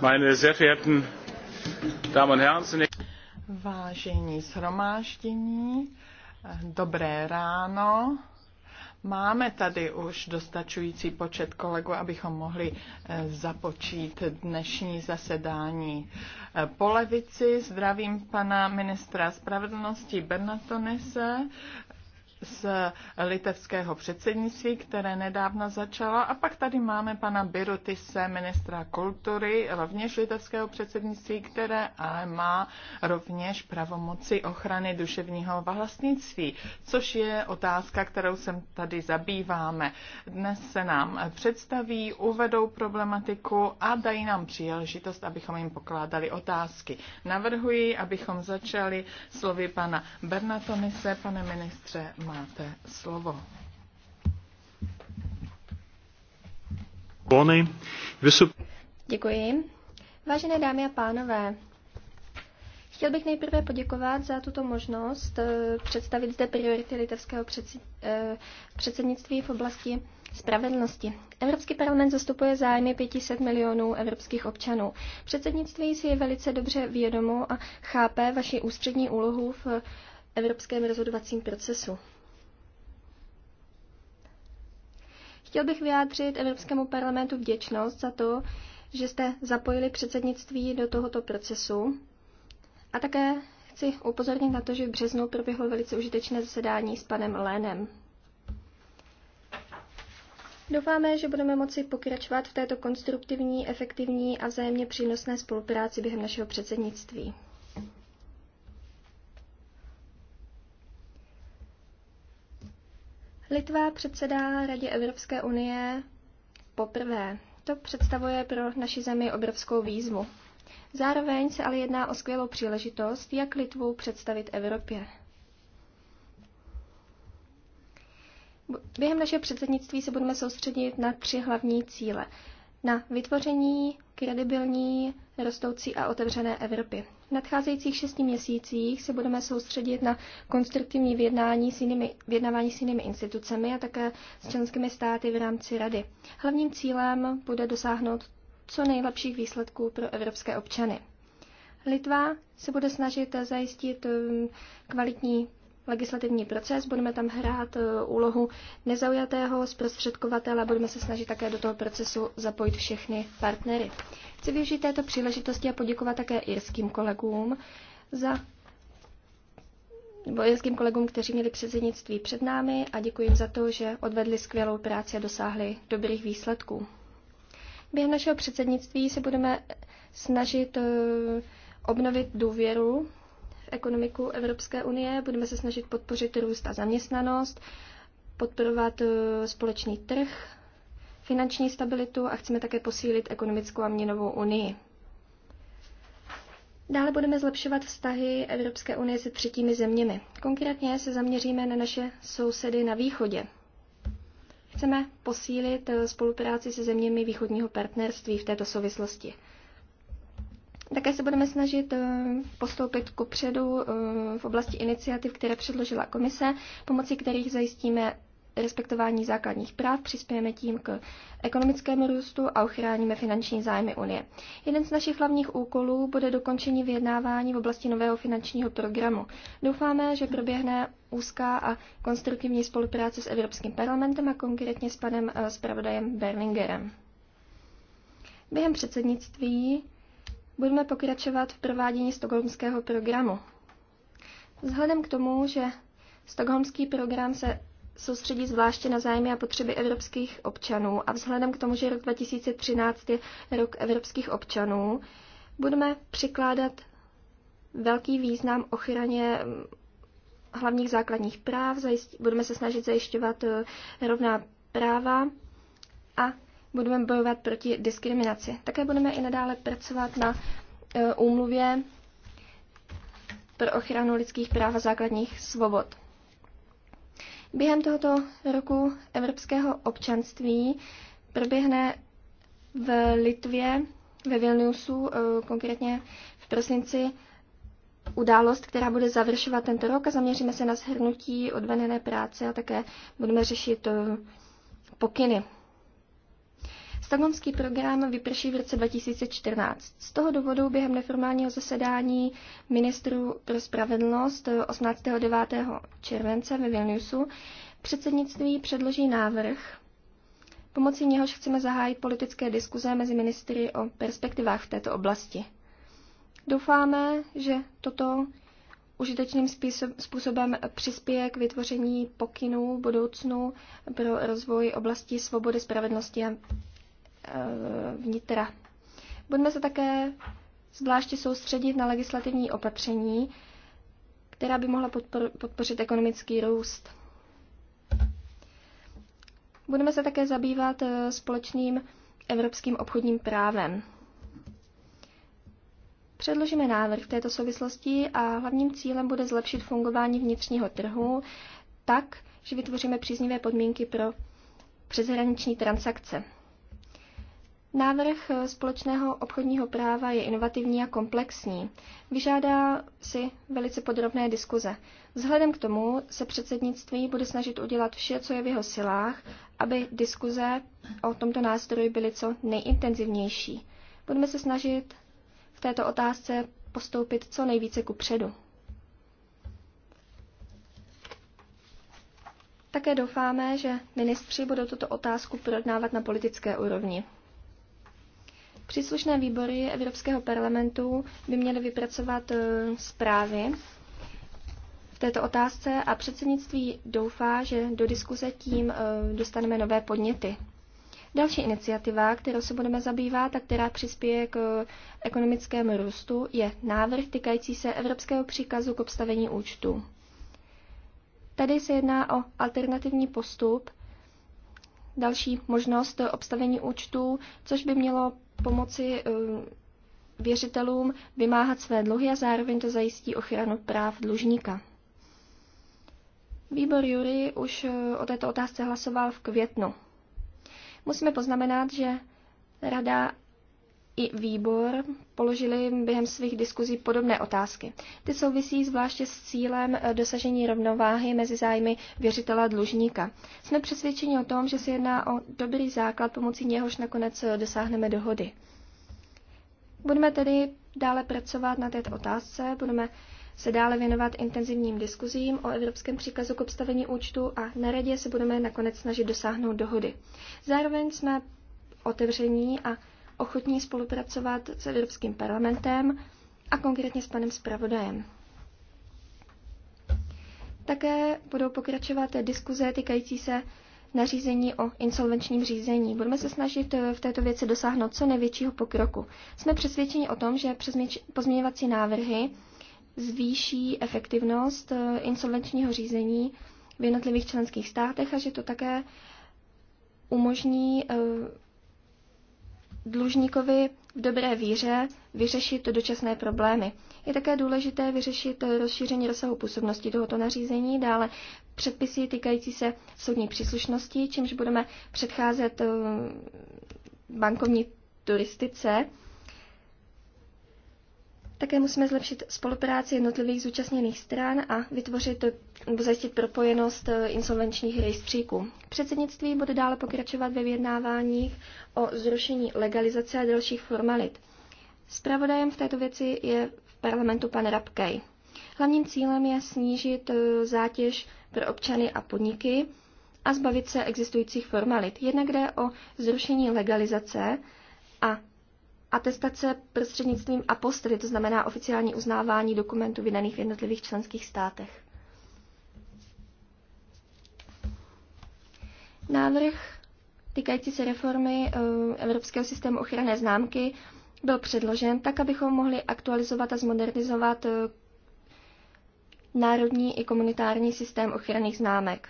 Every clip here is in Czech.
meine sehr verehrten Damen und Herren, zunächst Vážení shromáždění, dobré ráno. Máme tady už dostačující počet kolegů, abychom mohli eh, započít dnešní zasedání. Eh, po levici zdravím pana ministra spravedlnosti Bernatonese, z litevského předsednictví, které nedávno začalo. A pak tady máme pana Birutise, ministra kultury, rovněž litevského předsednictví, které ale má rovněž pravomoci ochrany duševního vlastnictví, což je otázka, kterou se tady zabýváme. Dnes se nám představí, uvedou problematiku a dají nám příležitost, abychom jim pokládali otázky. Navrhuji, abychom začali slovy pana Bernatonise, pane ministře máte slovo. Děkuji. Vážené dámy a pánové, Chtěl bych nejprve poděkovat za tuto možnost eh, představit zde priority litevského eh, předsednictví v oblasti spravedlnosti. Evropský parlament zastupuje zájmy 500 milionů evropských občanů. Předsednictví si je velice dobře vědomo a chápe vaši ústřední úlohu v evropském rozhodovacím procesu. Chtěl bych vyjádřit Evropskému parlamentu vděčnost za to, že jste zapojili předsednictví do tohoto procesu. A také chci upozornit na to, že v březnu proběhlo velice užitečné zasedání s panem Lénem. Doufáme, že budeme moci pokračovat v této konstruktivní, efektivní a vzájemně přínosné spolupráci během našeho předsednictví. Litva předsedá Radě Evropské unie poprvé. To představuje pro naši zemi obrovskou výzvu. Zároveň se ale jedná o skvělou příležitost, jak Litvu představit Evropě. Během našeho předsednictví se budeme soustředit na tři hlavní cíle. Na vytvoření kredibilní, rostoucí a otevřené Evropy. V nadcházejících šesti měsících se budeme soustředit na konstruktivní vyjednání s jinými, vyjednávání s jinými institucemi a také s členskými státy v rámci Rady. Hlavním cílem bude dosáhnout co nejlepších výsledků pro evropské občany. Litva se bude snažit zajistit um, kvalitní legislativní proces, budeme tam hrát e, úlohu nezaujatého zprostředkovatele a budeme se snažit také do toho procesu zapojit všechny partnery. Chci využít této příležitosti a poděkovat také irským kolegům za nebo irským kolegům, kteří měli předsednictví před námi a děkuji jim za to, že odvedli skvělou práci a dosáhli dobrých výsledků. Během našeho předsednictví se budeme snažit e, obnovit důvěru ekonomiku Evropské unie, budeme se snažit podpořit růst a zaměstnanost, podporovat eh, společný trh, finanční stabilitu a chceme také posílit ekonomickou a měnovou unii. Dále budeme zlepšovat vztahy Evropské unie se třetími zeměmi. Konkrétně se zaměříme na naše sousedy na východě. Chceme posílit eh, spolupráci se zeměmi východního partnerství v této souvislosti. Také se budeme snažit eh, postoupit ku předu eh, v oblasti iniciativ, které předložila komise, pomocí kterých zajistíme respektování základních práv, přispějeme tím k ekonomickému růstu a ochráníme finanční zájmy Unie. Jeden z našich hlavních úkolů bude dokončení vyjednávání v oblasti nového finančního programu. Doufáme, že proběhne úzká a konstruktivní spolupráce s Evropským parlamentem a konkrétně s panem eh, zpravodajem Berlingerem. Během předsednictví budeme pokračovat v provádění stokholmského programu. Vzhledem k tomu, že stokholmský program se soustředí zvláště na zájmy a potřeby evropských občanů a vzhledem k tomu, že rok 2013 je rok evropských občanů, budeme přikládat velký význam ochraně mm, hlavních základních práv, budeme se snažit zajišťovat eh, rovná práva a budeme bojovat proti diskriminaci. Také budeme i nadále pracovat na e, úmluvě pro ochranu lidských práv a základních svobod. Během tohoto roku evropského občanství proběhne v Litvě, ve Vilniusu, e, konkrétně v prosinci, událost, která bude završovat tento rok a zaměříme se na shrnutí odvedené práce a také budeme řešit e, pokyny Stagonský program vyprší v roce 2014. Z toho důvodu během neformálního zasedání ministru pro spravedlnost 18. 9. července ve Vilniusu předsednictví předloží návrh, pomocí něhož chceme zahájit politické diskuze mezi ministry o perspektivách v této oblasti. Doufáme, že toto užitečným způsobem přispěje k vytvoření pokynů budoucnu pro rozvoj oblasti svobody, spravedlnosti a Eh, vnitra. Budeme se také zvláště soustředit na legislativní opatření, která by mohla podpořit ekonomický růst. Budeme se také zabývat eh, společným evropským obchodním právem. Předložíme návrh v této souvislosti a hlavním cílem bude zlepšit fungování vnitřního trhu tak, že vytvoříme příznivé podmínky pro přeshraniční transakce. Návrh eh, společného obchodního práva je inovativní a komplexní. Vyžádá si velice podrobné diskuze. Vzhledem k tomu se předsednictví bude snažit udělat vše, co je v jeho silách, aby diskuze o tomto nástroji byly co nejintenzivnější. Budeme se snažit v této otázce postoupit co nejvíce ku předu. Také doufáme, že ministři budou tuto otázku projednávat na politické úrovni. Příslušné výbory Evropského parlamentu by měly vypracovat e, zprávy v této otázce a předsednictví doufá, že do diskuze tím e, dostaneme nové podněty. Další iniciativa, kterou se budeme zabývat a která přispěje k e, ekonomickému růstu, je návrh týkající se Evropského příkazu k obstavení účtu. Tady se jedná o alternativní postup, další možnost obstavení účtu, což by mělo pomoci eh, věřitelům vymáhat své dluhy a zároveň to zajistí ochranu práv dlužníka. Výbor Jury už eh, o této otázce hlasoval v květnu. Musíme poznamenat, že Rada i výbor položili během svých diskuzí podobné otázky. Ty souvisí zvláště s cílem eh, dosažení rovnováhy mezi zájmy věřitele a dlužníka. Jsme přesvědčeni o tom, že se jedná o dobrý základ, pomocí něhož nakonec eh, dosáhneme dohody. Budeme tedy dále pracovat na této otázce, budeme se dále věnovat intenzivním diskuzím o evropském příkazu k obstavení účtu a na radě se budeme nakonec snažit dosáhnout dohody. Zároveň jsme otevření a ochotní spolupracovat s Evropským parlamentem a konkrétně s panem zpravodajem. Také budou pokračovat diskuze týkající se nařízení o insolvenčním řízení. Budeme se snažit v této věci dosáhnout co největšího pokroku. Jsme přesvědčeni o tom, že pozměňovací návrhy zvýší efektivnost eh, insolvenčního řízení v jednotlivých členských státech a že to také umožní eh, dlužníkovi v dobré víře vyřešit dočasné problémy. Je také důležité vyřešit rozšíření rozsahu působnosti tohoto nařízení, dále předpisy týkající se soudní příslušnosti, čímž budeme předcházet um, bankovní turistice. Také musíme zlepšit spolupráci jednotlivých zúčastněných stran a vytvořit nebo zajistit propojenost eh, insolvenčních rejstříků. Předsednictví bude dále pokračovat ve vyjednáváních o zrušení legalizace a dalších formalit. Spravodajem v této věci je v parlamentu pan Rabkej. Hlavním cílem je snížit eh, zátěž pro občany a podniky a zbavit se existujících formalit. Jednak jde o zrušení legalizace a atestace prostřednictvím apostily, to znamená oficiální uznávání dokumentů vydaných v jednotlivých členských státech. Návrh týkající se reformy eh, Evropského systému ochranné známky byl předložen tak, abychom mohli aktualizovat a zmodernizovat eh, národní i komunitární systém ochranných známek.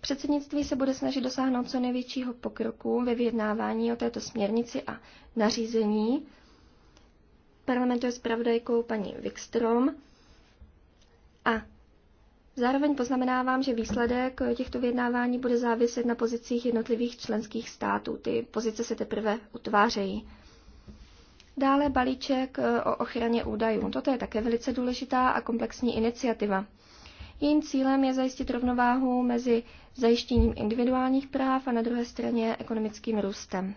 Předsednictví se bude snažit dosáhnout co největšího pokroku ve vyjednávání o této směrnici a nařízení. Parlamentu je zpravodajkou paní Wikstrom a zároveň poznamenávám, že výsledek těchto vyjednávání bude záviset na pozicích jednotlivých členských států. Ty pozice se teprve utvářejí. Dále balíček eh, o ochraně údajů. Toto je také velice důležitá a komplexní iniciativa. Jejím cílem je zajistit rovnováhu mezi zajištěním individuálních práv a na druhé straně ekonomickým růstem.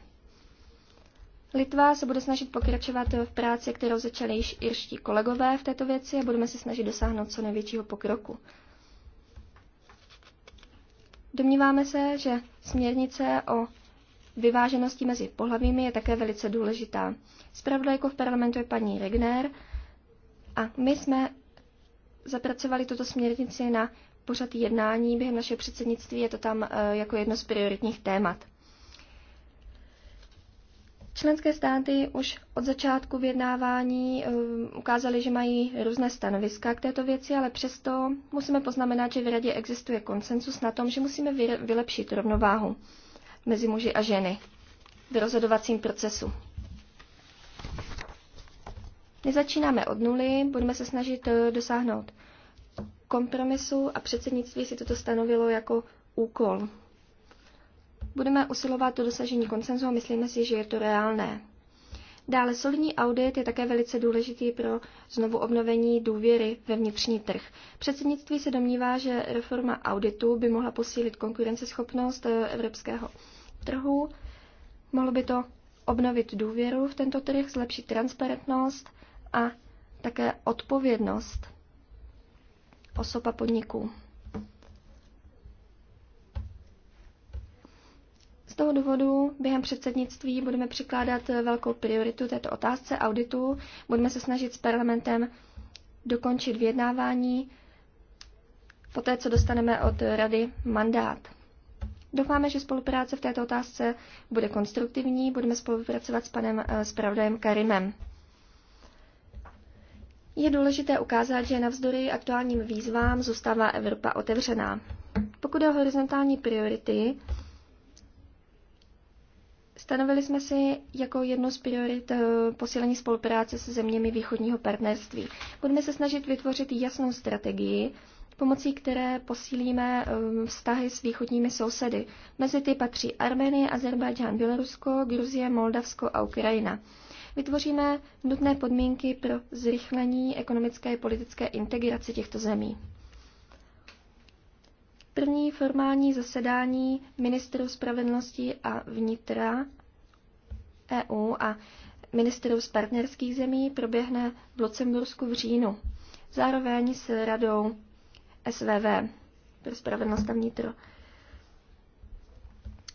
Litva se bude snažit pokračovat v práci, kterou začali již irští kolegové v této věci a budeme se snažit dosáhnout co největšího pokroku. Domníváme se, že směrnice o vyváženosti mezi pohlavími je také velice důležitá. Spravodajkou v parlamentu je paní Regner a my jsme zapracovali tuto směrnici na pořad jednání během našeho předsednictví. Je to tam eh, jako jedno z prioritních témat. Členské státy už od začátku vyjednávání eh, ukázaly, že mají různé stanoviska k této věci, ale přesto musíme poznamenat, že v Radě existuje konsensus na tom, že musíme vylepšit rovnováhu mezi muži a ženy v rozhodovacím procesu. Nezačínáme od nuly, budeme se snažit eh, dosáhnout kompromisu a předsednictví si toto stanovilo jako úkol. Budeme usilovat o dosažení konsenzu a myslíme si, že je to reálné. Dále solidní audit je také velice důležitý pro znovu obnovení důvěry ve vnitřní trh. Předsednictví se domnívá, že reforma auditu by mohla posílit konkurenceschopnost eh, evropského trhu, mohlo by to obnovit důvěru v tento trh, zlepšit transparentnost a také odpovědnost osoba podniků. Z toho důvodu během předsednictví budeme přikládat velkou prioritu této otázce auditu. Budeme se snažit s parlamentem dokončit vyjednávání poté, co dostaneme od rady mandát. Doufáme, že spolupráce v této otázce bude konstruktivní. Budeme spolupracovat s panem eh, zpravodajem Karimem. Je důležité ukázat, že navzdory aktuálním výzvám zůstává Evropa otevřená. Pokud je o horizontální priority, stanovili jsme si jako jednu z priorit eh, posílení spolupráce se zeměmi východního partnerství. Budeme se snažit vytvořit jasnou strategii, pomocí které posílíme eh, vztahy s východními sousedy. Mezi ty patří Arménie, Azerbajdžán, Bělorusko, Gruzie, Moldavsko a Ukrajina vytvoříme nutné podmínky pro zrychlení ekonomické a politické integrace těchto zemí. První formální zasedání ministrů spravedlnosti a vnitra EU a ministrů z partnerských zemí proběhne v Lucembursku v říjnu, zároveň s radou SVV pro spravedlnost a vnitro.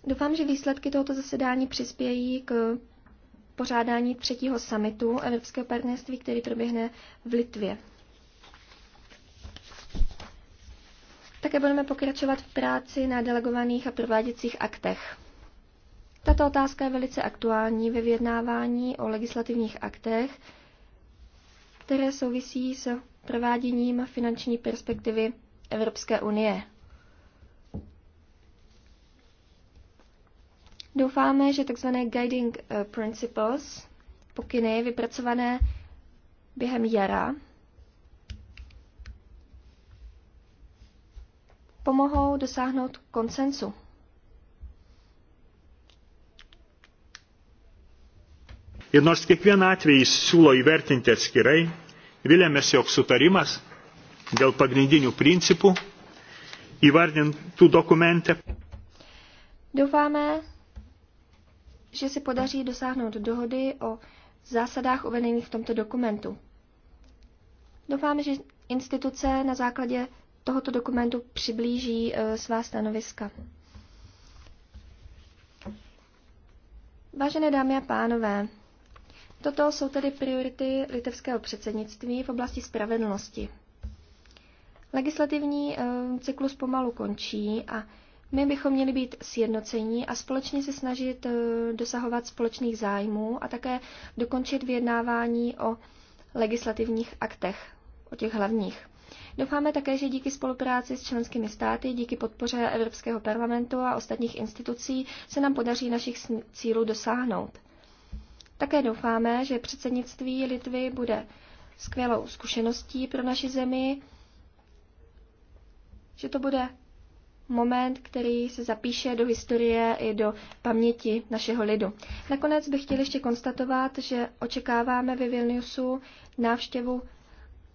Doufám, že výsledky tohoto zasedání přispějí k pořádání třetího samitu Evropského partnerství, který proběhne v Litvě. Také budeme pokračovat v práci na delegovaných a prováděcích aktech. Tato otázka je velice aktuální ve vyjednávání o legislativních aktech, které souvisí s prováděním finanční perspektivy Evropské unie. Doufáme, že tzv. guiding eh, principles, pokyny vypracované během jara, pomohou dosáhnout konsensu. Ir nors kiekvieną atvejį siūlo įvertinti atskirai, vilėmės, jog sutarimas dėl pagrindinių principų įvardintų dokumente. Doufáme, že se podaří dosáhnout dohody o zásadách uvedených v tomto dokumentu. Doufám, že instituce na základě tohoto dokumentu přiblíží e, svá stanoviska. Vážené dámy a pánové, toto jsou tedy priority litevského předsednictví v oblasti spravedlnosti. Legislativní e, cyklus pomalu končí a my bychom měli být sjednocení a společně se snažit eh, dosahovat společných zájmů a také dokončit vyjednávání o legislativních aktech, o těch hlavních. Doufáme také, že díky spolupráci s členskými státy, díky podpoře Evropského parlamentu a ostatních institucí se nám podaří našich cílů dosáhnout. Také doufáme, že předsednictví Litvy bude skvělou zkušeností pro naši zemi, že to bude moment, který se zapíše do historie i do paměti našeho lidu. Nakonec bych chtěl ještě konstatovat, že očekáváme ve Vilniusu návštěvu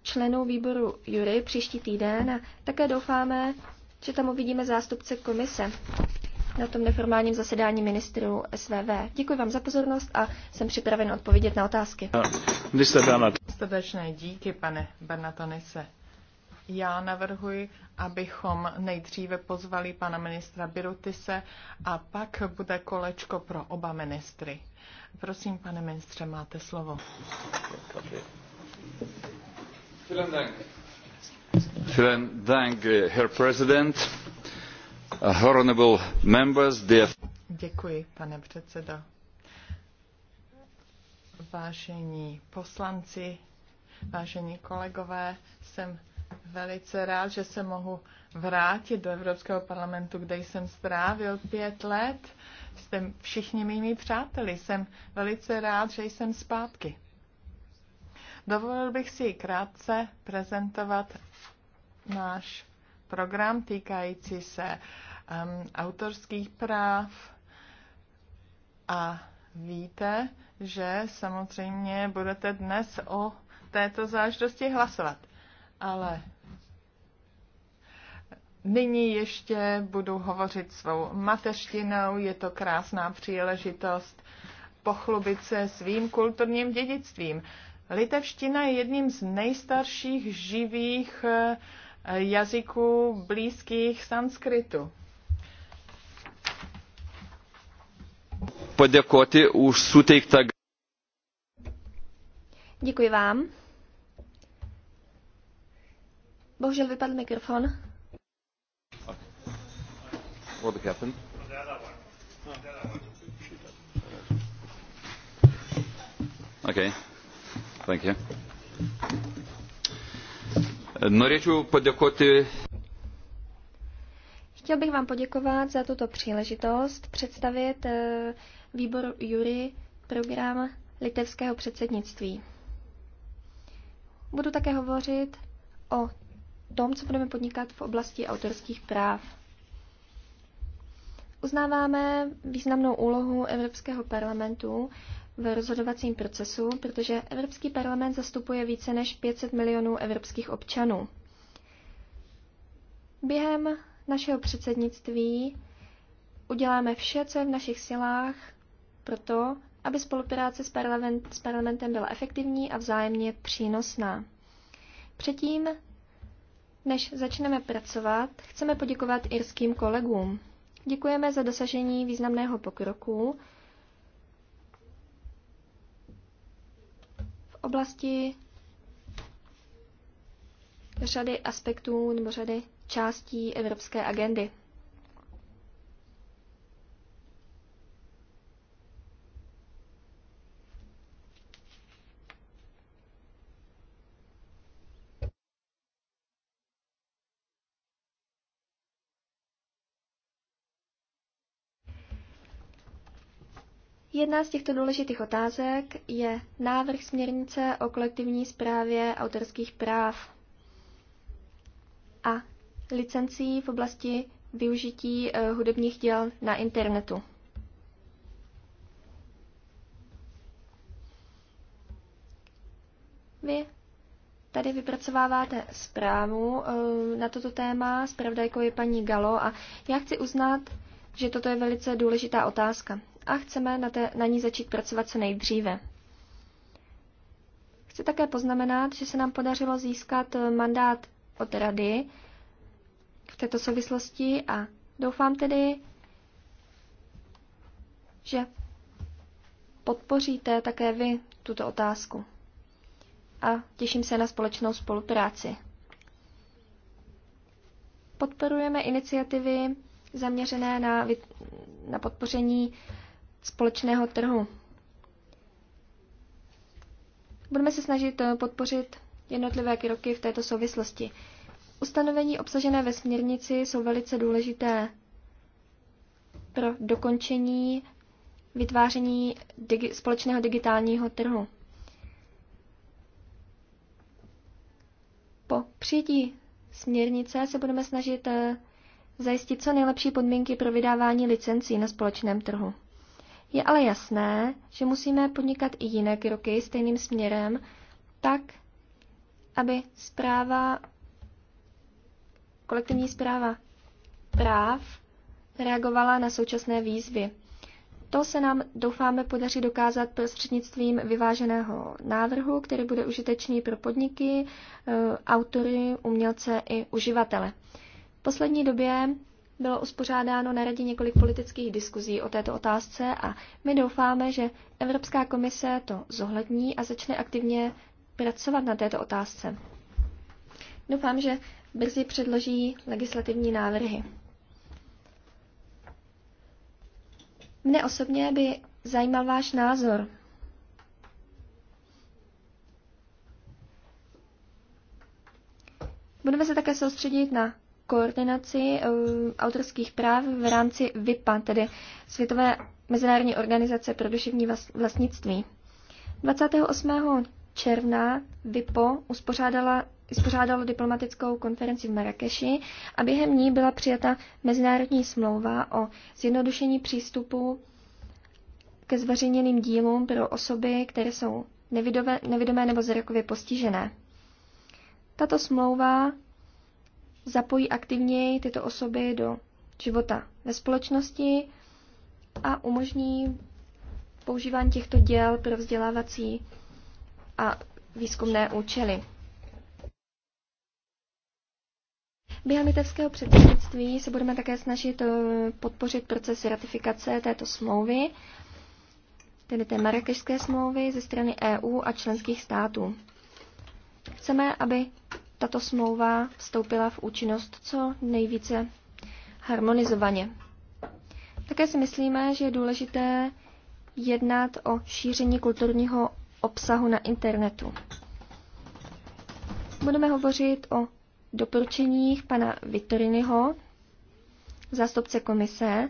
členů výboru Jury příští týden a také doufáme, že tam uvidíme zástupce komise na tom neformálním zasedání ministrů SVV. Děkuji vám za pozornost a jsem připraven odpovědět na otázky. Srdečné díky, pane Bernatonise. Já navrhuji, abychom nejdříve pozvali pana ministra Birutise a pak bude kolečko pro oba ministry. Prosím, pane ministře, máte slovo. Vielen Dank, Herr President, honorable members, dear... Děkuji, pane předsedo. Vážení poslanci, vážení kolegové, jsem velice rád, že se mohu vrátit do Evropského parlamentu, kde jsem strávil pět let. Jste všichni mými přáteli. Jsem velice rád, že jsem zpátky. Dovolil bych si krátce prezentovat náš program týkající se um, autorských práv a víte, že samozřejmě budete dnes o této záležitosti hlasovat. Ale Nyní ještě budu hovořit svou mateřštinou, je to krásná příležitost pochlubit se svým kulturním dědictvím. Litevština je jedním z nejstarších živých eh, jazyků blízkých sanskritu. Poděkoti už sutejkta. Děkuji vám. Bohužel vypadl mikrofon what happened? okay. Thank you. Norėčiau padėkoti. Chtěl bych vám poděkovat za tuto příležitost představit eh, výbor Jury program litevského předsednictví. Budu také hovořit o tom, co budeme podnikat v oblasti autorských práv. Uznáváme významnou úlohu Evropského parlamentu v rozhodovacím procesu, protože Evropský parlament zastupuje více než 500 milionů evropských občanů. Během našeho předsednictví uděláme vše, co je v našich silách, proto, aby spolupráce s, parlament, s parlamentem byla efektivní a vzájemně přínosná. Předtím, než začneme pracovat, chceme poděkovat irským kolegům. Děkujeme za dosažení významného pokroku v oblasti řady aspektů nebo řady částí evropské agendy. Jedna z těchto důležitých otázek je návrh směrnice o kolektivní správě autorských práv a licencí v oblasti využití eh, hudebních děl na internetu. Vy tady vypracováváte zprávu eh, na toto téma, zpravodajkou je paní Galo a já chci uznat, že toto je velice důležitá otázka a chceme na, té, na ní začít pracovat co nejdříve. Chci také poznamenat, že se nám podařilo získat mandát od Rady v této souvislosti a doufám tedy, že podpoříte také vy tuto otázku. A těším se na společnou spolupráci. Podporujeme iniciativy zaměřené na, na podpoření společného trhu. Budeme se snažit eh, podpořit jednotlivé kroky v této souvislosti. Ustanovení obsažené ve směrnici jsou velice důležité pro dokončení vytváření digi- společného digitálního trhu. Po přijetí směrnice se budeme snažit eh, zajistit co nejlepší podmínky pro vydávání licencí na společném trhu. Je ale jasné, že musíme podnikat i jiné kroky stejným směrem, tak, aby zpráva, kolektivní zpráva práv reagovala na současné výzvy. To se nám, doufáme, podaří dokázat prostřednictvím vyváženého návrhu, který bude užitečný pro podniky, eh, autory, umělce i uživatele. V poslední době bylo uspořádáno na radě několik politických diskuzí o této otázce a my doufáme, že Evropská komise to zohlední a začne aktivně pracovat na této otázce. Doufám, že brzy předloží legislativní návrhy. Mne osobně by zajímal váš názor. Budeme se také soustředit na koordinaci eh, autorských práv v rámci VIPA, tedy Světové mezinárodní organizace pro duševní vlastnictví. 28. června VIPO uspořádala uspořádalo diplomatickou konferenci v Marrakeši a během ní byla přijata mezinárodní smlouva o zjednodušení přístupu ke zveřejněným dílům pro osoby, které jsou nevidové, nevidomé nebo zrakově postižené. Tato smlouva zapojí aktivněji tyto osoby do života ve společnosti a umožní používání těchto děl pro vzdělávací a výzkumné účely. Během litevského předsednictví se budeme také snažit eh, podpořit proces ratifikace této smlouvy, tedy té marakešské smlouvy ze strany EU a členských států. Chceme, aby tato smlouva vstoupila v účinnost co nejvíce harmonizovaně. Také si myslíme, že je důležité jednat o šíření kulturního obsahu na internetu. Budeme hovořit o doporučeních pana Vitoriniho, zástupce komise.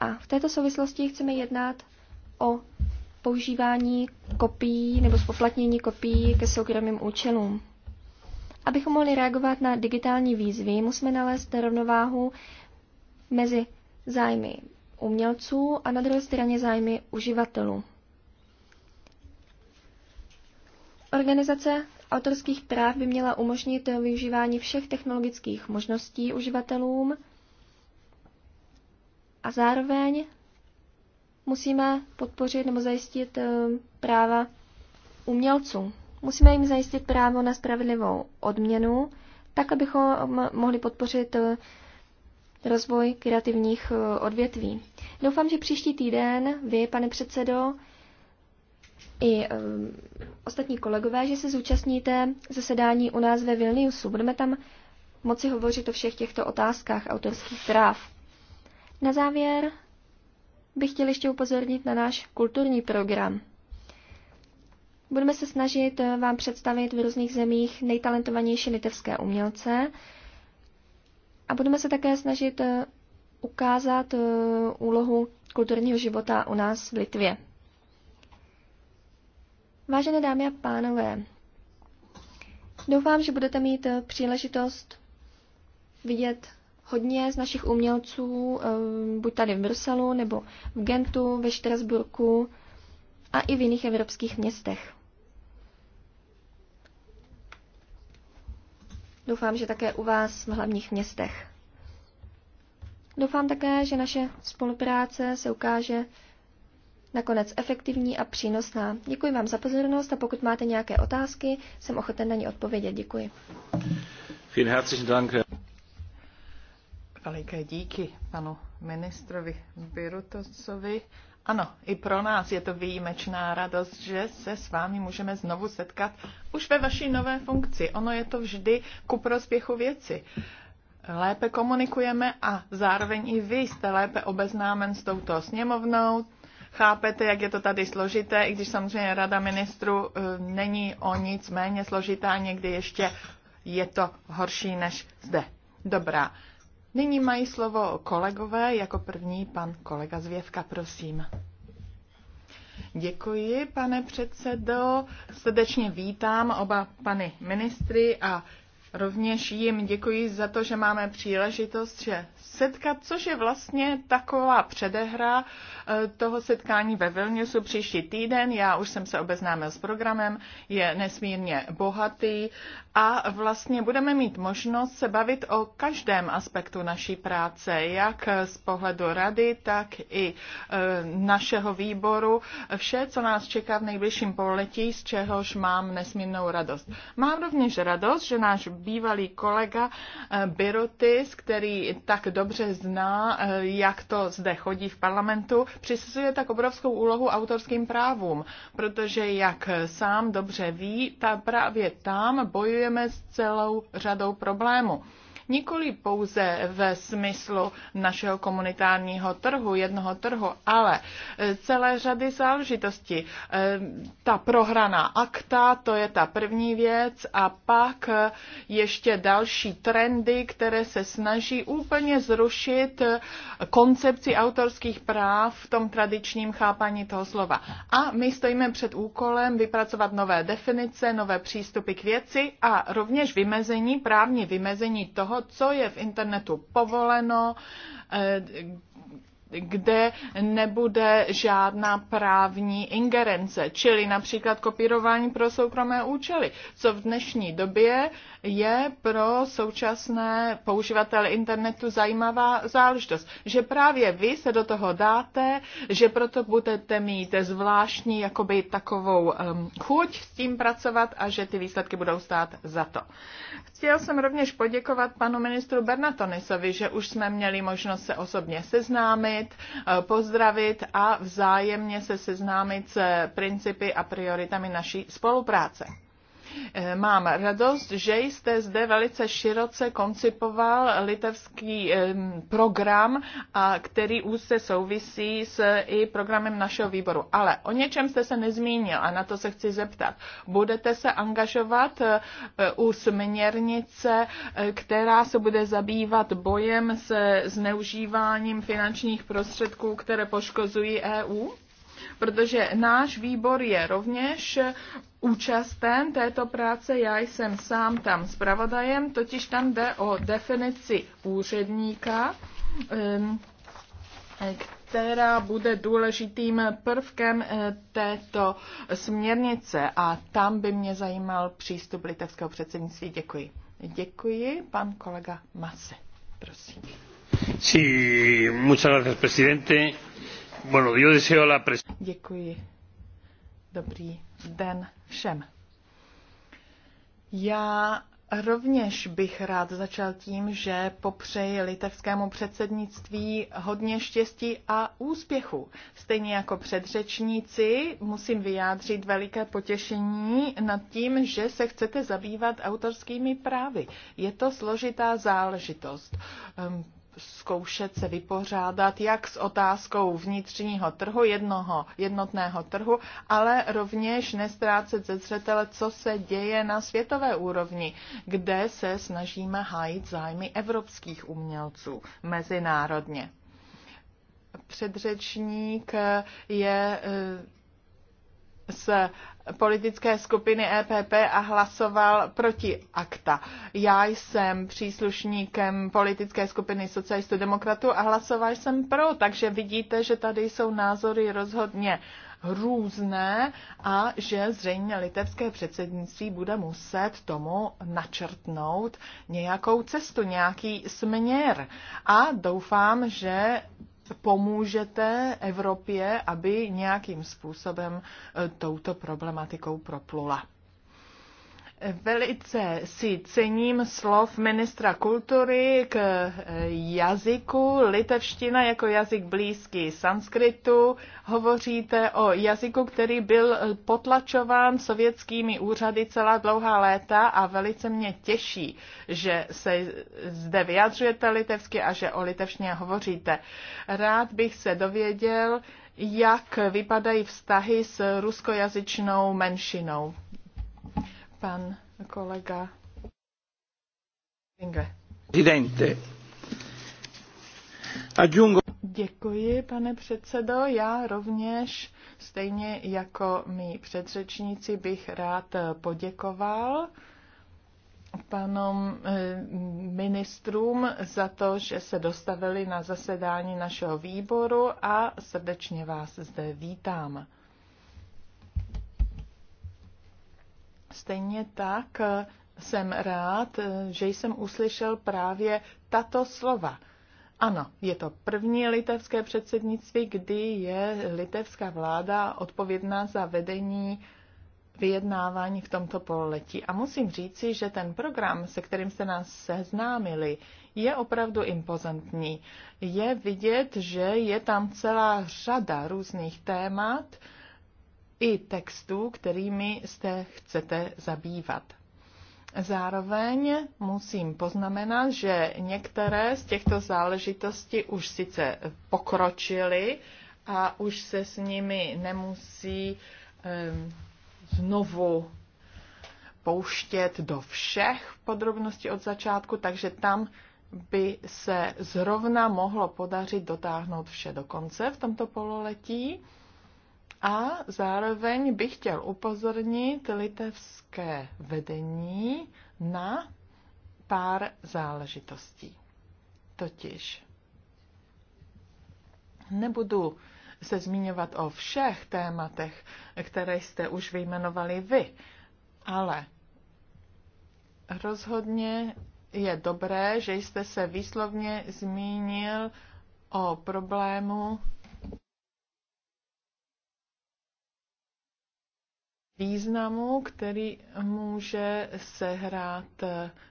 A v této souvislosti chceme jednat o používání kopií nebo spoplatnění kopií ke soukromým účelům. Abychom mohli reagovat na digitální výzvy, musíme nalézt rovnováhu mezi zájmy umělců a na druhé straně zájmy uživatelů. Organizace autorských práv by měla umožnit využívání všech technologických možností uživatelům a zároveň musíme podpořit nebo zajistit eh, práva umělců. Musíme jim zajistit právo na spravedlivou odměnu, tak abychom mohli podpořit eh, rozvoj kreativních eh, odvětví. Doufám, že příští týden vy, pane předsedo, i um, ostatní kolegové, že se zúčastníte zasedání u nás ve Vilniusu. Budeme tam moci hovořit o všech těchto otázkách autorských práv. Na závěr bych chtěl ještě upozornit na náš kulturní program. Budeme se snažit eh, vám představit v různých zemích nejtalentovanější litevské umělce a budeme se také snažit eh, ukázat eh, úlohu kulturního života u nás v Litvě. Vážené dámy a pánové, doufám, že budete mít příležitost vidět Hodně z našich umělců, eh, buď tady v Bruselu, nebo v Gentu, ve Štrasburku a i v jiných evropských městech. Doufám, že také u vás v hlavních městech. Doufám také, že naše spolupráce se ukáže nakonec efektivní a přínosná. Děkuji vám za pozornost a pokud máte nějaké otázky, jsem ochoten na ně odpovědět. Děkuji. Vielen herzlichen Dank. Veliké díky panu ministrovi Birutocovi. Ano, i pro nás je to výjimečná radost, že se s vámi můžeme znovu setkat už ve vaší nové funkci. Ono je to vždy ku prospěchu věci. Lépe komunikujeme a zároveň i vy jste lépe obeznámen s touto sněmovnou. Chápete, jak je to tady složité, i když samozřejmě Rada ministru eh, není o nic méně složitá, někdy ještě je to horší než zde. Dobrá. Nyní mají slovo kolegové, jako první pan kolega Zvěvka, prosím. Děkuji, pane předsedo. Srdečně vítám oba pany ministry a rovněž jim děkuji za to, že máme příležitost, že setkat, což je vlastně taková předehra eh, toho setkání ve Vilniusu příští týden. Já už jsem se obeznámil s programem, je nesmírně bohatý a vlastně budeme mít možnost se bavit o každém aspektu naší práce, jak z pohledu rady, tak i eh, našeho výboru. Vše, co nás čeká v nejbližším poletí, z čehož mám nesmírnou radost. Mám rovněž radost, že náš bývalý kolega eh, Birotis, který tak do dobře zná, eh, jak to zde chodí v parlamentu, přisuzuje tak obrovskou úlohu autorským právům, protože, jak sám dobře ví, ta právě tam bojujeme s celou řadou problémů nikoli pouze ve smyslu našeho komunitárního trhu, jednoho trhu, ale e, celé řady záležitostí. E, ta prohraná akta, to je ta první věc a pak e, ještě další trendy, které se snaží úplně zrušit koncepci autorských práv v tom tradičním chápaní toho slova. A my stojíme před úkolem vypracovat nové definice, nové přístupy k věci a rovněž vymezení, právní vymezení toho, co je v internetu povoleno, eh, kde nebude žádná právní ingerence, čili například kopírování pro soukromé účely, co v dnešní době je pro současné použivatele internetu zajímavá záležitost. Že právě vy se do toho dáte, že proto budete mít zvláštní jakoby takovou um, chuť s tím pracovat a že ty výsledky budou stát za to. Chtěl jsem rovněž poděkovat panu ministru Bernatonisovi, že už jsme měli možnost se osobně seznámit, eh, pozdravit a vzájemně se seznámit s principy a prioritami naší spolupráce. Eh, mám radost, že jste zde velice široce koncipoval litevský program, a který se souvisí s i programem našeho výboru. Ale o něčem jste se nezmínil a na to se chci zeptat. Budete se angažovat eh, u směrnice, eh, která se bude zabývat bojem se zneužíváním finančních prostředků, které poškozují EU? protože náš výbor je rovněž účasten této práce, já jsem sám tam zpravodajem, totiž tam jde o definici úředníka, která bude důležitým prvkem eh, této směrnice a tam by mě zajímal přístup litevského předsednictví. Děkuji. Děkuji, pan kolega Mase. Prosím. Sí, muchas gracias, presidente. Bueno, yo deseo la pres- Děkuji. Dobrý den všem. Já rovněž bych rád začal tím, že popřeji litevskému předsednictví hodně štěstí a úspěchu. Stejně jako předřečníci musím vyjádřit veliké potěšení nad tím, že se chcete zabývat autorskými právy. Je to složitá záležitost. Ehm, zkoušet se vypořádat jak s otázkou vnitřního trhu, jednoho, jednotného trhu, ale rovněž nestrácet ze zřetele, co se děje na světové úrovni, kde se snažíme hájit zájmy evropských umělců mezinárodně. Předřečník je eh, se politické skupiny EPP a hlasoval proti akta. Já jsem příslušníkem politické skupiny socialistů demokratů a hlasoval jsem pro, takže vidíte, že tady jsou názory rozhodně různé a že zřejmě litevské předsednictví bude muset tomu načrtnout nějakou cestu, nějaký směr. A doufám, že pomůžete Evropě, aby nějakým způsobem e, touto problematikou proplula. Velice si cením slov ministra kultury k eh, jazyku. Litevština jako jazyk blízký sanskritu. Hovoříte o jazyku, který byl eh, potlačován sovětskými úřady celá dlouhá léta a velice mě těší, že se zde vyjadřujete litevsky a že o litevštině hovoříte. Rád bych se dověděl, jak vypadají vztahy s ruskojazyčnou menšinou. Pan kolega Inge. Presidente. Aggiungo... Děkuji, pane předsedo. Já rovněž, stejně jako mý předřečníci, bych rád poděkoval panom eh, ministrům za to, že se dostavili na zasedání našeho výboru a srdečně vás zde vítám. Stejně tak eh, jsem rád, eh, že jsem uslyšel právě tato slova. Ano, je to první litevské předsednictví, kdy je litevská vláda odpovědná za vedení vyjednávání v tomto pololetí. A musím říci, že ten program, se kterým jste nás seznámili, je opravdu impozantní. Je vidět, že je tam celá řada různých témat, i textů, kterými se chcete zabývat. Zároveň musím poznamenat, že některé z těchto záležitostí už sice pokročily a už se s nimi nemusí znovu pouštět do všech podrobností od začátku, takže tam by se zrovna mohlo podařit dotáhnout vše do konce v tomto pololetí. A zároveň bych chtěl upozornit litevské vedení na pár záležitostí. Totiž nebudu se zmiňovat o všech tématech, které jste už vyjmenovali vy, ale rozhodně je dobré, že jste se výslovně zmínil o problému významu, který může sehrát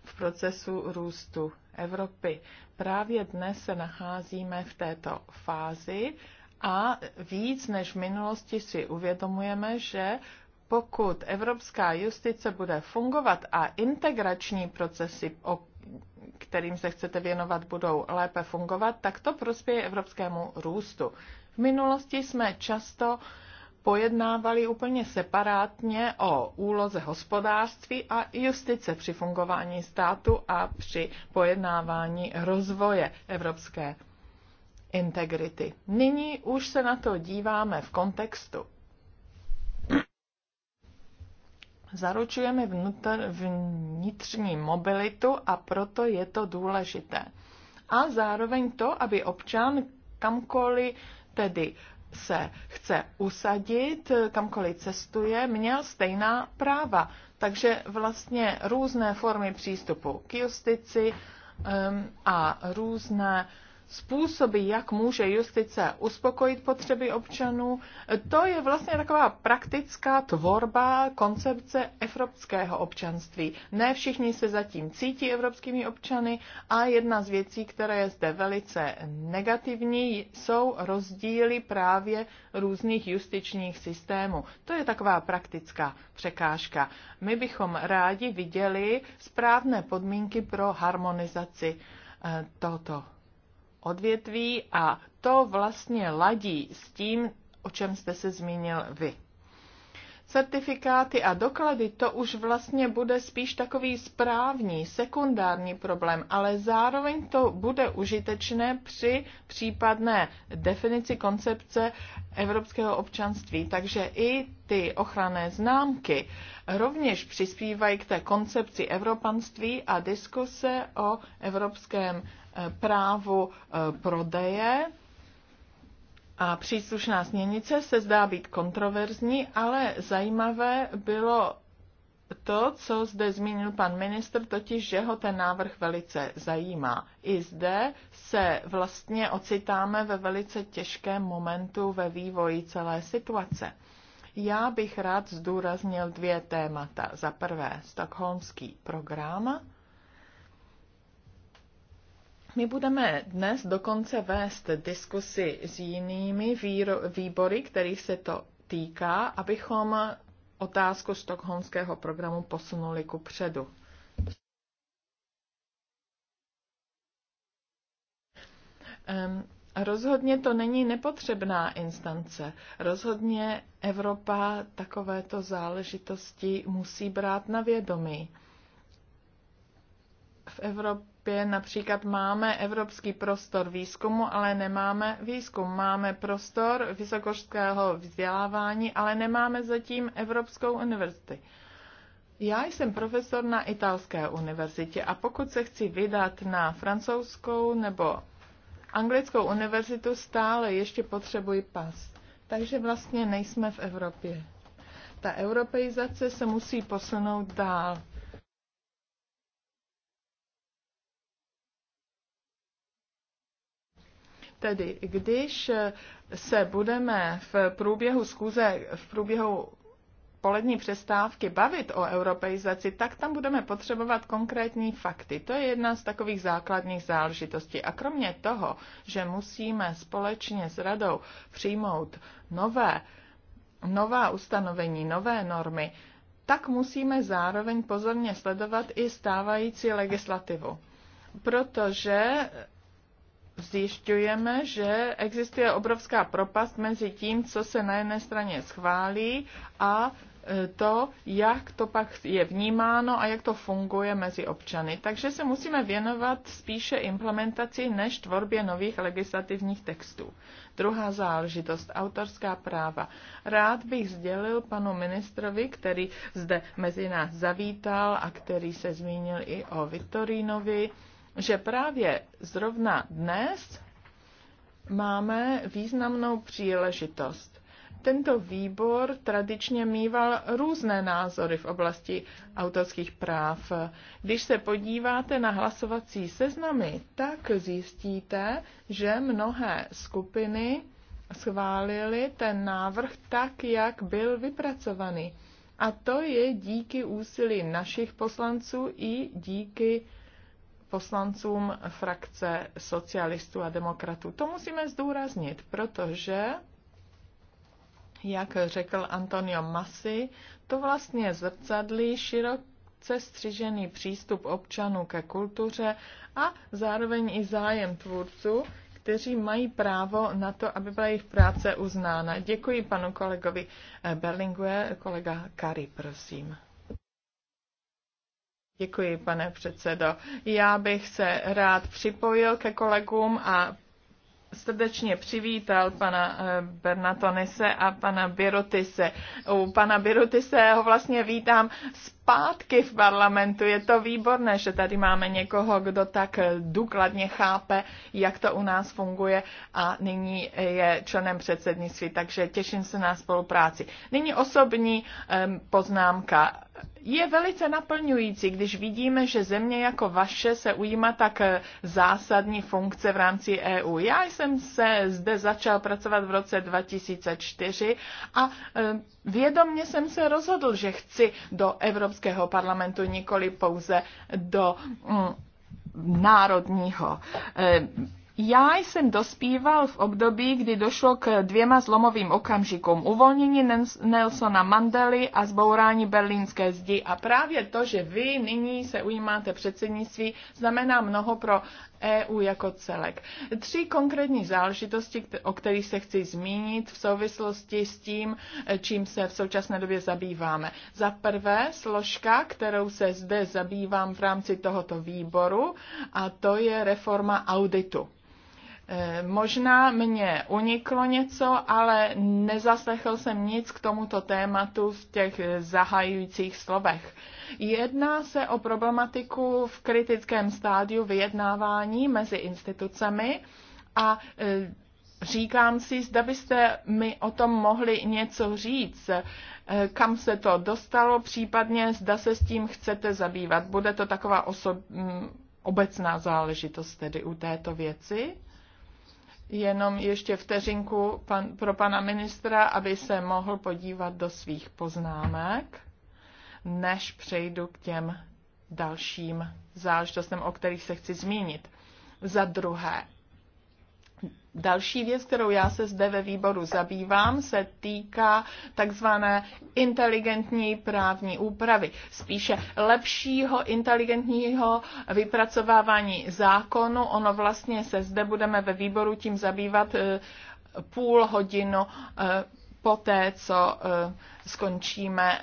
v procesu růstu Evropy. Právě dnes se nacházíme v této fázi a víc než v minulosti si uvědomujeme, že pokud evropská justice bude fungovat a integrační procesy, o kterým se chcete věnovat, budou lépe fungovat, tak to prospěje evropskému růstu. V minulosti jsme často uh, pojednávali úplně separátně o úloze hospodářství a justice při fungování státu a při pojednávání rozvoje evropské integrity. Nyní už se na to díváme v kontextu. Zaručujeme vnitřní mobilitu a proto je to důležité. A zároveň to, aby občan kamkoliv tedy se chce usadit, kamkoliv cestuje, měl stejná práva. Takže vlastně různé formy přístupu k justici um, a různé způsoby, jak může justice uspokojit potřeby občanů, to je vlastně taková praktická tvorba koncepce evropského občanství. Ne všichni se zatím cítí evropskými občany a jedna z věcí, která je zde velice negativní, jsou rozdíly právě různých justičních systémů. To je taková praktická překážka. My bychom rádi viděli správné podmínky pro harmonizaci eh, tohoto odvětví a to vlastně ladí s tím, o čem jste se zmínil vy. Certifikáty a doklady to už vlastně bude spíš takový správní, sekundární problém, ale zároveň to bude užitečné při případné definici koncepce evropského občanství. Takže i ty ochranné známky rovněž přispívají k té koncepci evropanství a diskuse o evropském Eh, právu eh, prodeje a příslušná směnice se zdá být kontroverzní, ale zajímavé bylo to, co zde zmínil pan ministr, totiž, že ho ten návrh velice zajímá. I zde se vlastně ocitáme ve velice těžkém momentu ve vývoji celé situace. Já bych rád zdůraznil dvě témata. Za prvé, stokholmský program my budeme dnes dokonce vést diskusy s jinými výro- výbory, kterých se to týká, abychom otázku stokholmského programu posunuli ku předu. Um, Rozhodně to není nepotřebná instance. Rozhodně Evropa takovéto záležitosti musí brát na vědomí v Evropě například máme evropský prostor výzkumu, ale nemáme výzkum. Máme prostor vysokoškolského vzdělávání, ale nemáme zatím Evropskou univerzitu. Já jsem profesor na italské univerzitě a pokud se chci vydat na francouzskou nebo anglickou univerzitu, stále ještě potřebuji pas. Takže vlastně nejsme v Evropě. Ta europeizace se musí posunout dál Tedy když se budeme v průběhu zkuze, v průběhu polední přestávky bavit o europeizaci, tak tam budeme potřebovat konkrétní fakty. To je jedna z takových základních záležitostí. A kromě toho, že musíme společně s radou přijmout nové, nová ustanovení, nové normy, tak musíme zároveň pozorně sledovat i stávající legislativu. Protože zjišťujeme, že existuje obrovská propast mezi tím, co se na jedné straně schválí a e, to, jak to pak je vnímáno a jak to funguje mezi občany. Takže se musíme věnovat spíše implementaci než tvorbě nových legislativních textů. Druhá záležitost, autorská práva. Rád bych sdělil panu ministrovi, který zde mezi nás zavítal a který se zmínil i o Viktorínovi, že právě zrovna dnes máme významnou příležitost. Tento výbor tradičně mýval různé názory v oblasti autorských práv. Když se podíváte na hlasovací seznamy, tak zjistíte, že mnohé skupiny schválili ten návrh tak, jak byl vypracovaný. A to je díky úsilí našich poslanců i díky poslancům frakce socialistů a demokratů. To musíme zdůraznit, protože, jak řekl Antonio Masi, to vlastně zrcadlí široce střižený přístup občanů ke kultuře a zároveň i zájem tvůrců, kteří mají právo na to, aby byla jejich práce uznána. Děkuji panu kolegovi Berlingue, kolega Kari, prosím. Děkuji, pane předsedo. Já bych se rád připojil ke kolegům a srdečně přivítal pana eh, Bernatonise a pana Birotise. U pana Birotise ho vlastně vítám z zpátky v parlamentu. Je to výborné, že tady máme někoho, kdo tak důkladně chápe, jak to u nás funguje a nyní je členem předsednictví, takže těším se na spolupráci. Nyní osobní poznámka. Je velice naplňující, když vidíme, že země jako vaše se ujíma tak eh, zásadní funkce v rámci EU. Já jsem se zde začal pracovat v roce 2004 a eh, vědomně jsem se rozhodl, že chci do Evropy Evropského parlamentu, nikoli pouze do mm, národního. Eh, já jsem dospíval v období, kdy došlo k dvěma zlomovým okamžikům. Uvolnění Nelsona Mandely a zbourání berlínské zdi. A právě to, že vy nyní se ujímáte předsednictví, znamená mnoho pro EU jako celek. Tři konkrétní záležitosti, o kterých se chci zmínit v souvislosti s tím, eh, čím se v současné době zabýváme. Za prvé složka, kterou se zde zabývám v rámci tohoto výboru, a to je reforma auditu Eh, možná mě uniklo něco, ale nezaslechl jsem nic k tomuto tématu v těch zahajujících slovech. Jedná se o problematiku v kritickém stádiu vyjednávání mezi institucemi a eh, říkám si, zda byste mi o tom mohli něco říct, eh, kam se to dostalo, případně zda se s tím chcete zabývat. Bude to taková osob, mm, obecná záležitost tedy u této věci? jenom ještě vteřinku pan, pro pana ministra, aby se mohl podívat do svých poznámek, než přejdu k těm dalším záležitostem, o kterých se chci zmínit. Za druhé, Další věc, kterou já se zde ve výboru zabývám, se týká takzvané inteligentní právní úpravy, spíše lepšího inteligentního vypracovávání zákonu. Ono vlastně se zde budeme ve výboru tím zabývat eh, půl hodinu eh, poté, co eh, skončíme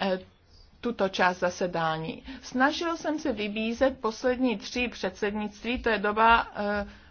tuto část zasedání. Snažil jsem se vybízet poslední tři předsednictví, to je doba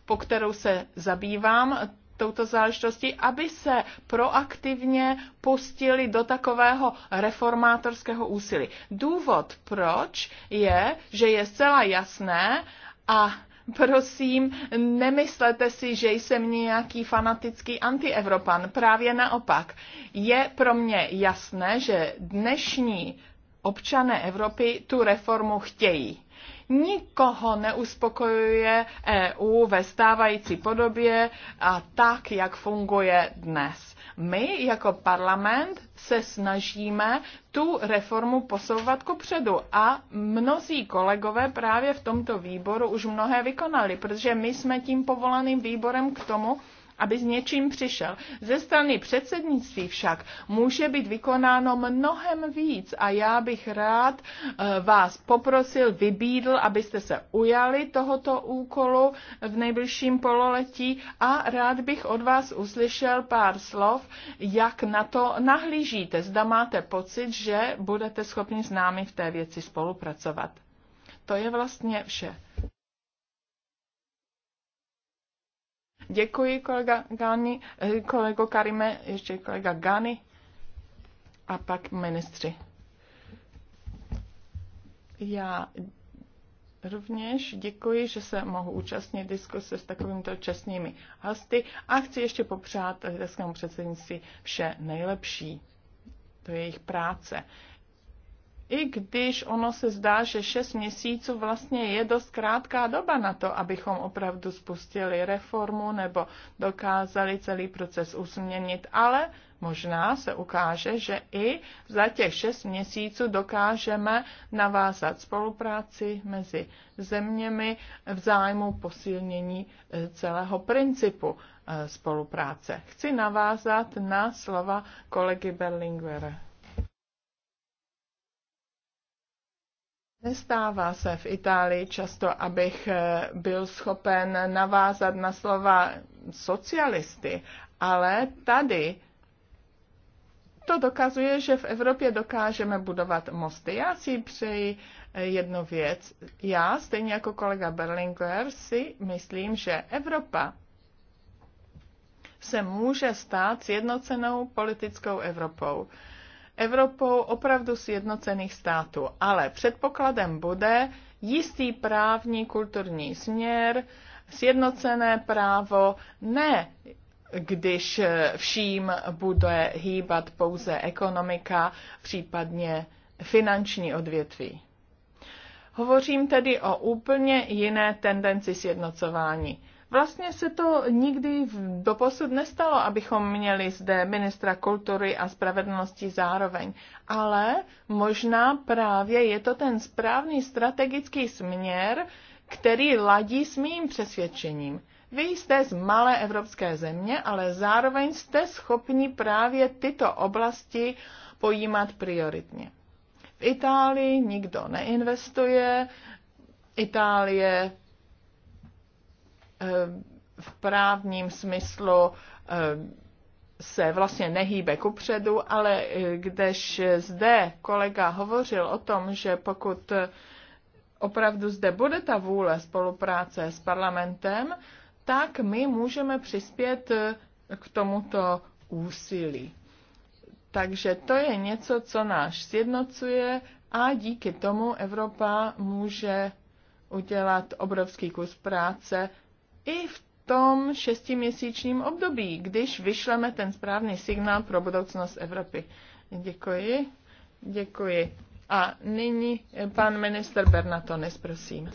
po kterou se zabývám touto záležitosti, aby se proaktivně pustili do takového reformátorského úsilí. Důvod proč je, že je zcela jasné a prosím, nemyslete si, že jsem nějaký fanatický antievropan. Právě naopak. Je pro mě jasné, že dnešní občané Evropy tu reformu chtějí. Nikoho neuspokojuje EU ve stávající podobě a tak, jak funguje dnes. My jako parlament se snažíme tu reformu posouvat ku předu a mnozí kolegové právě v tomto výboru už mnohé vykonali, protože my jsme tím povolaným výborem k tomu, aby s něčím přišel. Ze strany předsednictví však může být vykonáno mnohem víc a já bych rád eh, vás poprosil, vybídl, abyste se ujali tohoto úkolu v nejbližším pololetí a rád bych od vás uslyšel pár slov, jak na to nahlížíte. Zda máte pocit, že budete schopni s námi v té věci spolupracovat. To je vlastně vše. Děkuji kolega Gani, eh, kolego Karime, ještě kolega Gani a pak ministři. Já rovněž děkuji, že se mohu účastnit diskuse s takovýmito čestnými hosty a chci ještě popřát litevskému eh, předsednictví vše nejlepší To je jejich práce. I když ono se zdá, že 6 měsíců vlastně je dost krátká doba na to, abychom opravdu spustili reformu nebo dokázali celý proces usměnit, ale možná se ukáže, že i za těch 6 měsíců dokážeme navázat spolupráci mezi zeměmi v zájmu posilnění eh, celého principu eh, spolupráce. Chci navázat na slova kolegy Berlinguera Nestává se v Itálii často, abych eh, byl schopen navázat na slova socialisty, ale tady to dokazuje, že v Evropě dokážeme budovat mosty. Já si přeji eh, jednu věc. Já, stejně jako kolega Berlinguer, si myslím, že Evropa se může stát sjednocenou politickou Evropou. Evropou opravdu sjednocených států, ale předpokladem bude jistý právní kulturní směr, sjednocené právo, ne když vším bude hýbat pouze ekonomika, případně finanční odvětví. Hovořím tedy o úplně jiné tendenci sjednocování. Vlastně se to nikdy doposud nestalo, abychom měli zde ministra kultury a spravedlnosti zároveň. Ale možná právě je to ten správný strategický směr, který ladí s mým přesvědčením. Vy jste z malé evropské země, ale zároveň jste schopni právě tyto oblasti pojímat prioritně. V Itálii nikdo neinvestuje, Itálie Eh, v právním smyslu eh, se vlastně nehýbe kupředu, ale eh, když zde kolega hovořil o tom, že pokud opravdu zde bude ta vůle spolupráce s parlamentem, tak my můžeme přispět k tomuto úsilí. Takže to je něco, co nás sjednocuje a díky tomu Evropa může udělat obrovský kus práce i v tom šestiměsíčním období, když vyšleme ten správný signál pro budoucnost Evropy. Děkuji, děkuji. A nyní eh, pan minister Bernatonis, prosím.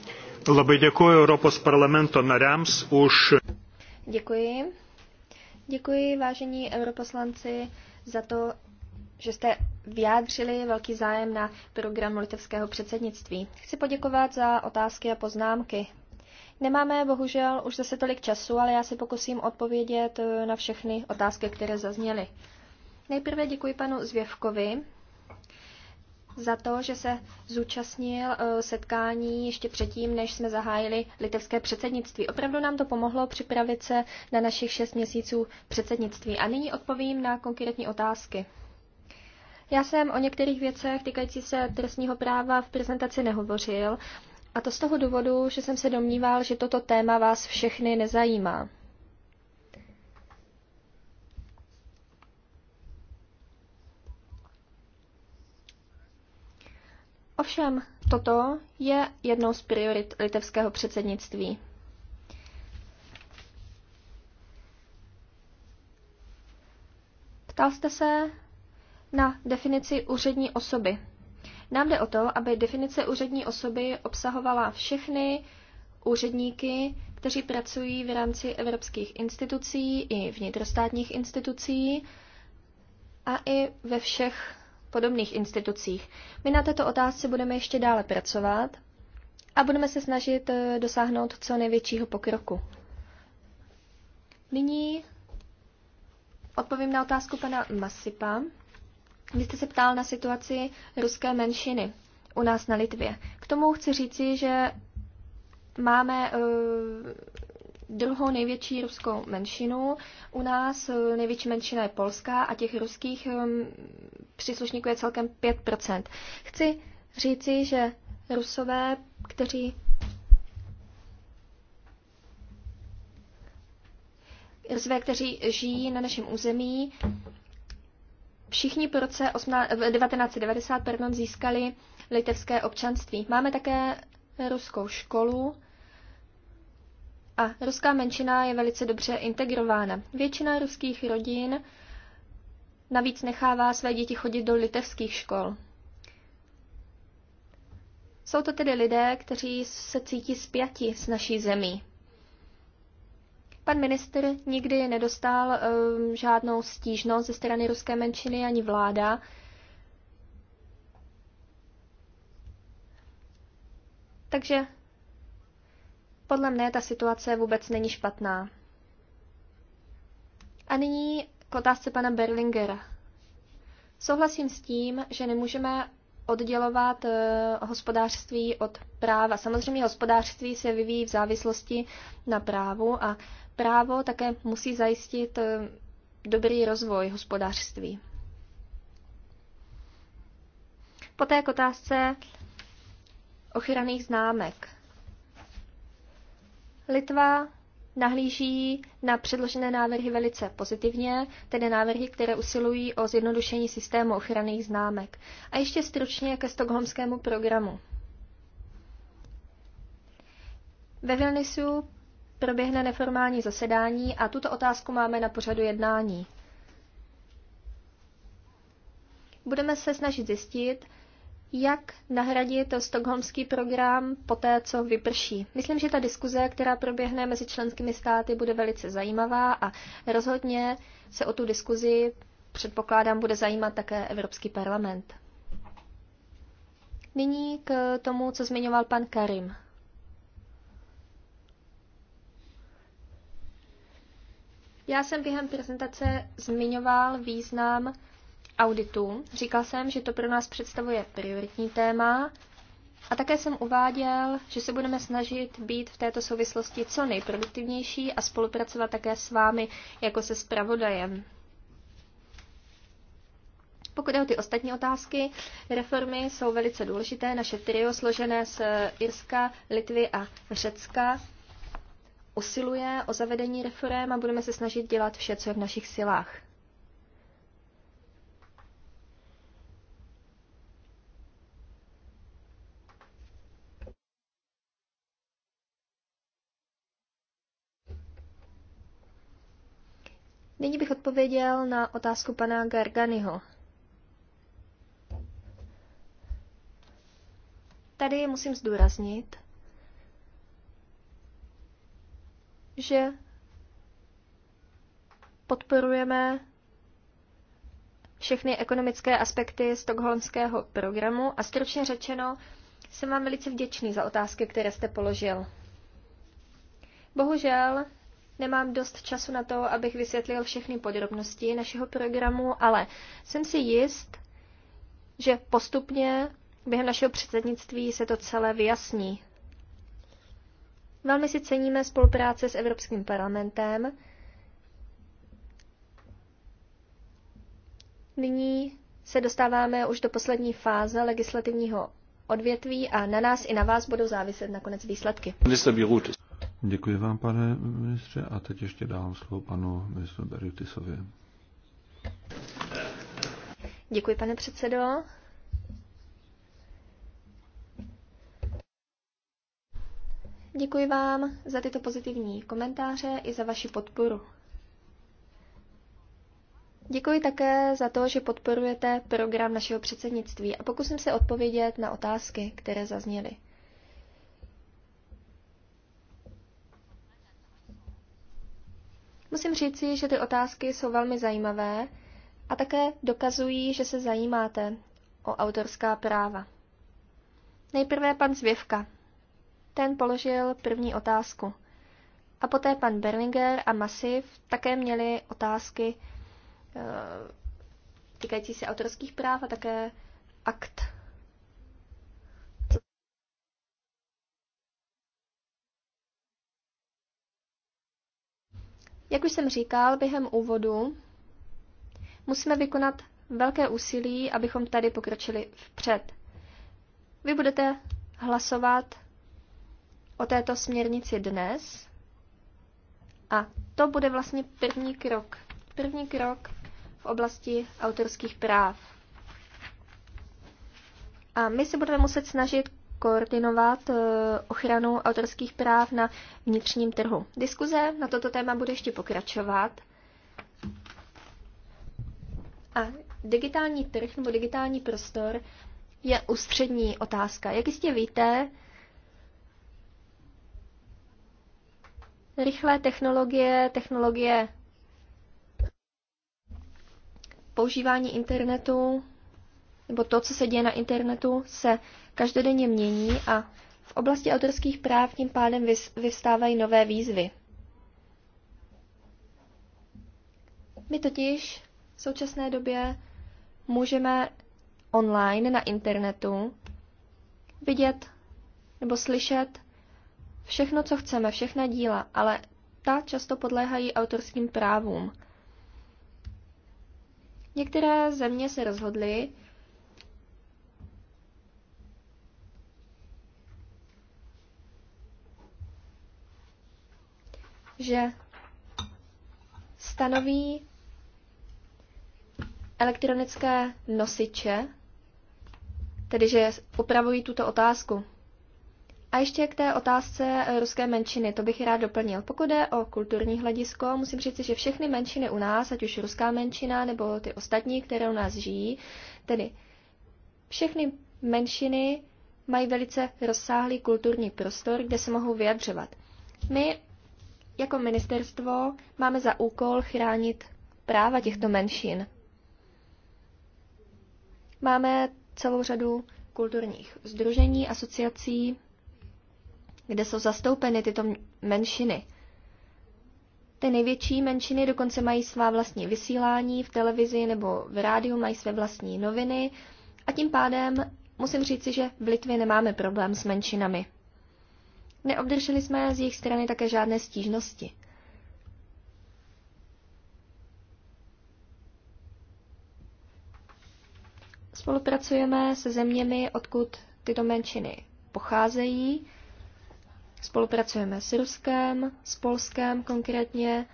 Labai děkuji Europos parlamento nariams už. Děkuji. Děkuji, vážení europoslanci, za to, že jste vyjádřili velký zájem na programu litevského předsednictví. Chci poděkovat za otázky a poznámky. Nemáme bohužel už zase tolik času, ale já se pokusím odpovědět eh, na všechny otázky, které zazněly. Nejprve děkuji panu Zvěvkovi za to, že se zúčastnil eh, setkání ještě předtím, než jsme zahájili litevské předsednictví. Opravdu nám to pomohlo připravit se na našich šest měsíců předsednictví. A nyní odpovím na konkrétní otázky. Já jsem o některých věcech týkající se trestního práva v prezentaci nehovořil, a to z toho důvodu, že jsem se domníval, že toto téma vás všechny nezajímá. Ovšem, toto je jednou z priorit litevského předsednictví. Ptal jste se na definici úřední osoby. Nám jde o to, aby definice úřední osoby obsahovala všechny úředníky, kteří pracují v rámci evropských institucí i vnitrostátních institucí a i ve všech podobných institucích. My na této otázce budeme ještě dále pracovat a budeme se snažit eh, dosáhnout co největšího pokroku. Nyní odpovím na otázku pana Masipa. Vy jste se ptal na situaci ruské menšiny u nás na Litvě. K tomu chci říci, že máme eh, druhou největší ruskou menšinu. U nás eh, největší menšina je polská a těch ruských eh, příslušníků je celkem 5%. Chci říci, že rusové, kteří Rusové, kteří žijí na našem území, všichni po roce 18, 1990 pardon, získali litevské občanství. Máme také ruskou školu a ruská menšina je velice dobře integrována. Většina ruských rodin navíc nechává své děti chodit do litevských škol. Jsou to tedy lidé, kteří se cítí spjati s naší zemí. Pan minister nikdy nedostal um, žádnou stížnost ze strany ruské menšiny ani vláda. Takže podle mne ta situace vůbec není špatná. A nyní k otázce pana Berlingera. Souhlasím s tím, že nemůžeme oddělovat eh, hospodářství od práva. Samozřejmě hospodářství se vyvíjí v závislosti na právu a právo také musí zajistit eh, dobrý rozvoj hospodářství. Poté k otázce ochranných známek. Litva nahlíží na předložené návrhy velice pozitivně, tedy návrhy, které usilují o zjednodušení systému ochranných známek. A ještě stručně ke stokholmskému programu. Ve Vilnisu proběhne neformální zasedání a tuto otázku máme na pořadu jednání. Budeme se snažit zjistit, jak nahradit stokholmský program poté, co vyprší. Myslím, že ta diskuze, která proběhne mezi členskými státy, bude velice zajímavá a rozhodně se o tu diskuzi, předpokládám, bude zajímat také Evropský parlament. Nyní k tomu, co zmiňoval pan Karim. Já jsem během prezentace zmiňoval význam auditu. Říkal jsem, že to pro nás představuje prioritní téma a také jsem uváděl, že se budeme snažit být v této souvislosti co nejproduktivnější a spolupracovat také s vámi jako se spravodajem. Pokud jde o ty ostatní otázky, reformy jsou velice důležité. Naše trio složené z Irska, Litvy a Řecka usiluje o zavedení reform a budeme se snažit dělat vše, co je v našich silách. Nyní bych odpověděl na otázku pana Garganiho. Tady musím zdůraznit, že podporujeme všechny ekonomické aspekty stokholmského programu a stručně řečeno jsem vám velice vděčný za otázky, které jste položil. Bohužel nemám dost času na to, abych vysvětlil všechny podrobnosti našeho programu, ale jsem si jist, že postupně během našeho předsednictví se to celé vyjasní. Velmi si ceníme spolupráce s Evropským parlamentem. Nyní se dostáváme už do poslední fáze legislativního odvětví a na nás i na vás budou záviset nakonec výsledky. Děkuji vám, pane ministře, a teď ještě dávám slovo panu ministru Berutisovi. Děkuji, pane předsedo. Děkuji vám za tyto pozitivní komentáře i za vaši podporu. Děkuji také za to, že podporujete program našeho předsednictví a pokusím se odpovědět na otázky, které zazněly. Musím říci, že ty otázky jsou velmi zajímavé a také dokazují, že se zajímáte o autorská práva. Nejprve pan Zvěvka. Ten položil první otázku. A poté pan Berlinger a Masiv také měli otázky eh, týkající se autorských práv a také akt. Jak už jsem říkal během úvodu, musíme vykonat velké úsilí, abychom tady pokročili vpřed. Vy budete hlasovat o této směrnici dnes. A to bude vlastně první krok. První krok v oblasti autorských práv. A my se budeme muset snažit koordinovat eh, ochranu autorských práv na vnitřním trhu. Diskuze na toto téma bude ještě pokračovat. A digitální trh nebo digitální prostor je ústřední otázka. Jak jistě víte, rychlé technologie, technologie používání internetu, nebo to, co se děje na internetu, se každodenně mění a v oblasti autorských práv tím pádem vyvstávají nové výzvy. My totiž v současné době můžeme online na internetu vidět nebo slyšet všechno, co chceme, všechna díla, ale ta často podléhají autorským právům. Některé země se rozhodly, že stanoví elektronické nosiče, tedy že upravují tuto otázku. A ještě k té otázce eh, ruské menšiny, to bych rád doplnil. Pokud jde o kulturní hledisko, musím říct, že všechny menšiny u nás, ať už ruská menšina nebo ty ostatní, které u nás žijí, tedy všechny menšiny mají velice rozsáhlý kulturní prostor, kde se mohou vyjadřovat. My jako ministerstvo máme za úkol chránit práva těchto menšin. Máme celou řadu kulturních združení, asociací, kde jsou zastoupeny tyto menšiny. Ty největší menšiny dokonce mají svá vlastní vysílání v televizi nebo v rádiu, mají své vlastní noviny a tím pádem musím říci, že v Litvě nemáme problém s menšinami. Neobdrželi jsme z jejich strany také žádné stížnosti. Spolupracujeme se zeměmi, odkud tyto menšiny pocházejí. Spolupracujeme s Ruskem, s Polskem konkrétně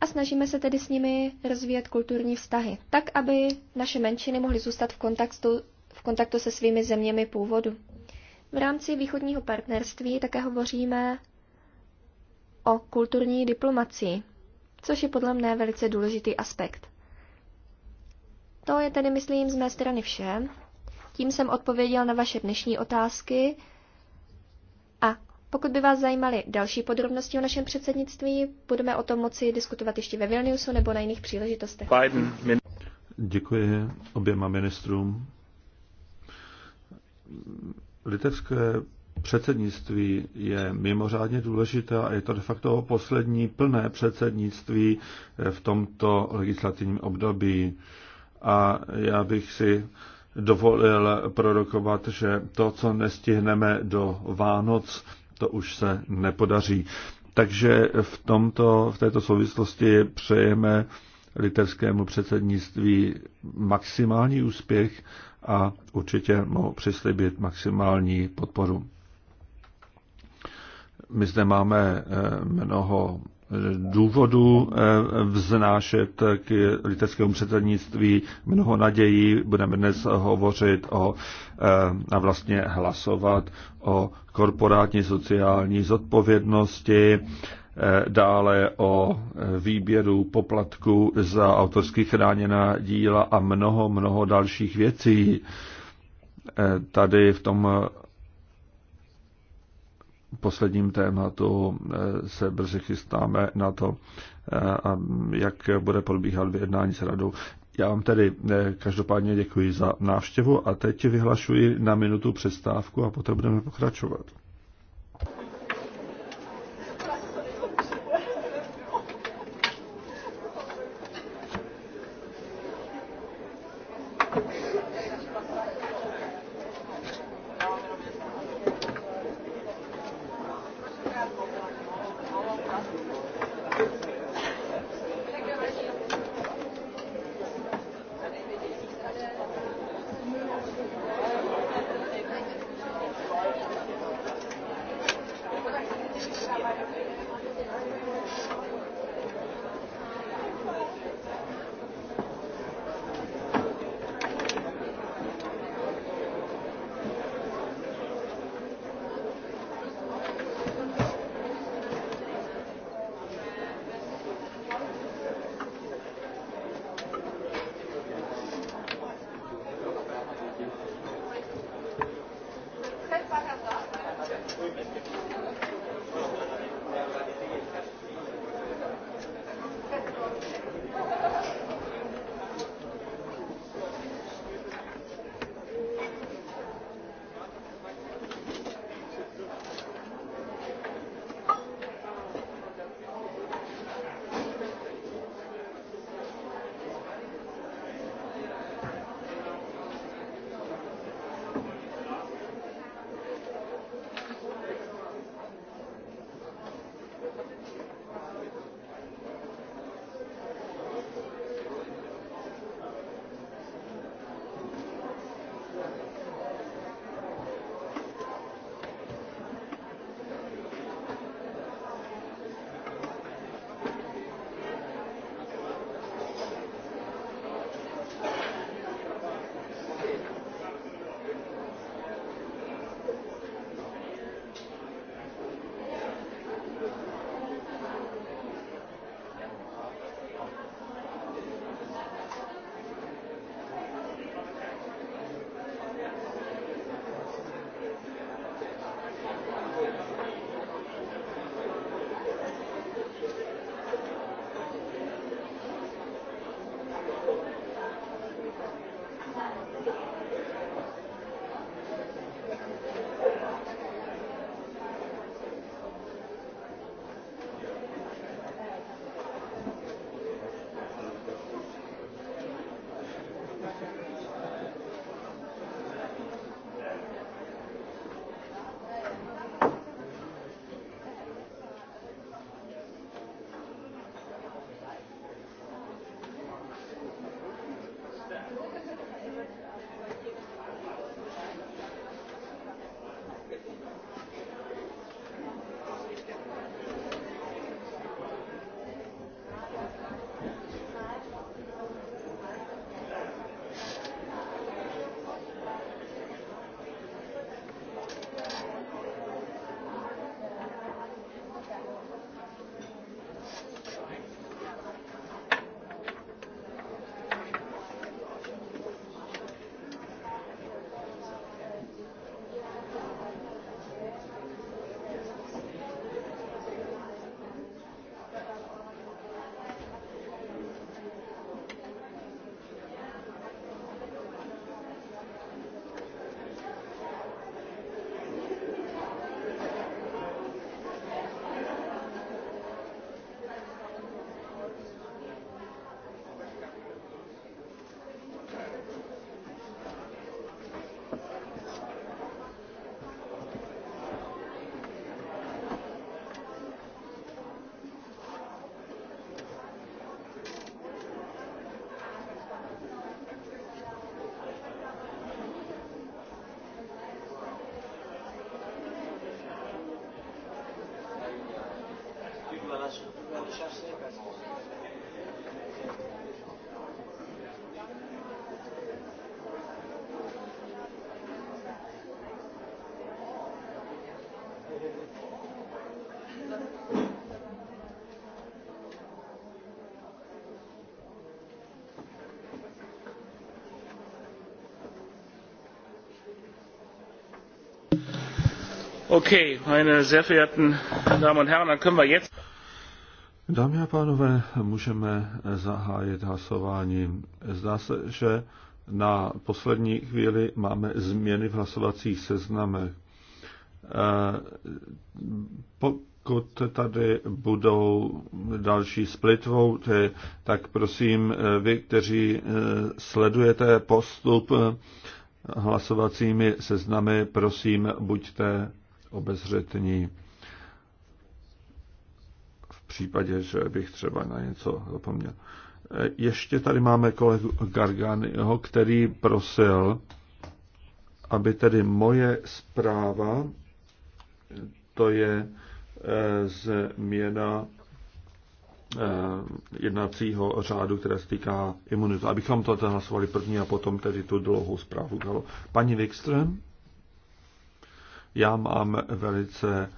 a snažíme se tedy s nimi rozvíjet kulturní vztahy, tak aby naše menšiny mohly zůstat v kontaktu, v kontaktu se svými zeměmi původu. V rámci východního partnerství také hovoříme o kulturní diplomacii, což je podle mne velice důležitý aspekt. To je tedy, myslím, z mé strany vše. Tím jsem odpověděl na vaše dnešní otázky pokud by vás zajímaly další podrobnosti o našem předsednictví, budeme o tom moci diskutovat ještě ve Vilniusu nebo na jiných příležitostech. Biden. Děkuji oběma ministrům. Litevské předsednictví je mimořádně důležité a je to de facto poslední plné předsednictví v tomto legislativním období. A já bych si dovolil prorokovat, že to, co nestihneme do Vánoc, to už se nepodaří. Takže v, tomto, v této souvislosti přejeme litevskému předsednictví maximální úspěch a určitě mohu přislibit maximální podporu. My zde máme eh, mnoho důvodů eh, vznášet k litevskému předsednictví mnoho nadějí. Budeme dnes hovořit o eh, a vlastně hlasovat o korporátní sociální zodpovědnosti, eh, dále o výběru poplatku za autorsky chráněná díla a mnoho, mnoho dalších věcí. Tady v tom posledním tématu eh, se brzy chystáme na to, eh, jak bude probíhat vyjednání s radou. Já vám tedy eh, každopádně děkuji za návštěvu a teď vyhlašuji na minutu přestávku a poté budeme pokračovat. Dámy a pánové, můžeme zahájit hlasování. Zdá se, že na poslední chvíli máme změny v hlasovacích seznamech. Eh, pokud tady budou další split tak prosím eh, vy, kteří eh, sledujete postup hlasovacími seznamy, prosím buďte obezřetní v případě, že bych třeba na něco zapomněl. E, ještě tady máme kolegu Garganiho, který prosil, aby tedy moje zpráva, to je e, změna e, jednacího řádu, které se týká imunitu. Abychom to hlasovali první a potom tedy tu dlouhou zprávu dalo. Paní Wikström? Já mám velice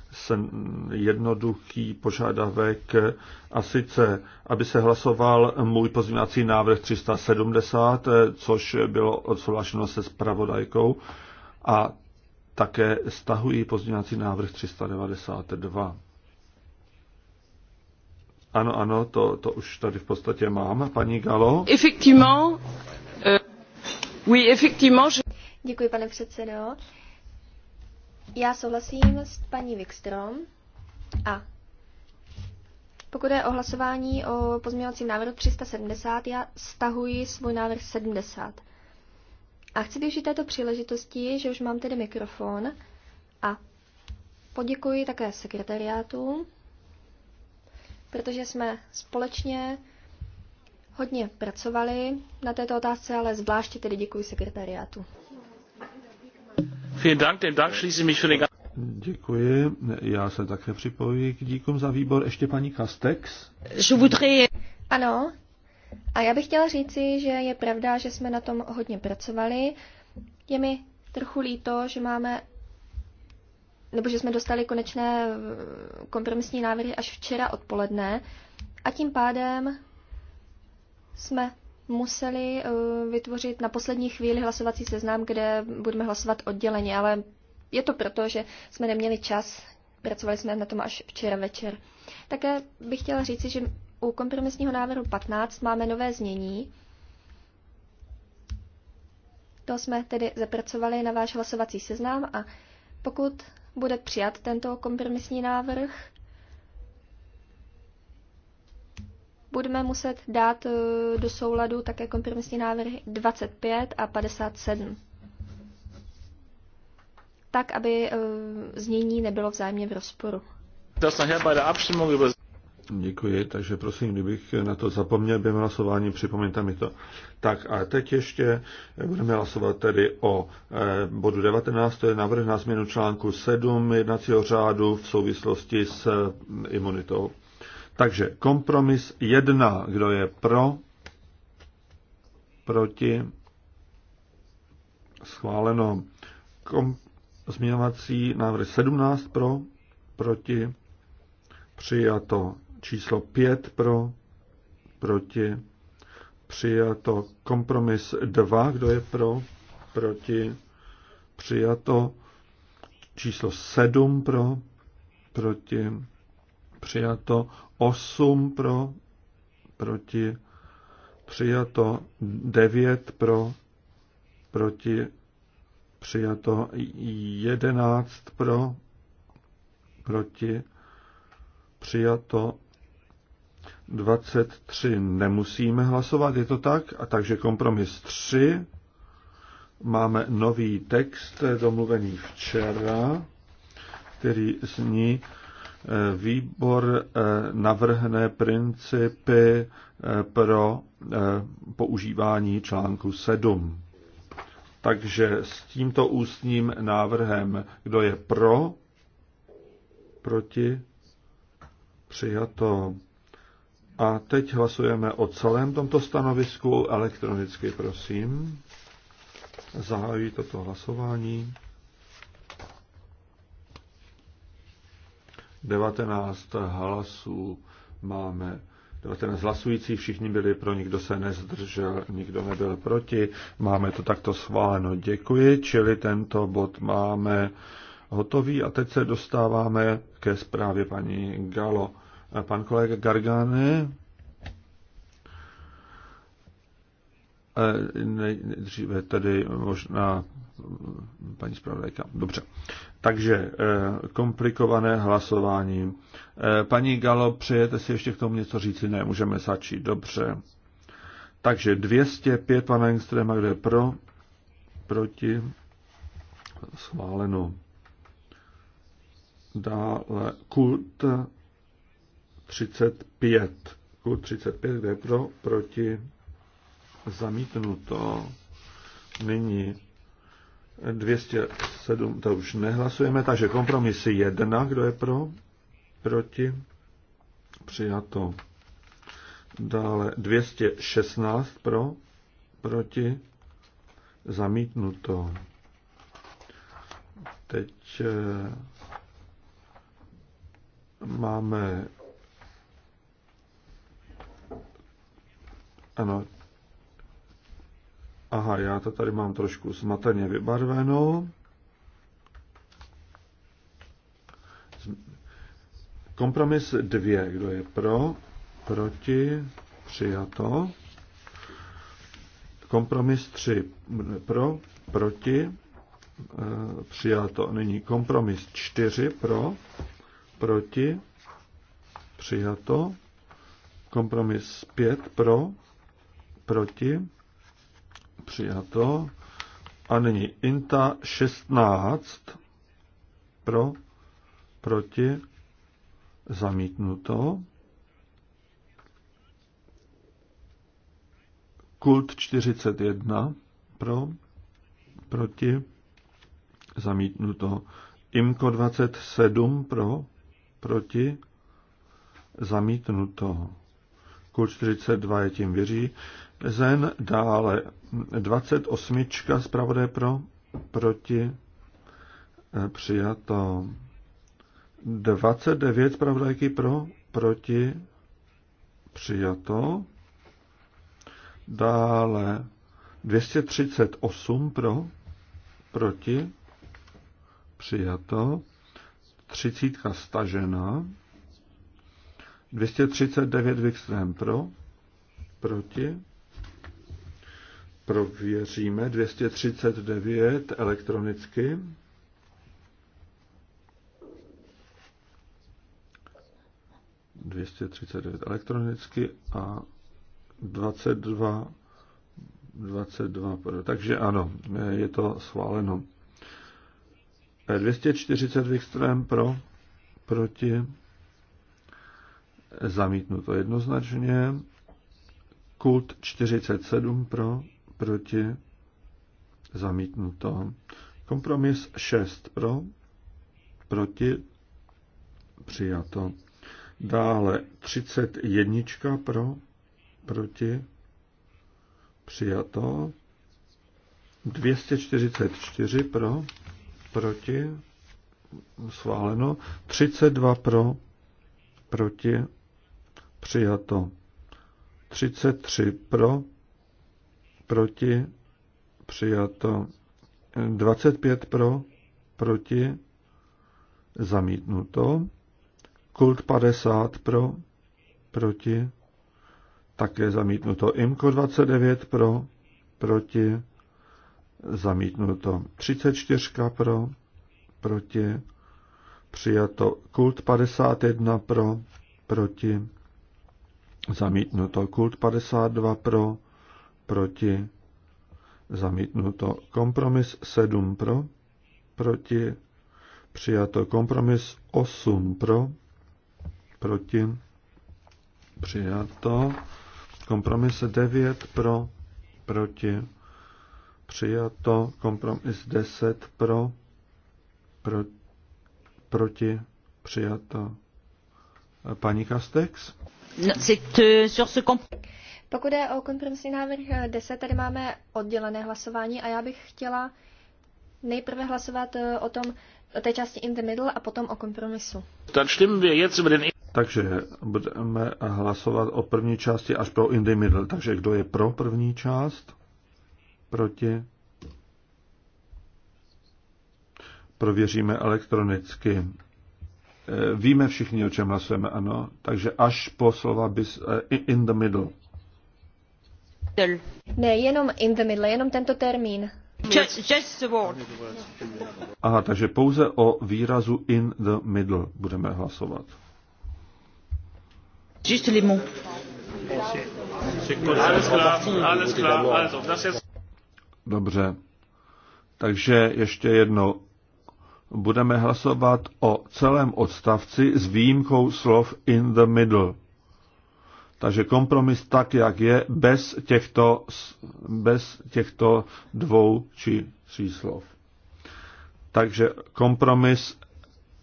jednoduchý požadavek a sice, aby se hlasoval můj pozměňovací návrh 370, což bylo odsouhlašeno se spravodajkou a také stahuji pozměňovací návrh 392. Ano, ano, to, to už tady v podstatě mám, paní Galo. Effectivement, uh, oui, effectivement. Je... Děkuji, pane předsedo. Já souhlasím s paní Wikstrom a pokud je o hlasování o pozměňovacím návrhu 370, já stahuji svůj návrh 70. A chci využít této příležitosti, že už mám tedy mikrofon a poděkuji také sekretariátu, protože jsme společně hodně pracovali na této otázce, ale zvláště tedy děkuji sekretariátu. Děkuji. Já se také připojuji k díkům za výbor. Ještě paní Kastex. Ano. A já bych chtěla říci, že je pravda, že jsme na tom hodně pracovali. Je mi trochu líto, že máme nebo že jsme dostali konečné eh, kompromisní návrhy až včera odpoledne a tím pádem jsme museli eh, vytvořit na poslední chvíli hlasovací seznam, kde budeme hlasovat odděleně, ale je to proto, že jsme neměli čas, pracovali jsme na tom až včera večer. Také bych chtěla říci, že u kompromisního návrhu 15 máme nové znění. To jsme tedy zapracovali na váš hlasovací seznam a pokud bude přijat tento kompromisní návrh, budeme muset dát eh, do souladu také kompromisní návrhy 25 a 57. Tak, aby eh, znění nebylo vzájemně v rozporu. Děkuji, takže prosím, kdybych na to zapomněl během hlasování, připomeňte mi to. Tak a teď ještě budeme hlasovat tedy o eh, bodu 19, to je návrh na změnu článku 7 jednacího řádu v souvislosti s eh, imunitou. Takže kompromis jedna, kdo je pro, proti, schváleno. Kom, změňovací návrh 17 pro, proti, přijato číslo 5 pro, proti, přijato kompromis 2, kdo je pro, proti, přijato číslo 7 pro, proti, přijato 8 pro, proti, přijato 9 pro, proti, přijato 11 pro, proti, přijato 23 nemusíme hlasovat, je to tak? A takže kompromis 3. Máme nový text domluvený včera, který zní výbor eh, navrhne principy eh, pro eh, používání článku 7. Takže s tímto ústním návrhem, kdo je pro, proti, přijato. A teď hlasujeme o celém tomto stanovisku elektronicky, prosím. Zahájí toto hlasování. 19 hlasů máme 19 hlasujících, všichni byli pro, nikdo se nezdržel, nikdo nebyl proti. Máme to takto schváleno. Děkuji, čili tento bod máme hotový a teď se dostáváme ke zprávě paní Galo. Pan kolega Gargane. Eh, dříve tedy možná paní zpravodajka. Dobře. Takže eh, komplikované hlasování. Eh, paní Galo, přejete si ještě k tomu něco říci? Ne, můžeme začít. Dobře. Takže 205 pana Engstrema, kde je pro, proti, schváleno. Dále kult 35. Kult 35, kde je pro, proti, zamítnuto. Nyní 207, to už nehlasujeme, takže kompromis 1, kdo je pro, proti, přijato. Dále 216 pro, proti, zamítnuto. Teď eh, máme ano, Aha, já to tady mám trošku smateně vybarveno. Kompromis 2. Kdo je pro? Proti? Přijato. Kompromis 3. Pro? Proti? Eh, přijato. Nyní kompromis 4. Pro? Proti? Přijato. Kompromis 5. Pro? Proti? Přijato. A nyní INTA 16 pro, proti, zamítnuto. Kult 41 pro, proti, zamítnuto. IMKO 27 pro, proti, zamítnuto. Kult 42 je tím věří. Zen dále 28. zpravodaj pro, proti, eh, přijato. 29 zpravodajky pro, proti, přijato. Dále 238 pro, proti, přijato. 30 stažena. 239 Wikström pro, proti, prověříme 239 elektronicky. ...239 elektronicky a 22, 22 Takže ano, je to schváleno. 240 Wikström pro, proti, zamítnuto jednoznačně. Kult 47 pro, proti, zamítnuto. Kompromis 6 pro, proti, přijato. Dále 31 pro, proti, přijato. 244 pro, proti, schváleno. 32 pro, proti, přijato. 33 pro, proti, přijato. 25 pro, proti, zamítnuto. Kult 50 pro, proti, také zamítnuto. Imko 29 pro, proti, zamítnuto. 34 pro, proti, přijato. Kult 51 pro, proti, zamítnuto. Kult 52 pro, proti, zamítnuto. Kompromis 7 pro, proti, přijato. Kompromis 8 pro, proti, přijato. Kompromis 9 pro, proti, přijato. Kompromis 10 pro, pro proti, přijato. Paní Kastex? No, c'est, euh, sur ce pokud je o kompromisní návrh 10, eh, tady máme oddělené hlasování a já bych chtěla nejprve hlasovat eh, o tom, o té části in the middle a potom o kompromisu. E- Takže budeme hlasovat o první části až pro in the middle. Takže kdo je pro první část? Proti? Prověříme elektronicky. Eh, víme všichni, o čem hlasujeme, ano. Takže až po slova bis, in the middle. Ne, jenom in the middle, jenom tento termín. Just, just the word. Aha, takže pouze o výrazu in the middle budeme hlasovat. Just les mots. Dobře. Takže ještě jednou. Budeme hlasovat o celém odstavci s výjimkou slov in the middle. Takže kompromis tak, jak je, bez těchto, bez těchto dvou či tří slov. Takže kompromis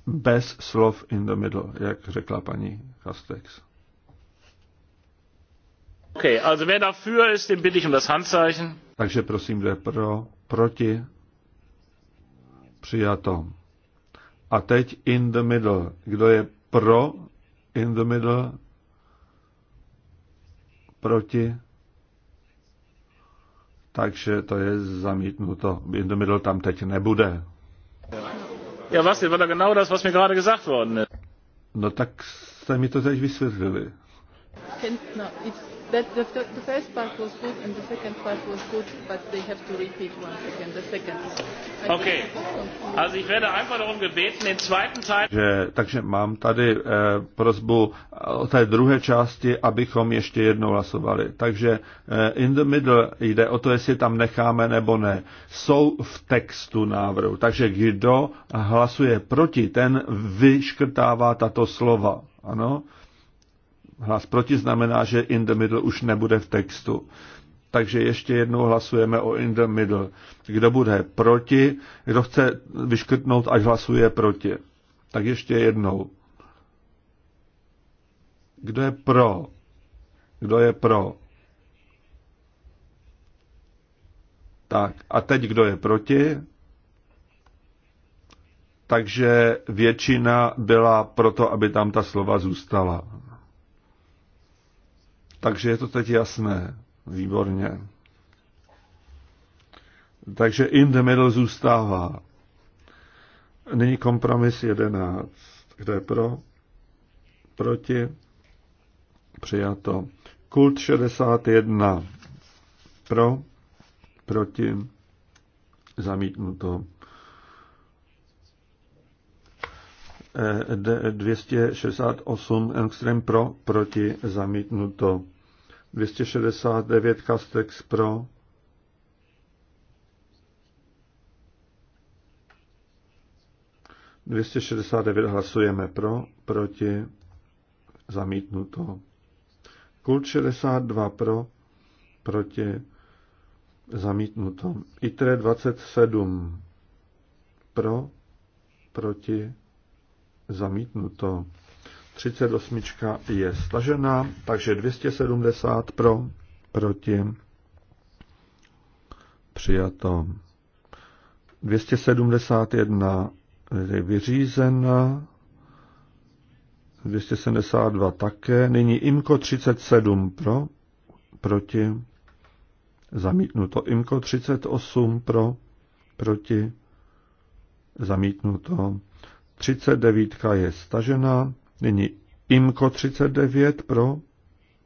bez slov in the middle, jak řekla paní Kastex. Okay, also wer dafür ist, den bitte ich um das Handzeichen. Takže prosím, kdo je pro, proti, přijato. A teď in the middle. Kdo je pro in the middle, proti, takže to je zamítnuto. Bindomidl tam teď nebude. Ja, was, war da genau das, was mir gerade gesagt worden ist. No tak jste mi to teď vysvětlili. Kentner, that the, the first part was good and the second part was good, but they have to repeat once again the second. I okay. Also ich werde einfach darum gebeten, den zweiten Teil. Že, takže mám tady eh, prozbu o eh, té druhé části, abychom ještě jednou hlasovali. Takže eh, in the middle jde o to, jestli tam necháme nebo ne. Jsou v textu návrhu. Takže kdo hlasuje proti, ten vyškrtává tato slova. Ano? hlas proti znamená, že in the middle už nebude v textu. Takže ještě jednou hlasujeme o in the middle. Kdo bude proti, kdo chce vyškrtnout, ať hlasuje proti. Tak ještě jednou. Kdo je pro? Kdo je pro? Tak a teď kdo je proti? Takže většina byla proto, aby tam ta slova zůstala. Takže je to teď jasné. Výborně. Takže in the middle zůstává. Nyní kompromis 11. Kde je pro? Proti? Přijato. Kult 61. Pro? Proti? Zamítnuto. 268 eh, Engström pro, proti, zamítnuto. 269 Castex pro. Dvěstě šedesát devět hlasujeme pro, proti, zamítnuto. Kult dva pro, proti, zamítnuto. ITRE 27 pro, proti, zamítnuto. 38 je stažena, takže 270 pro, proti, přijato. 271 je vyřízena, 272 také, nyní IMKO 37 pro, proti, zamítnuto. IMKO 38 pro, proti, zamítnuto. 39 je stažena, Nyní IMKO 39 pro,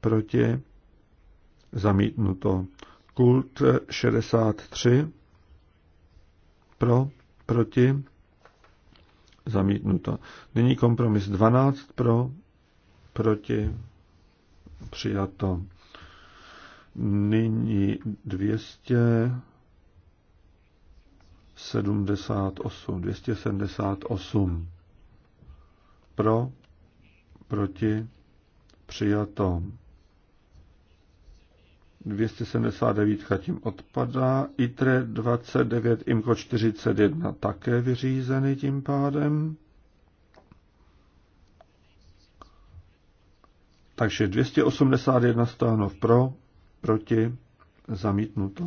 proti, zamítnuto. Kult 63 pro, proti, zamítnuto. Nyní kompromis 12 pro, proti, přijato. Nyní 278, 278 pro, proti, přijato. 279 chatím odpadá, ITRE 29, IMCO 41 také vyřízeny tím pádem. Takže 281 stánov pro, proti, zamítnuto.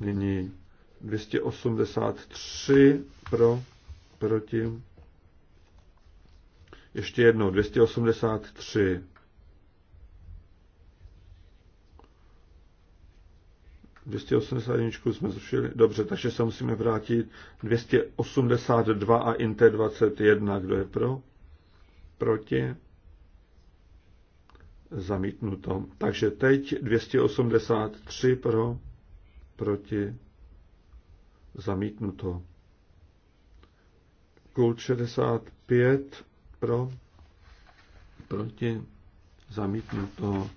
Nyní 283 pro, proti, ještě jednou, 283. jedničku jsme zrušili. Dobře, takže se musíme vrátit 282 a int 21. Kdo je pro? Proti? Zamítnuto. Takže teď 283 pro, proti, zamítnuto. Kult 65 pro, proti, zamítnuto.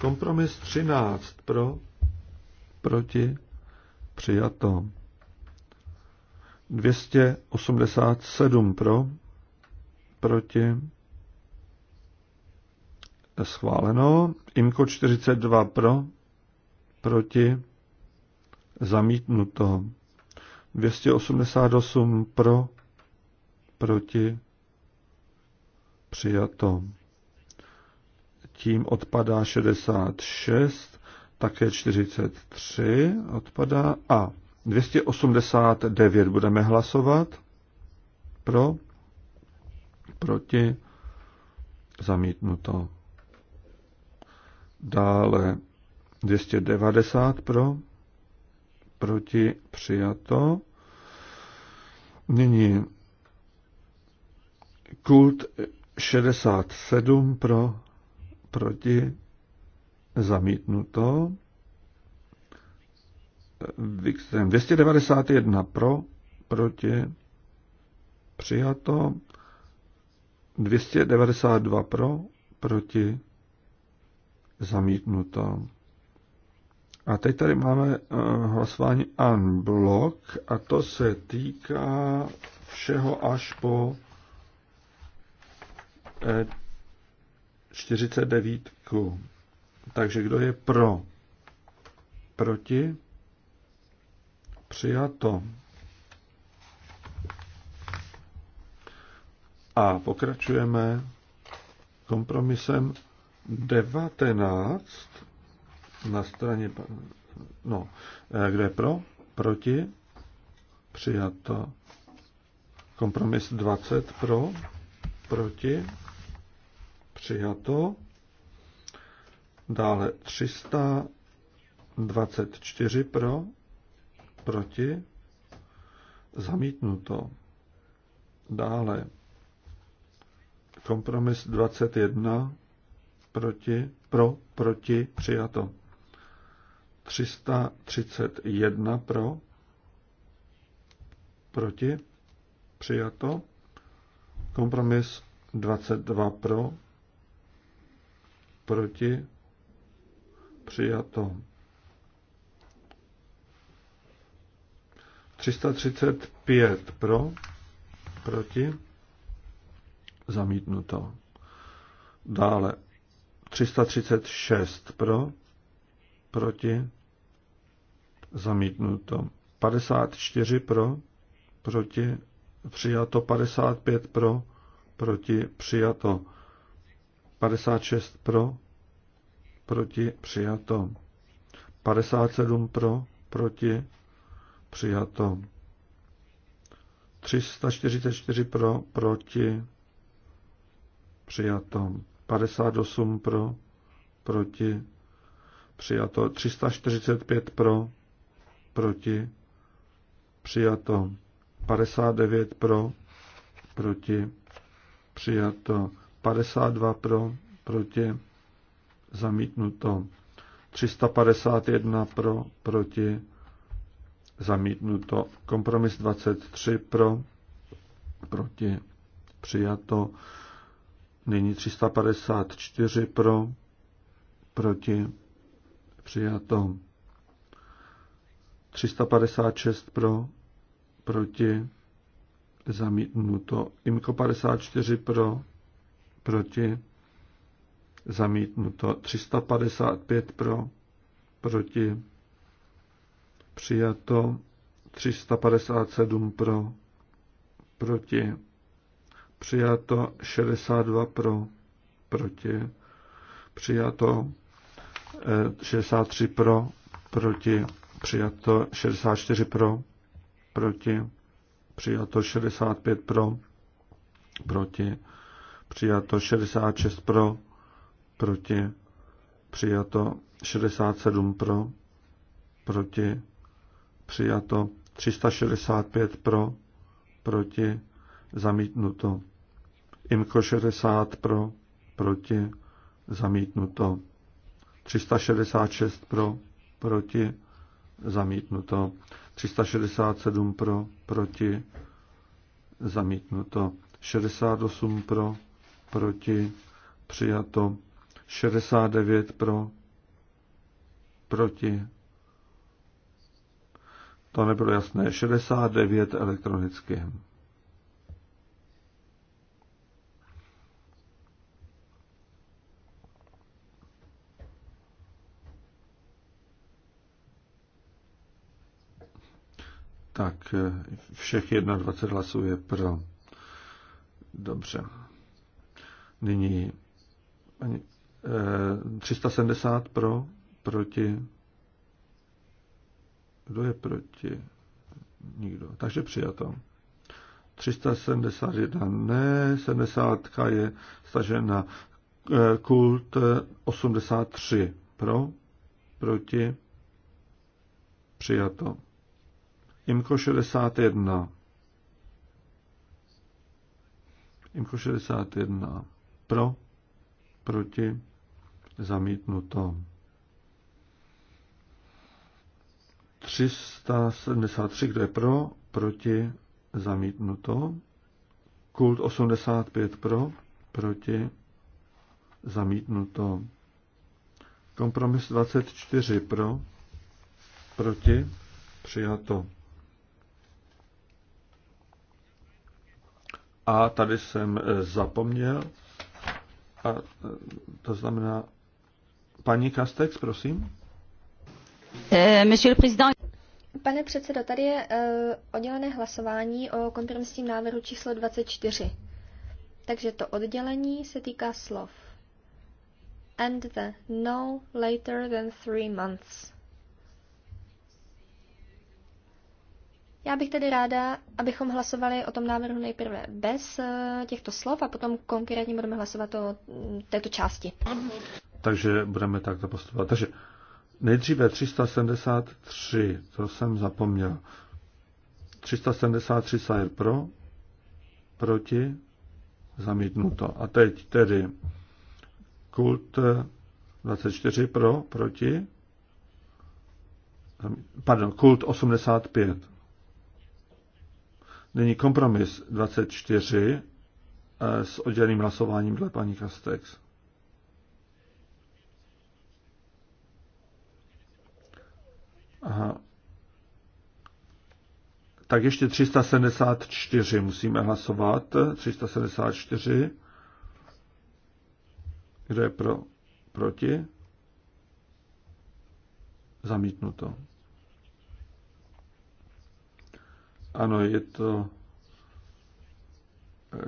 Kompromis 13 pro, proti, přijato. 287 pro, proti, schváleno. IMKO 42 pro, proti, zamítnuto. 288 pro, proti, Přijato. Tím odpadá 66, také 43 odpadá a 289 budeme hlasovat. Pro, proti, zamítnuto. Dále 290 pro, proti, přijato. Nyní kult 67 pro, proti, zamítnuto. 291 pro, proti, přijato. 292 pro, proti, zamítnuto. A teď tady máme eh, hlasování unblock a to se týká všeho až po 49. Takže kdo je pro? Proti? Přijato. A pokračujeme kompromisem 19 na straně, no, eh, kde je pro, proti, přijato. Kompromis 20 pro, proti, přijato. Dále 324 pro, proti, zamítnuto. Dále kompromis 21 proti, pro, proti, přijato. 331 pro, proti, přijato. Kompromis 22 pro, proti, přijato. 335 pro, proti, zamítnuto. Dále 336 pro, proti, zamítnuto. 54 pro, proti, přijato. 55 pro, proti, přijato. 56 pro, proti přijato. 57 pro, proti přijato. 344 pro, proti přijato. 58 pro, proti přijato. 345 pro, proti přijato. 59 pro, proti přijato. 52 pro, proti, zamítnuto. 351 pro, proti, zamítnuto. Kompromis 23 pro, proti, přijato. Nyní 354 pro, proti, přijato. 356 pro, proti, zamítnuto. IMKO 54 pro, proti, zamítnuto 355 pro, proti, přijato 357 pro, proti, přijato 62 pro, proti, přijato 63 eh, pro, proti, přijato 64 pro, proti, přijato 65 pro, proti, přijato 66 pro, proti, přijato 67 pro, proti, přijato 365 pro, proti, zamítnuto. IMKO 60 pro, proti, zamítnuto. 366 pro, proti, zamítnuto. 367 pro, proti, zamítnuto. 68 pro, proti, přijato 69 pro, proti, to nebylo jasné, 69 elektronicky. Tak eh, všech 21 hlasů je pro. Dobře. Nyní 370 eh, pro, proti. Kdo je proti? Nikdo. Takže přijato. 371 ne, 70 je stažena eh, kult 83 eh, pro, proti, přijato. Imko 61. Imko 61 pro, proti, zamítnuto. 373, kdo je pro, proti, zamítnuto. Kult 85 pro, proti, zamítnuto. Kompromis 24 pro, proti, přijato. A tady jsem eh, zapomněl, a e, to znamená, paní Kastex, prosím. E, monsieur le Président. Pane předsedo, tady je uh, oddělené hlasování o kompromisním návrhu číslo 24. Takže to oddělení se týká slov. And the no later than three months. Já bych tedy ráda, abychom hlasovali o tom návrhu nejprve bez eh, těchto slov a potom konkrétně budeme hlasovat o mm, této části. Takže budeme takto postupovat. Takže nejdříve 373, to jsem zapomněl. 373 sajr pro, proti, zamítnuto. A teď tedy kult 24 pro, proti, pardon, kult 85 Nyní kompromis 24 eh, s odděleným hlasováním dle paní Kastex. Aha. Tak ještě 374 musíme hlasovat. 374. Kdo je pro? Proti? Zamítnuto. Ano, je to...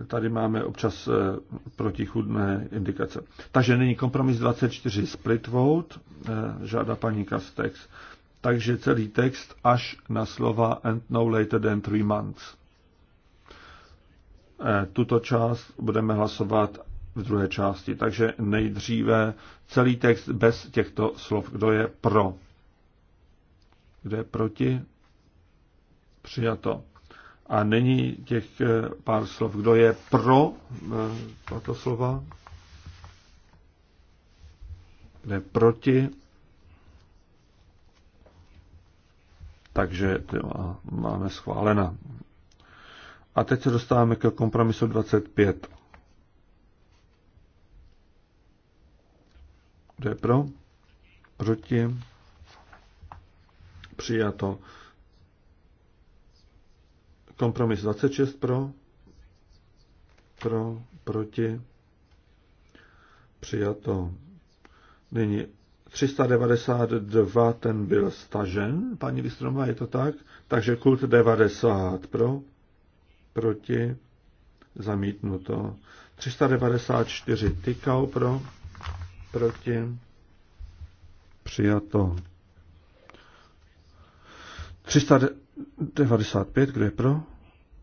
Tady máme občas eh, protichudné indikace. Takže není kompromis 24 split vote, eh, žádá paní Kastex. Takže celý text až na slova and no later than three months. Eh, tuto část budeme hlasovat v druhé části. Takže nejdříve celý text bez těchto slov. Kdo je pro? Kdo je proti? Přijato. A není těch eh, pár slov, kdo je pro eh, tato slova, kdo je proti. Takže máme schválena. A teď se dostáváme ke kompromisu 25. Kdo je pro? Proti? Přijato. Kompromis 26 pro, pro, proti, přijato. Nyní 392, ten byl stažen, paní Vystromová, je to tak? Takže kult 90 pro, proti, zamítnuto. 394 tykal pro, proti, přijato. 300, 95, kdo je pro?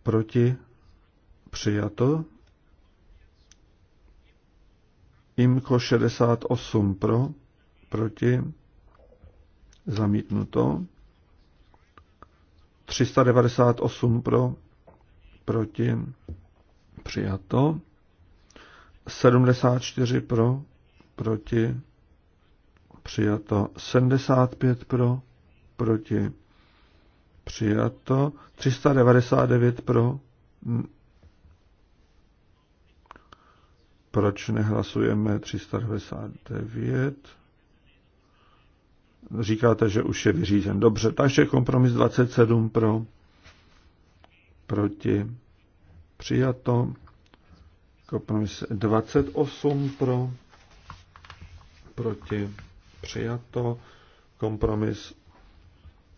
Proti? Přijato. Imko 68 pro, proti, zamítnuto. 398 pro, proti, přijato. 74 pro, proti, přijato. 75 pro, proti, Přijato. 399 pro. Proč nehlasujeme 399? Říkáte, že už je vyřízen. Dobře, takže kompromis 27 pro. Proti. Přijato. Kompromis 28 pro. Proti. Přijato. Kompromis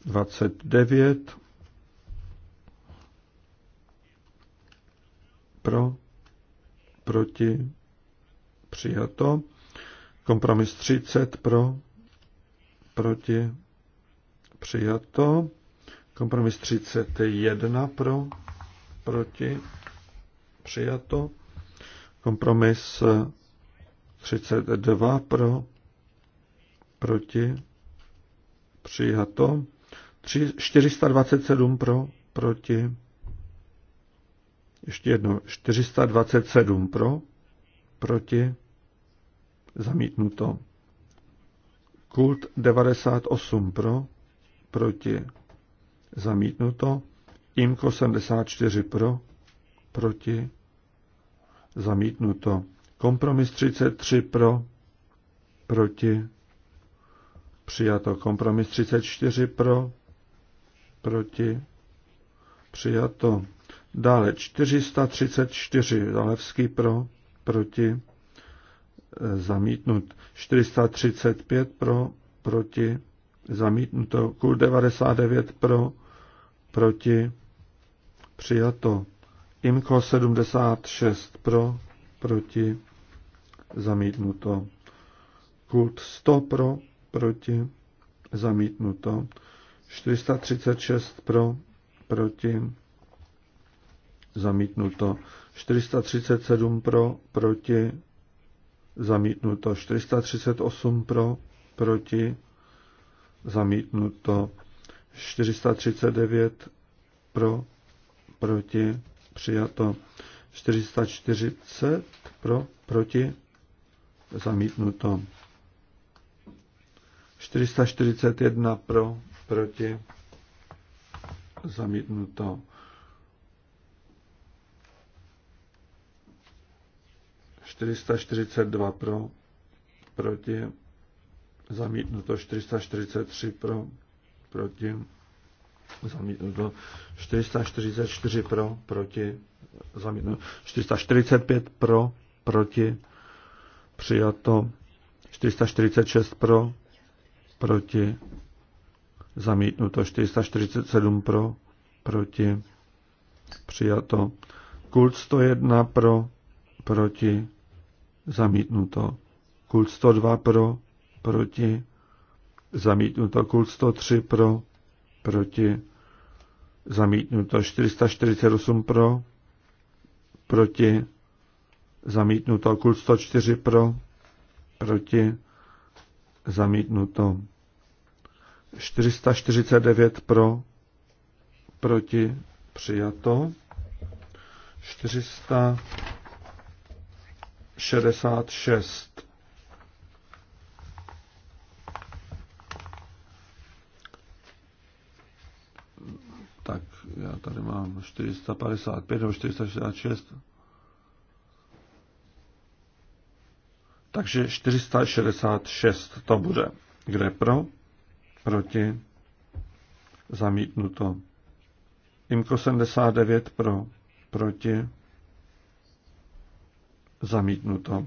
29 pro, proti, přijato. Kompromis 30 pro, proti, přijato. Kompromis 31 pro, proti, přijato. Kompromis 32 pro, proti, přijato. 427 pro, proti, ještě jedno, 427 pro, proti, zamítnuto. Kult 98 pro, proti, zamítnuto. Imko 74 pro, proti, zamítnuto. Kompromis 33 pro, proti, přijato. Kompromis 34 pro, proti, přijato. Dále 434 Zalevský pro, proti, e, zamítnut. 435 pro, proti, zamítnuto. Kul 99 pro, proti, přijato. Imko 76 pro, proti, zamítnuto. Kult 100 pro, proti, zamítnuto. 436 pro, proti, zamítnuto. 437 pro, proti, zamítnuto. 438 pro, proti, zamítnuto. 439 pro, proti, přijato. 440 pro, proti, zamítnuto. 441 pro, proti, zamítnuto. Čtyřista čtyřicet dva pro, proti, zamítnuto. Čtyřista čtyřicet tři pro, proti, zamítnuto. Čtyřista čtyřicet čtyři pro, proti, zamítnuto. Čtyřista čtyřicet pět pro, proti, přijato. 446 pro, proti, zamítnuto 447 pro, proti, přijato. Kult 101 pro, proti, zamítnuto. Kult 102 pro, proti, zamítnuto. Kult 103 pro, proti, zamítnuto. 448 pro, proti, zamítnuto. Kult 104 pro, proti, zamítnuto. 449 pro, proti, přijato. 466 tak já tady mám 455 nebo 466 takže 466 to bude. Kde pro? proti, zamítnuto. Imko 79 pro, proti, zamítnuto.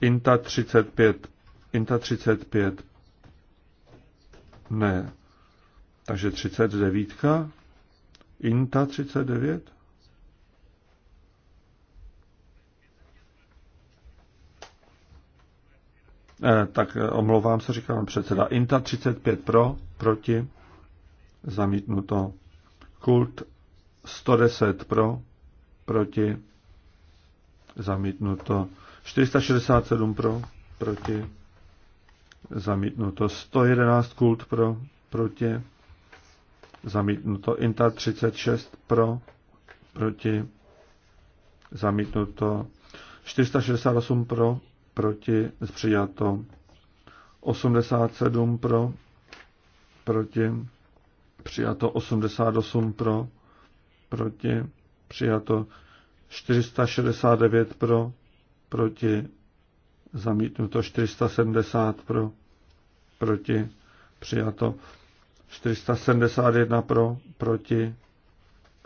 Inta 35, Inta 35, ne, takže 39, Inta 39, Eh, tak eh, omlouvám se, říkám předseda. Inta 35 pro, proti, zamítnuto. Kult 110 pro, proti, zamítnuto. 467 pro, proti, zamítnuto. 111 kult pro, proti, zamítnuto. Inta 36 pro, proti, zamítnuto. 468 pro, proti, přijato 87 pro, proti, přijato 88 pro, proti, přijato 469 pro, proti, zamítnuto 470 pro, proti, přijato 471 pro, proti,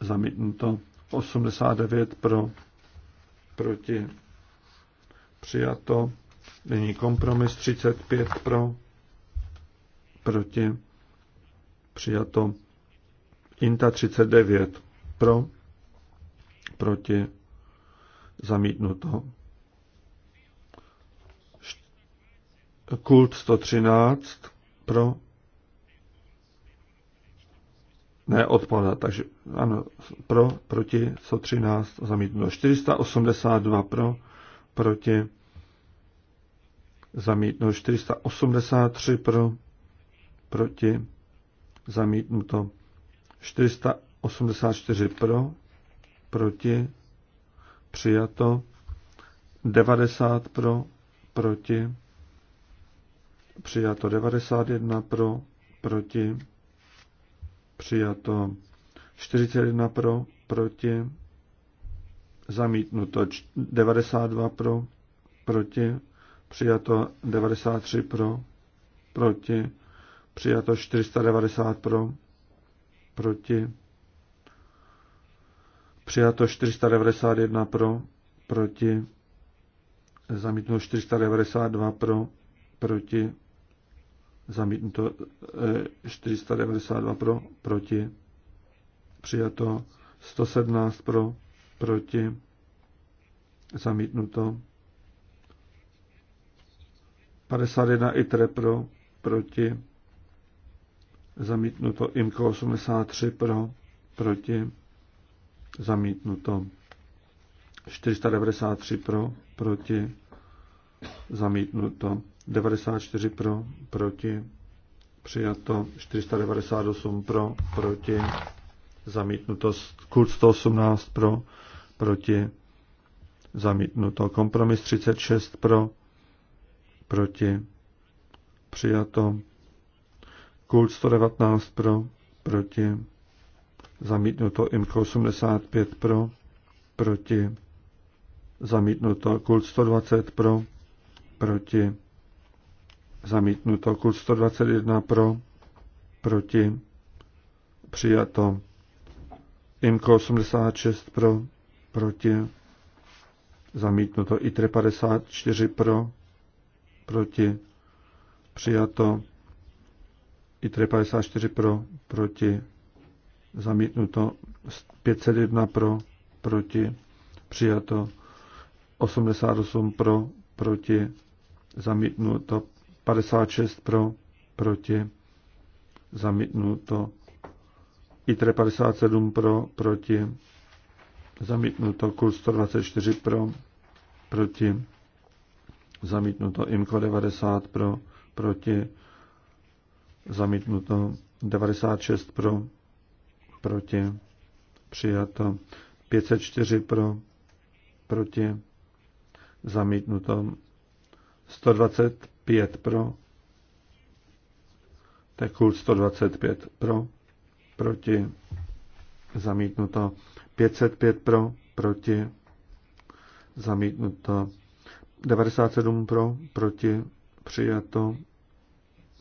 zamítnuto 89 pro, proti, přijato. není kompromis 35 pro, proti, přijato. Inta 39 pro, proti, zamítnuto. Kult 113 pro, ne odpada, takže ano, pro, proti 113 zamítnuto. 482 pro, proti, zamítno 483 pro, proti, zamítnuto 484 pro, proti, přijato 90 pro, proti, přijato 91 pro, proti, přijato 41 pro, proti, zamítnuto 92 pro, proti, přijato 93 pro, proti, přijato 490 pro, proti, přijato 491 pro, proti, zamítnuto 492 pro, proti, zamítnuto 492 eh, pro, proti, přijato 117 pro, proti, zamítnuto. 51 i pro, proti, zamítnuto. Imko 83 pro, proti, zamítnuto. 493 pro, proti, zamítnuto. 94 pro, proti, přijato. 498 pro, proti, zamítnuto. Kult 118 pro, proti, zamítnuto. Kompromis 36 pro, proti, přijato. Kult 119 pro, proti, zamítnuto. imko 85 pro, proti, zamítnuto. Kult 120 pro, proti, zamítnuto. Kult 121 pro, proti, přijato. imko 86 pro, proti, zamítnuto ITRE 54 pro, proti, přijato ITRE 54 pro, proti, zamítnuto 501 pro, proti, přijato 88 pro, proti, zamítnuto 56 pro, proti, zamítnuto ITRE 57 pro, proti, Zamítnuto KUL 124 pro, proti. Zamítnuto IMKO 90 pro, proti. Zamítnuto 96 pro, proti. Přijato 504 pro, proti. Zamítnuto 125 pro, tak kult 125 pro, proti, zamítnuto 505 pro, proti, zamítnuto. 97 pro, proti, přijato.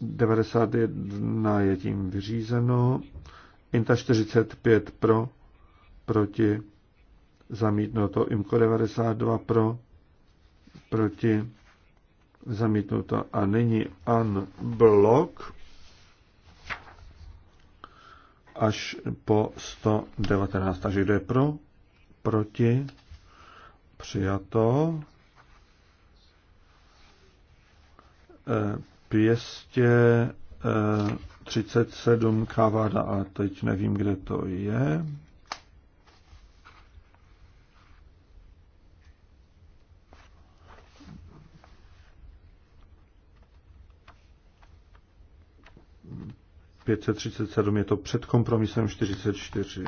91 je tím vyřízeno. Inta 45 pro, proti, zamítnuto. Imko 92 pro, proti, zamítnuto. A nyní an až po 119. Takže kdo je pro? Proti? Přijato. 237 Kavada a teď nevím, kde to je. 537 je to před kompromisem 44.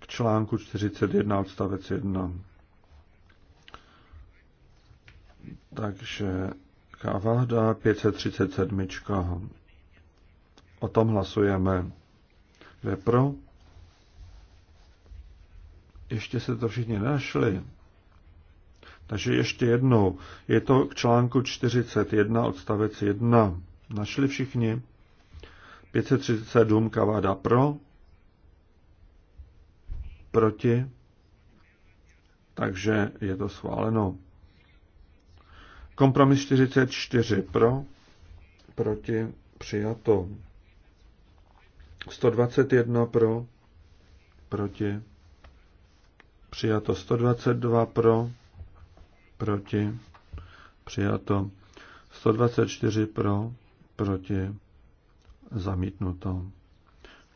K článku 41 odstavec 1. Takže Kavahda 537. O tom hlasujeme. Kde pro? Ještě se to všichni našli. Takže ještě jednou, je to k článku 41 odstavec 1. Našli všichni? 537 Kavada pro, proti, takže je to schváleno. Kompromis 44 pro, proti, přijato. 121 pro, proti, přijato. 122 pro, proti, přijato. 124 pro, proti, zamítnuto.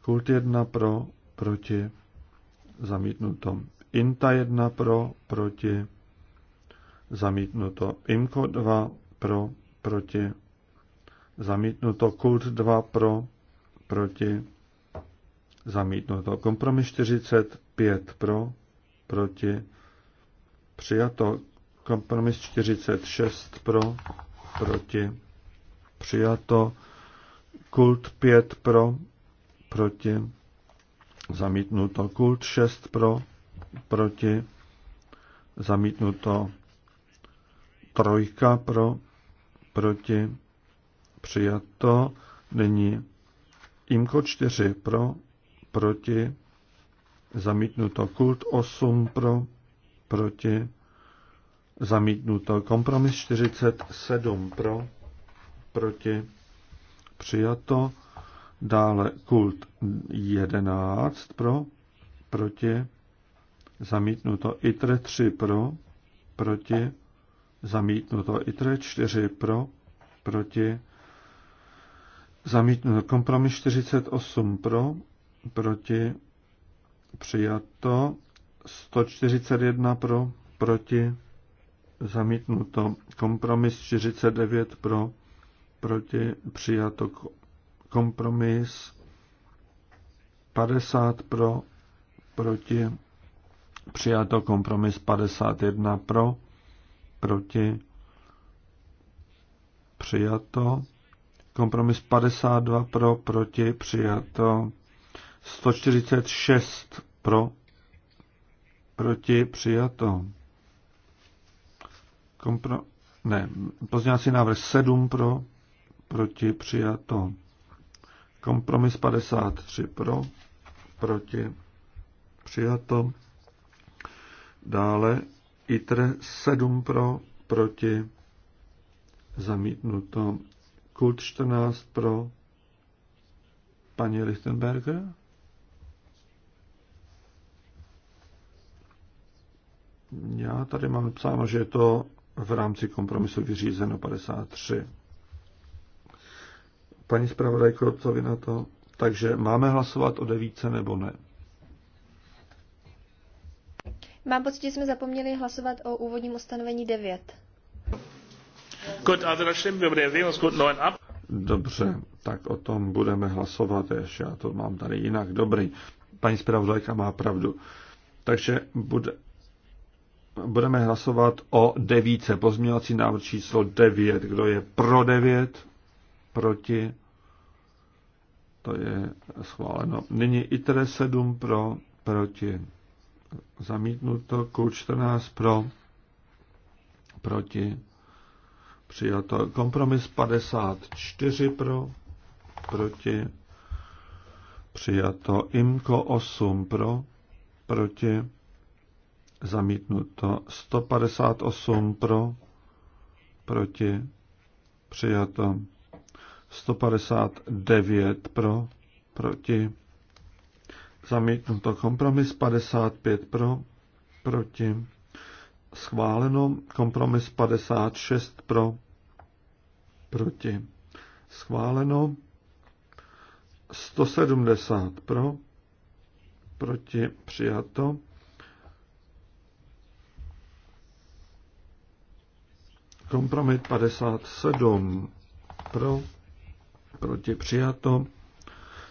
Kult 1 pro, proti, zamítnuto. Inta 1 pro, proti, zamítnuto. Imko 2 pro, proti, zamítnuto. Kult 2 pro, proti, zamítnuto. Kompromis 45 pro, proti, přijato. Kompromis 46 pro, proti, přijato. Kult 5 pro, proti, zamítnuto. Kult 6 pro, proti, zamítnuto. Trojka pro, proti, přijato. není, Imko 4 pro, proti, zamítnuto. Kult 8 pro, proti, Zamítnuto. Kompromis 47 pro, proti, přijato. Dále kult 11 pro, proti, zamítnuto. ITRE 3 pro, proti, zamítnuto. ITRE 4 pro, proti, zamítnuto. Kompromis 48 pro, proti, přijato. 141 pro, proti, zamítnuto. Kompromis 49 pro, proti přijato. Kompromis 50 pro, proti přijato. Kompromis 51 pro, proti přijato. Kompromis 52 pro, proti přijato. 146 pro, proti přijato. Kompro... Ne, pozdělací návrh 7 pro, proti přijato. Kompromis 53 pro, proti přijato. Dále ITR 7 pro, proti zamítnuto. Kult 14 pro paní Lichtenberger. Já tady mám psáno, že je to v rámci kompromisu vyřízeno 53. Paní zpravodajko, co vy na to? Takže máme hlasovat o devíce nebo ne? Mám pocit, že jsme zapomněli hlasovat o úvodním ustanovení 9. Gut, also wir 9 ab. Dobře, tak o tom budeme hlasovat, ještě já to mám tady jinak. Dobrý, paní zpravodajka má pravdu. Takže bude, budeme hlasovat o devíce. Pozměňovací návrh číslo 9. Kdo je pro 9? Proti? To je schváleno. Nyní ITRE 7 pro, proti. Zamítnuto. Q 14 pro, proti. Přijato. Kompromis 54 pro, proti. Přijato. IMKO 8 pro, proti zamítnuto 158 pro, proti, přijato 159 pro, proti, zamítnuto kompromis 55 pro, proti, schváleno kompromis 56 pro, proti, schváleno 170 pro, proti, přijato Kompromit 57 pro, proti přijato.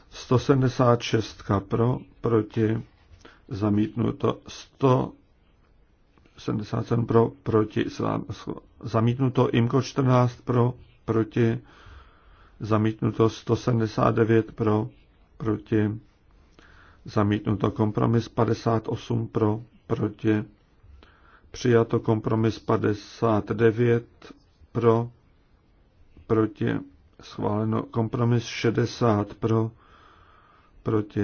176 pro, proti zamítnuto. 177 pro, proti zamítnuto. Imko 14 pro, proti zamítnuto. 179 pro, proti zamítnuto. Kompromis 58 pro, proti Přijato kompromis 59 pro, proti, schváleno kompromis 60 pro, proti,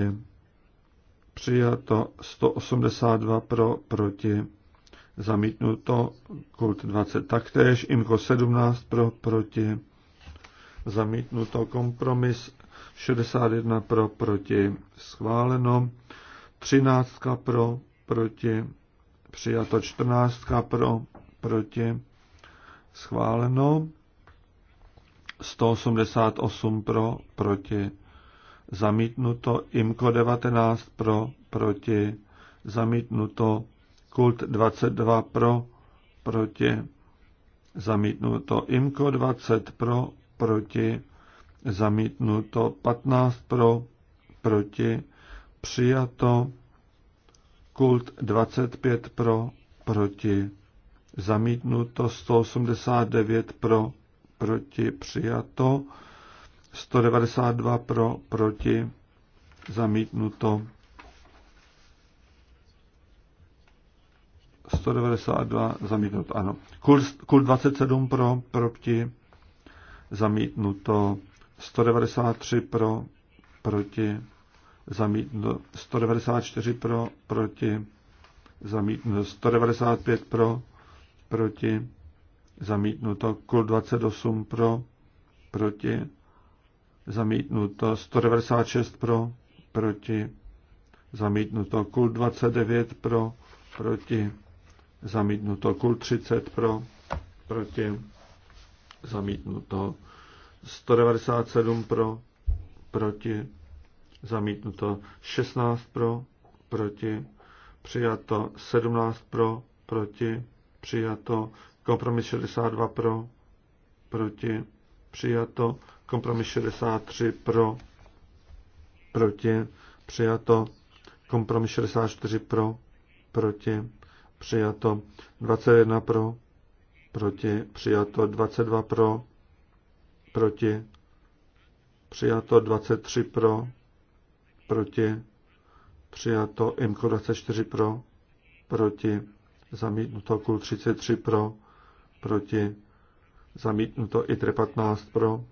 přijato 182 pro, proti, zamítnuto kult 20 taktéž, imko 17 pro, proti, zamítnuto kompromis 61 pro, proti, schváleno, 13 pro, proti, přijato 14 pro, proti, schváleno, 188 pro, proti, zamítnuto, IMKO 19 pro, proti, zamítnuto, KULT 22 pro, proti, zamítnuto, IMKO 20 pro, proti, zamítnuto, 15 pro, proti, přijato, Kult 25 pro, proti, zamítnuto 189 pro, proti, přijato 192 pro, proti, zamítnuto 192 zamítnuto, ano. Kult, kult 27 pro, proti, zamítnuto 193 pro, proti, zamítnuto 194 pro, proti, zamítnuto 195 pro, proti, zamítnuto KUL 28 pro, proti, zamítnuto 196 pro, proti, zamítnuto KUL 29 pro, proti, zamítnuto KUL 30 pro, proti, zamítnuto 197 pro, proti, zamítnuto 16 pro, proti, přijato 17 pro, proti, přijato kompromis 62 pro, proti, přijato kompromis 63 pro, proti, přijato kompromis 64 pro, proti, přijato 21 pro, proti, přijato 22 pro, proti, přijato 23 pro, proti, přijato IMCO 24 pro, proti, zamítnuto KUL 33 pro, proti, zamítnuto ITRE 15 pro,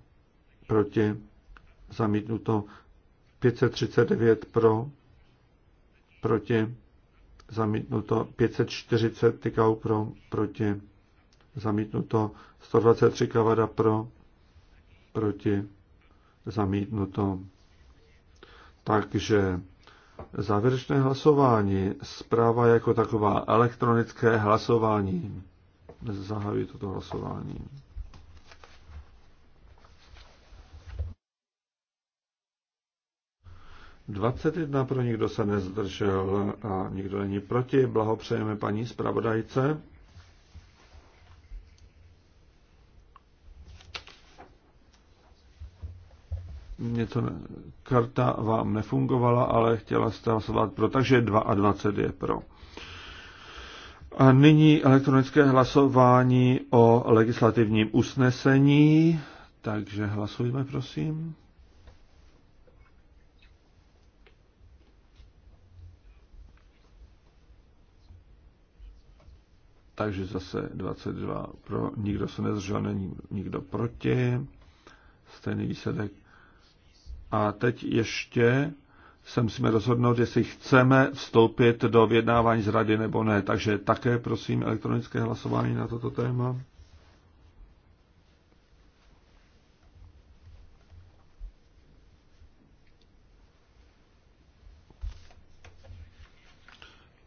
proti, zamítnuto 539 pro, proti, zamítnuto 540 tykau pro, proti, zamítnuto 123 kavada pro, proti, zamítnuto takže závěrečné hlasování, zpráva jako taková, elektronické hlasování. zahájí toto hlasování. Dvacet jedna pro nikdo se nezdržel a nikdo není proti. Blahopřejeme paní zpravodajce. něco karta vám nefungovala, ale chtěla jste hlasovat pro, takže 22 je pro. A nyní elektronické hlasování o legislativním usnesení, takže hlasujme, prosím. Takže zase 22 pro, nikdo se nezdržel, není nikdo proti. Stejný výsledek a teď ještě se musíme rozhodnout, jestli chceme vstoupit do vyjednávání z rady nebo ne. Takže také prosím elektronické hlasování na toto téma.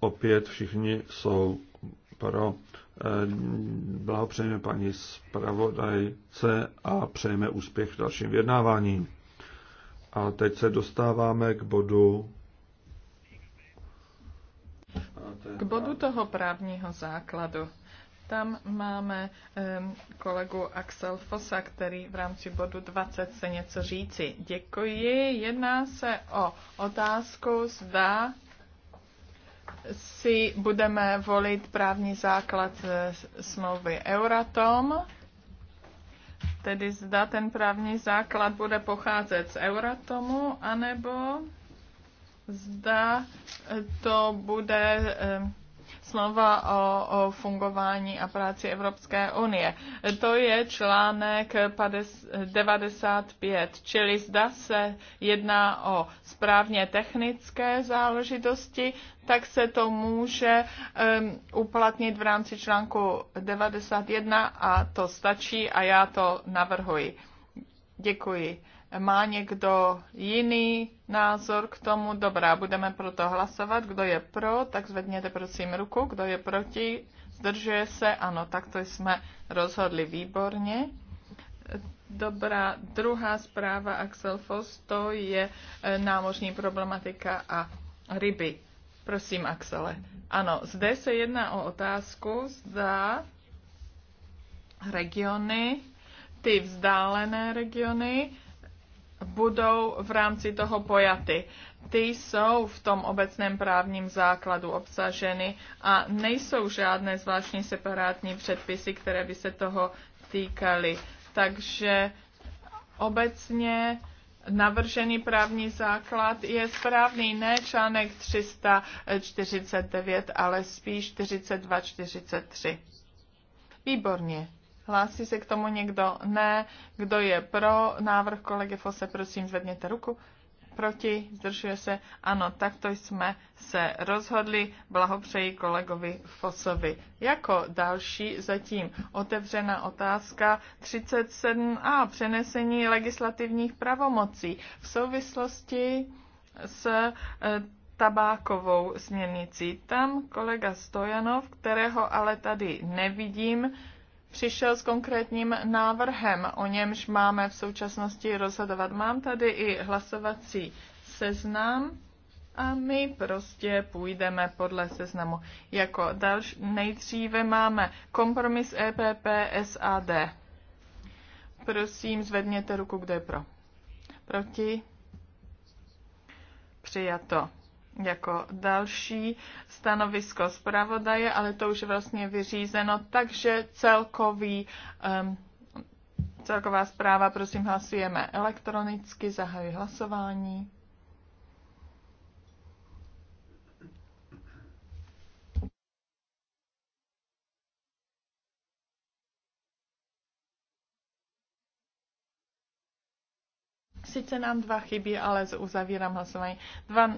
Opět všichni jsou pro. Eh, blahopřejeme paní zpravodajce a přejeme úspěch v dalším vyjednávání. A teď se dostáváme k bodu. K bodu toho právního základu. Tam máme um, kolegu Axel Fosa, který v rámci bodu 20 se něco říci. Děkuji. Jedná se o otázku, zda si budeme volit právní základ eh, smlouvy Euratom Tedy zda ten právní základ bude pocházet z Euratomu, anebo zda to bude eh, smlouva o, o fungování a práci Evropské unie. To je článek 95, čili zda se jedná o správně technické záležitosti, tak se to může um, uplatnit v rámci článku 91 a to stačí a já to navrhuji. Děkuji. Má někdo jiný názor k tomu? Dobrá, budeme proto hlasovat. Kdo je pro, tak zvedněte prosím ruku. Kdo je proti, zdržuje se. Ano, tak to jsme rozhodli výborně. Dobrá, druhá zpráva Axel Foss, to je eh, námořní problematika a ryby. Prosím, Axele. Ano, zde se jedná o otázku, zda regiony, ty vzdálené regiony, budou v rámci toho pojaty. Ty jsou v tom obecném právním základu obsaženy a nejsou žádné zvláštní separátní předpisy, které by se toho týkaly. Takže obecně navržený právní základ je správný, ne článek 349, ale spíš 42-43. Výborně. Hlásí se k tomu někdo? Ne. Kdo je pro návrh kolegy Fose, prosím, zvedněte ruku. Proti? Zdržuje se? Ano, takto jsme se rozhodli. Blahopřeji kolegovi Fosovi. Jako další zatím otevřená otázka 37a. Přenesení legislativních pravomocí v souvislosti s eh, tabákovou směrnicí. Tam kolega Stojanov, kterého ale tady nevidím, přišel s konkrétním návrhem, o němž máme v současnosti rozhodovat. Mám tady i hlasovací seznam a my prostě půjdeme podle seznamu. Jako další, nejdříve máme kompromis EPP SAD. Prosím, zvedněte ruku, kdo je pro. Proti? Přijato jako další stanovisko zpravodaje, ale to už je vlastně vyřízeno, takže celkový, um, celková zpráva, prosím, hlasujeme elektronicky, zahajuji hlasování. Sice nám dva chybí, ale uzavírám hlasování.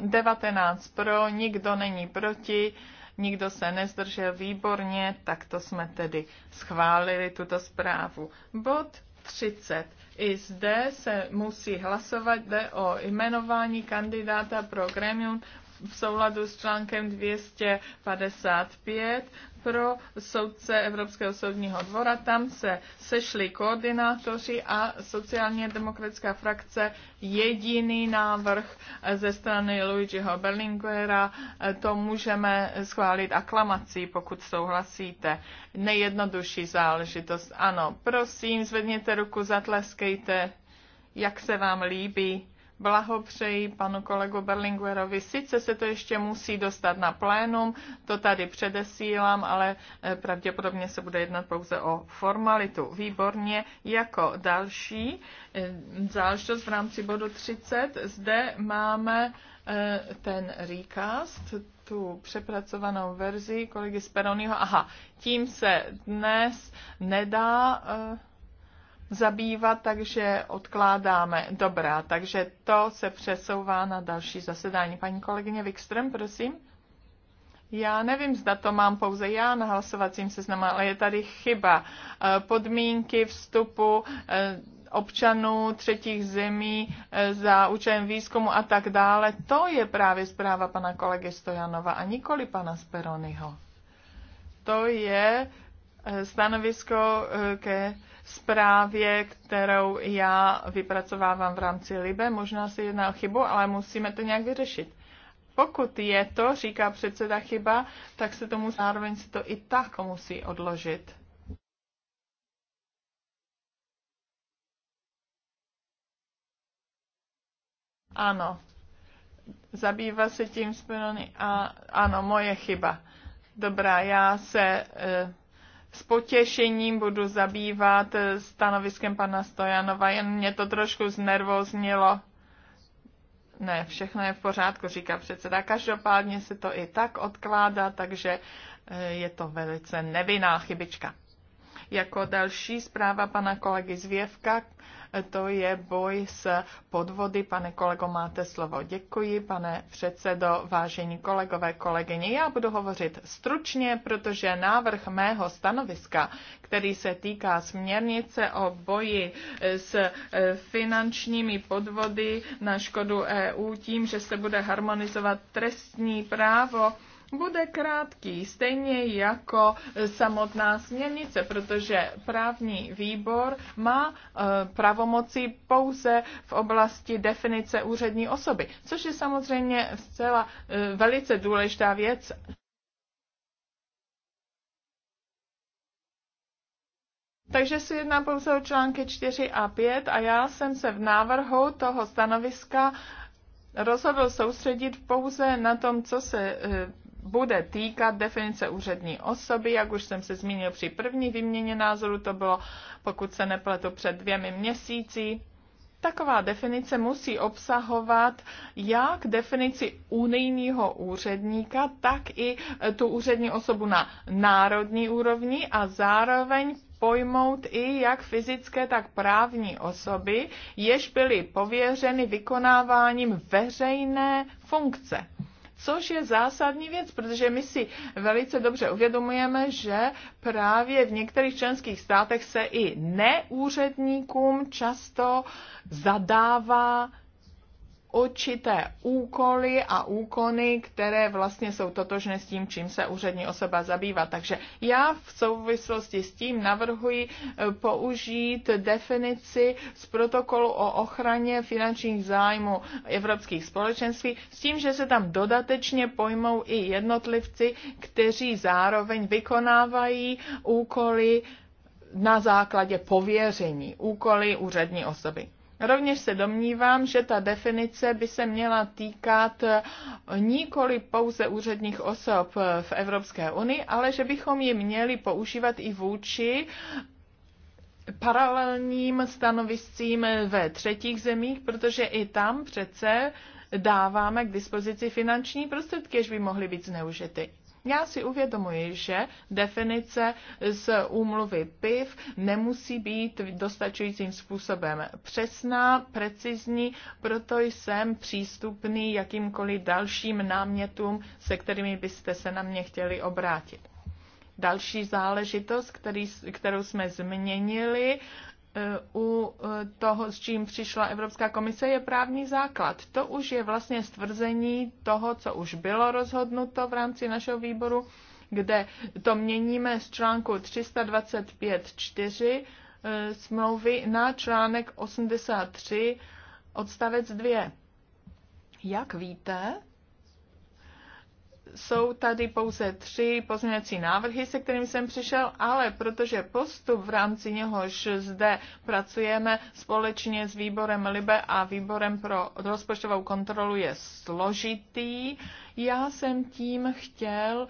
19 pro, nikdo není proti, nikdo se nezdržel výborně, tak to jsme tedy schválili tuto zprávu. Bod 30. I zde se musí hlasovat jde o jmenování kandidáta pro gremium v souladu s článkem 255 pro soudce Evropského soudního dvora. Tam se sešli koordinátoři a sociálně demokratická frakce jediný návrh ze strany Luigiho Berlinguera. E, to můžeme schválit aklamací, pokud souhlasíte. Nejjednodušší záležitost. Ano, prosím, zvedněte ruku, zatleskejte, jak se vám líbí blahopřeji panu kolegu Berlinguerovi. Sice se to ještě musí dostat na plénum, to tady předesílám, ale eh, pravděpodobně se bude jednat pouze o formalitu. Výborně. Jako další eh, záležitost v rámci bodu 30, zde máme eh, ten recast, tu přepracovanou verzi kolegy Speroniho. Aha, tím se dnes nedá zabývat, takže odkládáme. Dobrá, takže to se přesouvá na další zasedání. Paní kolegyně Wikström, prosím. Já nevím, zda to mám pouze já na hlasovacím seznamu, ale je tady chyba. Eh, podmínky vstupu eh, občanů třetích zemí eh, za účelem výzkumu a tak dále. To je právě zpráva pana kolegy Stojanova a nikoli pana Speronyho. To je stanovisko ke zprávě, kterou já vypracovávám v rámci LIBE. Možná se jedná o chybu, ale musíme to nějak vyřešit. Pokud je to, říká předseda chyba, tak se tomu zároveň se to i tak musí odložit. Ano. Zabývá se tím a ano, moje chyba. Dobrá, já se eh, s potěšením budu zabývat eh, stanoviskem pana Stojanova, jen mě to trošku znervoznilo. Ne, všechno je v pořádku, říká předseda. Každopádně se to i tak odkládá, takže eh, je to velice nevinná chybička. Jako další zpráva pana kolegy Zvěvka, to je boj s podvody. Pane kolego, máte slovo. Děkuji, pane předsedo, vážení kolegové, kolegyně. Já budu hovořit stručně, protože návrh mého stanoviska, který se týká směrnice o boji s eh, finančními podvody na škodu EU tím, že se bude harmonizovat trestní právo, bude krátký, stejně jako samotná směrnice, protože právní výbor má eh, pravomoci pouze v oblasti definice úřední osoby, což je samozřejmě zcela eh, velice důležitá věc. Takže se jedná pouze o články 4 a 5 a já jsem se v návrhu toho stanoviska rozhodl soustředit pouze na tom, co se eh, bude týkat definice úřední osoby, jak už jsem se zmínil při první výměně názoru, to bylo, pokud se nepletu, před dvěmi měsíci. Taková definice musí obsahovat jak definici unijního úředníka, tak i e, tu úřední osobu na národní úrovni a zároveň pojmout i jak fyzické, tak právní osoby, jež byly pověřeny vykonáváním veřejné funkce což je zásadní věc, protože my si velice dobře uvědomujeme, že právě v některých členských státech se i neúředníkům často zadává určité úkoly a úkony, které vlastně jsou totožné s tím, čím se úřední osoba zabývá. Takže já v souvislosti s tím navrhuji eh, použít definici z protokolu o ochraně finančních zájmů evropských společenství s tím, že se tam dodatečně pojmou i jednotlivci, kteří zároveň vykonávají úkoly na základě pověření, úkoly úřední osoby. Rovněž se domnívám, že ta definice by se měla týkat eh, nikoli pouze úředních osob eh, v Evropské unii, ale že bychom ji měli používat i vůči paralelním stanoviscím ve třetích zemích, protože i tam přece dáváme k dispozici finanční prostředky, jež by mohly být zneužity. Já si uvědomuji, že definice z úmluvy PIV nemusí být dostačujícím způsobem přesná, precizní, proto jsem přístupný jakýmkoliv dalším námětům, se kterými byste se na mě chtěli obrátit. Další záležitost, který, kterou jsme změnili, u toho, s čím přišla Evropská komise, je právní základ. To už je vlastně stvrzení toho, co už bylo rozhodnuto v rámci našeho výboru, kde to měníme z článku 325.4 eh, smlouvy na článek 83 odstavec 2. Jak víte, jsou tady pouze tři pozměňovací návrhy, se kterými jsem přišel, ale protože postup v rámci něhož zde pracujeme společně s výborem LIBE a výborem pro rozpočtovou kontrolu je složitý, já jsem tím chtěl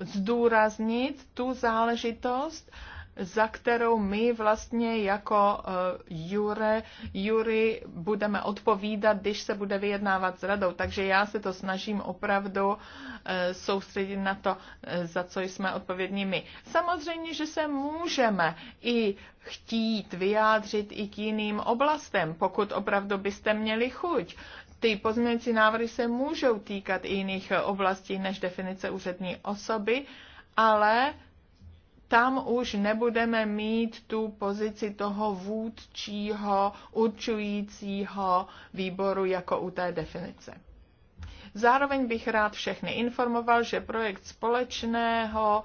zdůraznit tu záležitost, za kterou my vlastně jako eh, jure, jury budeme odpovídat, když se bude vyjednávat s radou. Takže já se to snažím opravdu eh, soustředit na to, eh, za co jsme odpovědní my. Samozřejmě, že se můžeme i chtít vyjádřit i k jiným oblastem, pokud opravdu byste měli chuť ty pozměňující návrhy se můžou týkat i jiných oblastí než definice úřední osoby, ale tam už nebudeme mít tu pozici toho vůdčího, určujícího výboru jako u té definice. Zároveň bych rád všechny informoval, že projekt společného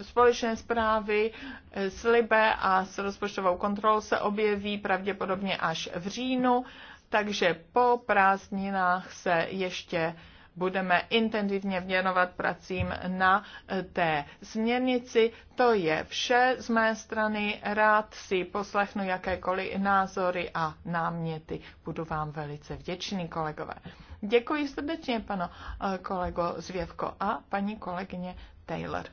eh, společné zprávy eh, s Libe a s rozpočtovou kontrolou se objeví pravděpodobně až v říjnu, takže po prázdninách se ještě budeme intenzivně věnovat pracím na eh, té směrnici. To je vše z mé strany. Rád si poslechnu jakékoliv názory a náměty. Budu vám velice vděčný, kolegové. Děkuji srdečně, pano eh, kolego Zvěvko a paní kolegyně Taylor.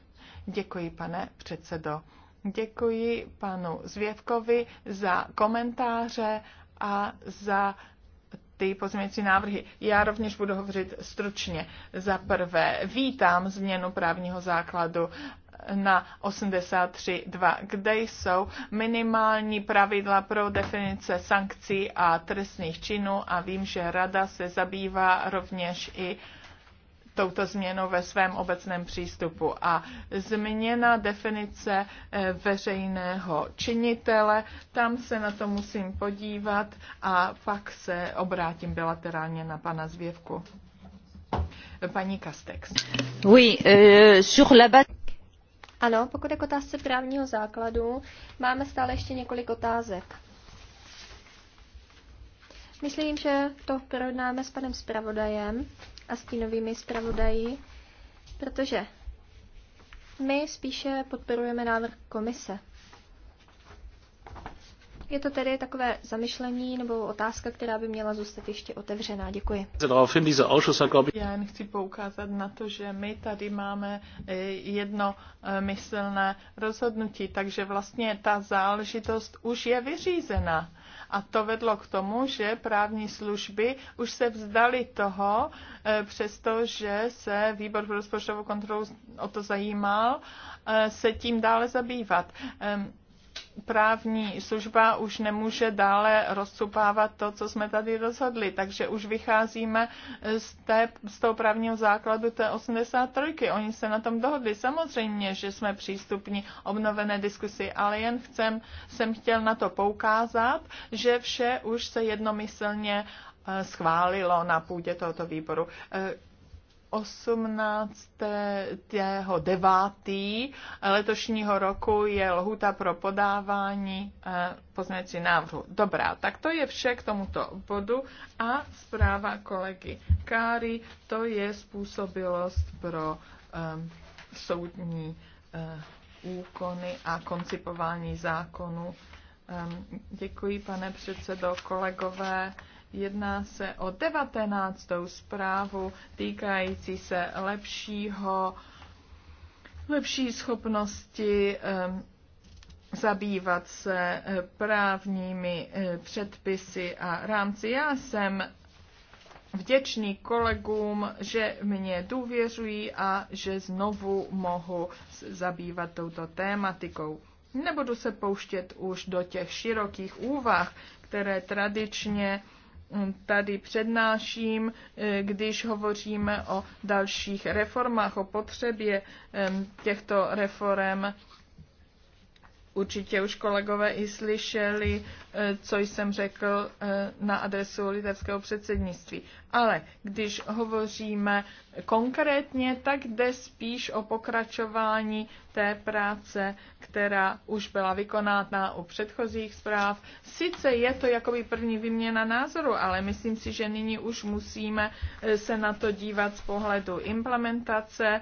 Děkuji, pane předsedo. Děkuji panu Zvěvkovi za komentáře a za ty pozměňující návrhy. Já rovněž budu hovořit stručně. Za prvé, vítám změnu právního základu na 83.2, kde jsou minimální pravidla pro definice sankcí a trestných činů a vím, že Rada se zabývá rovněž i uh, touto změnou ve svém obecném přístupu. A změna definice eh, veřejného činitele, tam se na to musím podívat a pak se obrátím bilaterálně na pana Zvěvku. Paní Kastex. Oui, euh, sur la base... Ano, pokud je k otázce právního základu, máme stále ještě několik otázek. Myslím, že to projednáme s panem zpravodajem a stínovými zpravodaji, protože my spíše podporujeme návrh komise. Je to tedy takové zamyšlení nebo otázka, která by měla zůstat ještě otevřená. Děkuji. Já jen chci poukázat na to, že my tady máme eh, jedno eh, myslné rozhodnutí, takže vlastně ta záležitost už je vyřízená. A to vedlo k tomu, že právní služby už se vzdali toho, eh, přestože se výbor pro rozpočtovou kontrolu o to zajímal, eh, se tím dále zabývat právní služba už nemůže dále rozcupávat to, co jsme tady rozhodli. Takže už vycházíme z, té, z toho právního základu té 83. Oni se na tom dohodli. Samozřejmě, že jsme přístupní obnovené diskusi, ale jen chcem, jsem chtěl na to poukázat, že vše už se jednomyslně eh, schválilo na půdě tohoto výboru. Eh, 18. 9. letošního roku je lhuta pro podávání eh, pozměňovacích návrhu. Dobrá, tak to je vše k tomuto bodu a zpráva kolegy Káry, to je způsobilost pro um, soudní um, úkony a koncipování zákonu. Um, děkuji, pane předsedo, kolegové. Jedná se o devatenáctou zprávu týkající se lepšího, lepší schopnosti zabývat se eh, právními eh, předpisy a rámci. Já jsem vděčný kolegům, že mě důvěřují a že znovu mohu zabývat touto tématikou. Nebudu se pouštět už do těch širokých úvah, které tradičně tady přednáším, eh, když hovoříme o dalších reformách, o potřebě těchto reform. Určitě už kolegové i slyšeli, eh, co jsem řekl eh, na adresu litevského předsednictví. Ale když hovoříme konkrétně, tak jde spíš o pokračování té práce, která už byla vykonána u předchozích zpráv. Sice je to jakoby první výměna názoru, ale myslím si, že nyní už musíme eh, se na to dívat z pohledu implementace,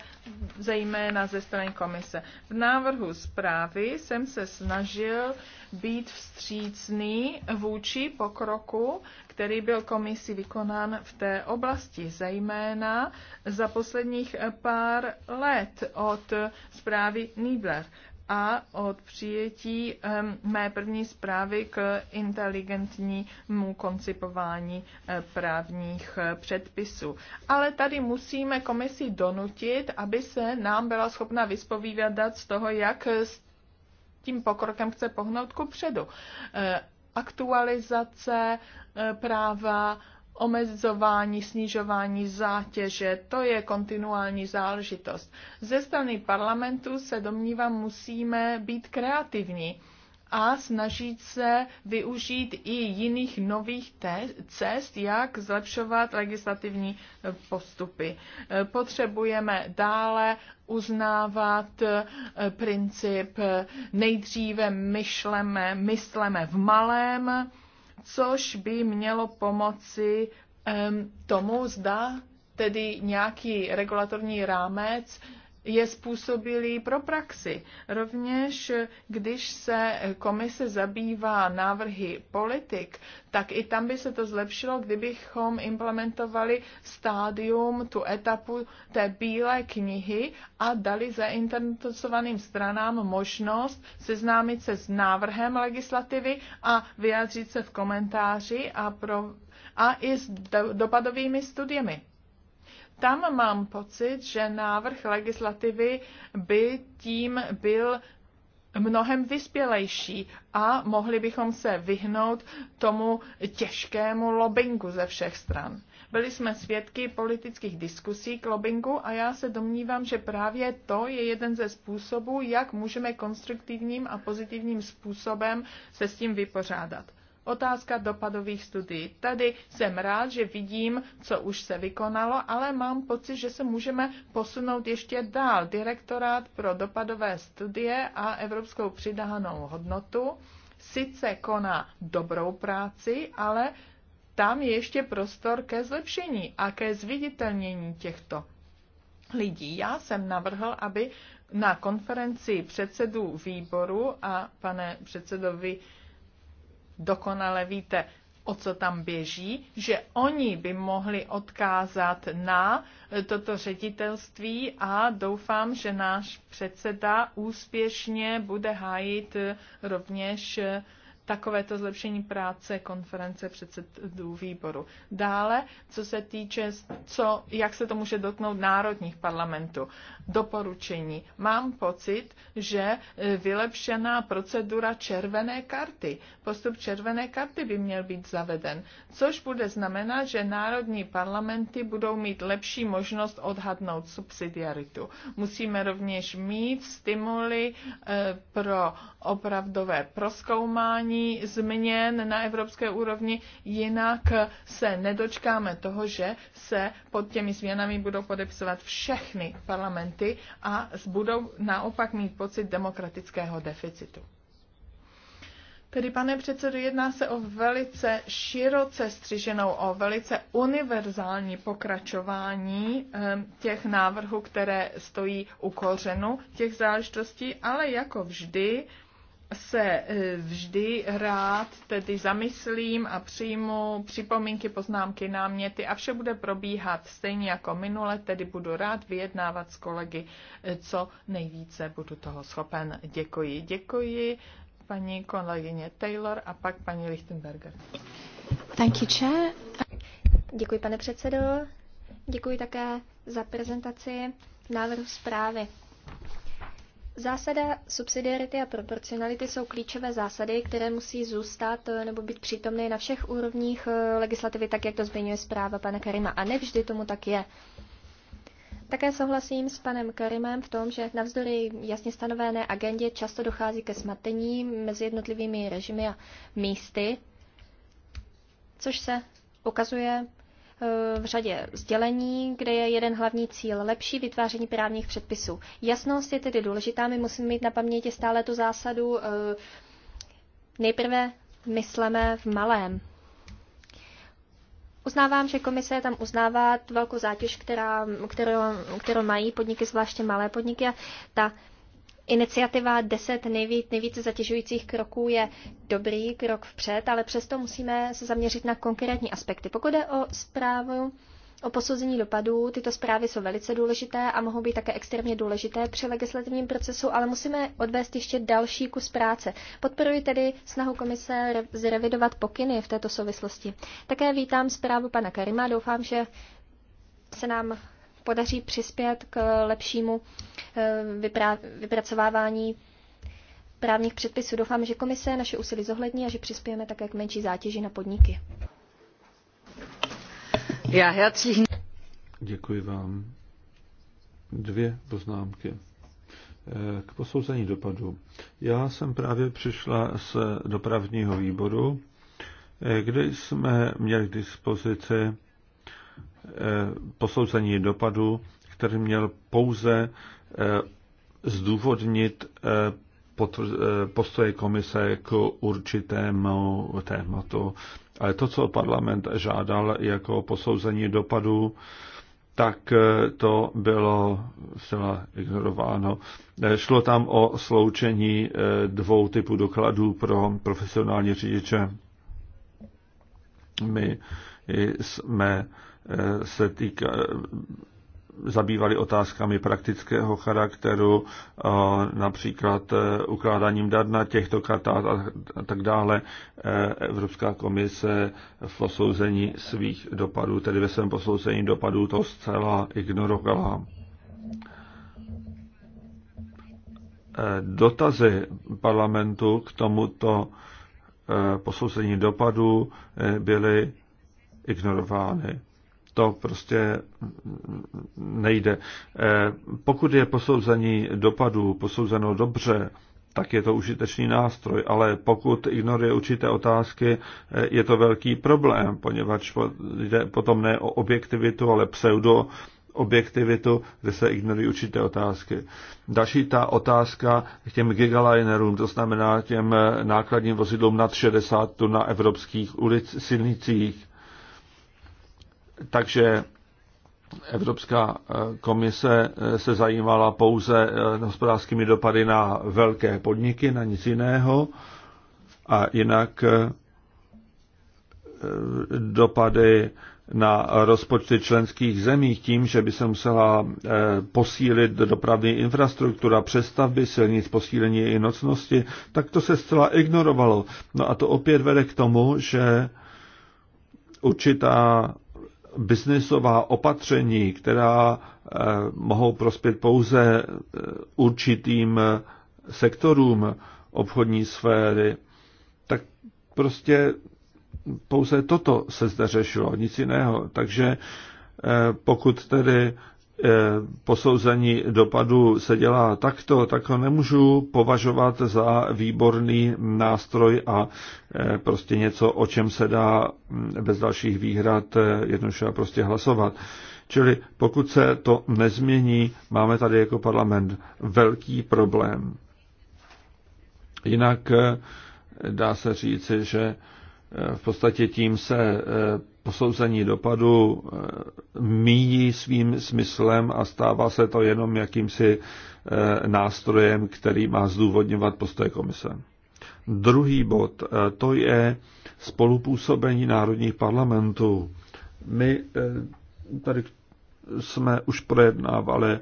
zejména ze strany komise. V návrhu zprávy jsem se snažil být vstřícný vůči pokroku, který byl komisí vykonán v té oblasti, zejména za posledních pár let od zprávy Niebler a od přijetí mé první zprávy k inteligentnímu koncipování eh, právních eh, předpisů. Ale tady musíme komisi donutit, aby se nám byla schopna vyspovídat z toho, jak s tím pokrokem chce pohnout ku předu. Eh, aktualizace e, práva, omezování, snižování zátěže, to je kontinuální záležitost. Ze strany parlamentu se domnívám, musíme být kreativní a snažit se využít i jiných nových cest, jak zlepšovat legislativní eh, postupy. Eh, potřebujeme dále uznávat eh, princip nejdříve myšleme, mysleme v malém, což by mělo pomoci tomu, zda tedy nějaký regulatorní rámec je způsobilý pro praxi. Rovněž, když se komise zabývá návrhy politik, tak i tam by se to zlepšilo, kdybychom implementovali stádium, tu etapu té bílé knihy a dali zainteresovaným stranám možnost seznámit se s návrhem legislativy a vyjádřit se v komentáři a, pro, a i s dopadovými studiemi tam mám pocit, že návrh legislativy by tím byl mnohem vyspělejší a mohli bychom se vyhnout tomu těžkému lobingu ze všech stran. Byli jsme svědky politických diskusí k lobingu a já se domnívám, že právě to je jeden ze způsobů, jak můžeme konstruktivním a pozitivním způsobem se s tím vypořádat. Otázka dopadových studií. Tady jsem rád, že vidím, co už se vykonalo, ale mám pocit, že se můžeme posunout ještě dál. Direktorát pro dopadové studie a evropskou přidahanou hodnotu sice koná dobrou práci, ale tam je ještě prostor ke zlepšení a ke zviditelnění těchto lidí. Já jsem navrhl, aby na konferenci předsedů výboru a pane předsedovi dokonale víte, o co tam běží, že oni by mohli odkázat na toto ředitelství a doufám, že náš předseda úspěšně bude hájit rovněž takovéto zlepšení práce konference předsedů výboru. Dále, co se týče, co, jak se to může dotknout národních parlamentů, doporučení. Mám pocit, že e, vylepšená procedura červené karty, postup červené karty by měl být zaveden, což bude znamenat, že národní parlamenty budou mít lepší možnost odhadnout subsidiaritu. Musíme rovněž mít stimuly e, pro opravdové proskoumání, provádění změn na evropské úrovni, jinak se nedočkáme toho, že se pod těmi změnami budou podepisovat všechny parlamenty a budou naopak mít pocit demokratického deficitu. Tedy, pane předsedo, jedná se o velice široce střiženou, o velice univerzální pokračování ehm, těch návrhů, které stojí u kořenu těch záležitostí, ale jako vždy se e, vždy rád tedy zamyslím a přijmu připomínky, poznámky, náměty a vše bude probíhat stejně jako minule, tedy budu rád vyjednávat s kolegy, e, co nejvíce budu toho schopen. Děkuji. Děkuji paní kolegyně Taylor a pak paní Lichtenberger. Thank you, chair. Děkuji, pane předsedo. Děkuji také za prezentaci návrhu zprávy. Zásada subsidiarity a proporcionality jsou klíčové zásady, které musí zůstat eh, nebo být přítomné na všech úrovních eh, legislativy, tak jak to zmiňuje zpráva pana Karima. A nevždy tomu tak je. Také souhlasím s panem Karimem v tom, že navzdory jasně stanovené agendě často dochází ke smatení mezi jednotlivými režimy a místy, což se ukazuje Eh, v řadě sdělení, kde je jeden hlavní cíl lepší vytváření právních předpisů. Jasnost je tedy důležitá, my musíme mít na paměti stále tu zásadu eh, nejprve mysleme v malém. Uznávám, že komise tam uznává velkou zátěž, která, kterou, kterou mají podniky, zvláště malé podniky, a ta Iniciativa 10 nejvíc, nejvíce zatěžujících kroků je dobrý krok vpřed, ale přesto musíme se zaměřit na konkrétní aspekty. Pokud je o zprávu o posouzení dopadů, tyto zprávy jsou velice důležité a mohou být také extrémně důležité při legislativním procesu, ale musíme odvést ještě další kus práce. Podporuji tedy snahu komise zrevidovat pokyny v této souvislosti. Také vítám zprávu pana Karima, doufám, že se nám podaří přispět k lepšímu eh, vypracovávání právních předpisů. Doufám, že komise naše úsilí zohlední a že přispějeme také k menší zátěži na podniky. Já herzlichen... Děkuji vám. Dvě poznámky eh, k posouzení dopadu. Já jsem právě přišla z dopravního výboru, eh, kde jsme měli k dispozici Eh, posouzení dopadu, který měl pouze eh, zdůvodnit eh, postoje komise k určitému tématu. Ale to, co parlament žádal jako posouzení dopadu, tak to bylo zcela ignorováno. Šlo tam o sloučení dvou typů dokladů pro profesionální řidiče. My jsme Eh, se týká, eh, zabývali otázkami praktického charakteru, eh, například ukládáním dat na těchto kartách a tak dále. Evropská komise v posouzení svých dopadů, tedy ve svém posouzení dopadů, to zcela ignorovala. Dotazy parlamentu k tomuto posouzení dopadů byly ignorovány. To prostě nejde. Eh, pokud je posouzení dopadů posouzeno dobře, tak je to užitečný nástroj, ale pokud ignoruje určité otázky, eh, je to velký problém, poněvadž jde potom ne o objektivitu, ale pseudo objektivitu, kde se ignorují určité otázky. Další ta otázka k těm gigalinerům, to znamená těm eh, nákladním vozidlům nad 60 tun na evropských ulic, silnicích. Takže Evropská eh, komise eh, se zajímala pouze eh, hospodářskými dopady na velké podniky, na nic jiného. A jinak dopady na rozpočty členských zemí tím, že by se musela posílit dopravní infrastruktura, přestavby silnic, posílení i nocnosti, tak to se zcela ignorovalo. No a to opět vede k tomu, že určitá biznisová opatření, která eh, mohou prospět pouze eh, určitým eh, sektorům obchodní sféry, tak prostě pouze toto se zde řešilo, nic jiného. Takže pokud tedy Eh, posouzení dopadu se dělá takto, tak ho nemůžu považovat za výborný nástroj a eh, prostě něco, o čem se dá mm, bez dalších výhrad eh, jednoduše prostě hlasovat. Čili pokud se to nezmění, máme tady jako parlament velký problém. Jinak dá se říci, že v podstatě tím se posouzení dopadu eh, míjí svým smyslem a stává se to jenom jakýmsi eh, nástrojem, který má zdůvodňovat postoje komise. Druhý bod, eh, to je spolupůsobení národních parlamentů. My tady jsme už projednávali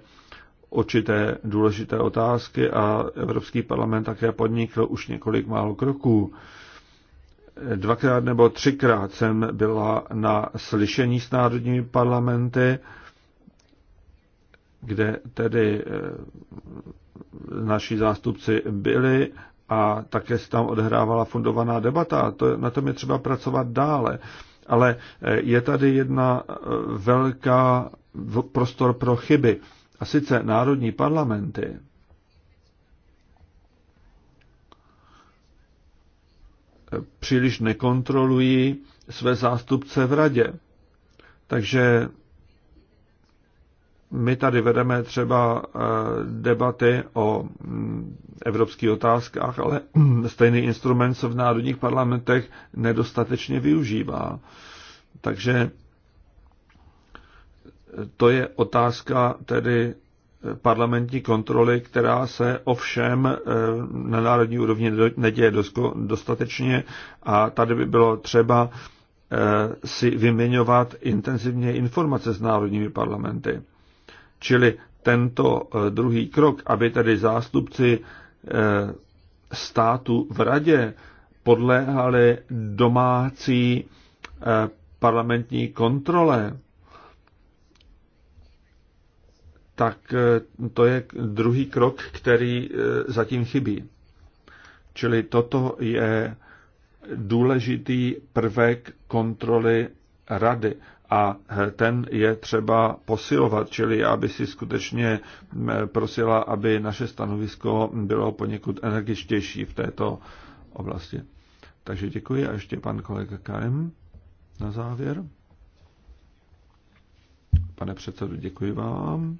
určité důležité otázky a Evropský parlament také podnikl už několik málo kroků dvakrát nebo třikrát jsem byla na slyšení s národními parlamenty, kde tedy eh, naši zástupci byli a také se tam odhrávala fundovaná debata. To, na tom je třeba pracovat dále. Ale eh, je tady jedna eh, velká prostor pro chyby. A sice národní parlamenty příliš nekontrolují své zástupce v radě. Takže my tady vedeme třeba eh, debaty o mm, evropských otázkách, ale stejný instrument se v národních parlamentech nedostatečně využívá. Takže to je otázka tedy parlamentní kontroly, která se ovšem eh, na národní úrovni neděje dostatečně a tady by bylo třeba eh, si vyměňovat intenzivně informace s národními parlamenty. Čili tento eh, druhý krok, aby tedy zástupci státu v radě podléhali domácí parlamentní kontrole, tak eh, to je druhý krok, který eh, zatím chybí. Čili toto je důležitý prvek kontroly rady a eh, ten je třeba posilovat, čili aby si skutečně mm, prosila, aby naše stanovisko bylo poněkud energičtější v této oblasti. Takže děkuji a ještě pan kolega Karim na závěr. Pane předsedu, děkuji vám.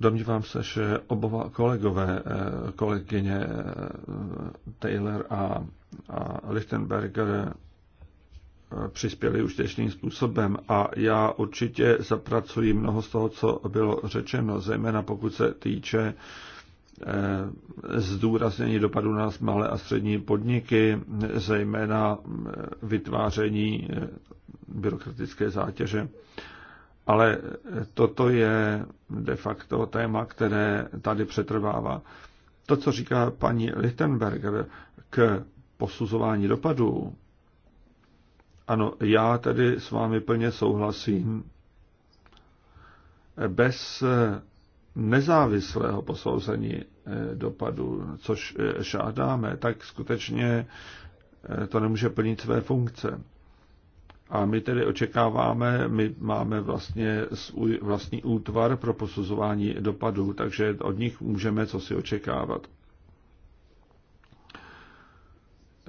Domnívám se, že oba kolegové, eh, kolegyně eh, Taylor a, a Lichtenberger eh, přispěli užitečným způsobem a já určitě zapracuji mnoho z toho, co bylo řečeno, zejména pokud se týče zdůraznění dopadu na malé a střední podniky, zejména vytváření byrokratické zátěže. Ale toto je de facto téma, které tady přetrvává. To, co říká paní Lichtenberger k posuzování dopadů, ano, já tedy s vámi plně souhlasím. Bez nezávislého posouzení eh, dopadu, což eh, žádáme, tak skutečně eh, to nemůže plnit své funkce. A my tedy očekáváme, my máme vlastně svůj vlastní útvar pro posuzování dopadů, takže od nich můžeme co si očekávat.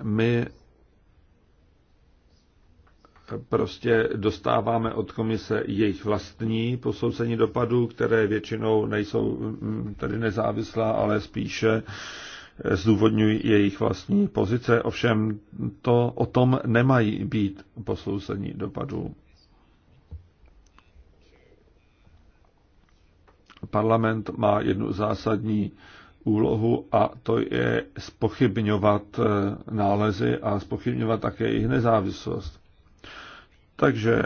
My prostě dostáváme od komise jejich vlastní posouzení dopadů, které většinou nejsou mm, tedy nezávislá, ale spíše zdůvodňují jejich vlastní pozice, ovšem to o tom nemají být posouzení dopadů. Parlament má jednu zásadní úlohu a to je spochybňovat eh, nálezy a spochybňovat také jejich nezávislost. Takže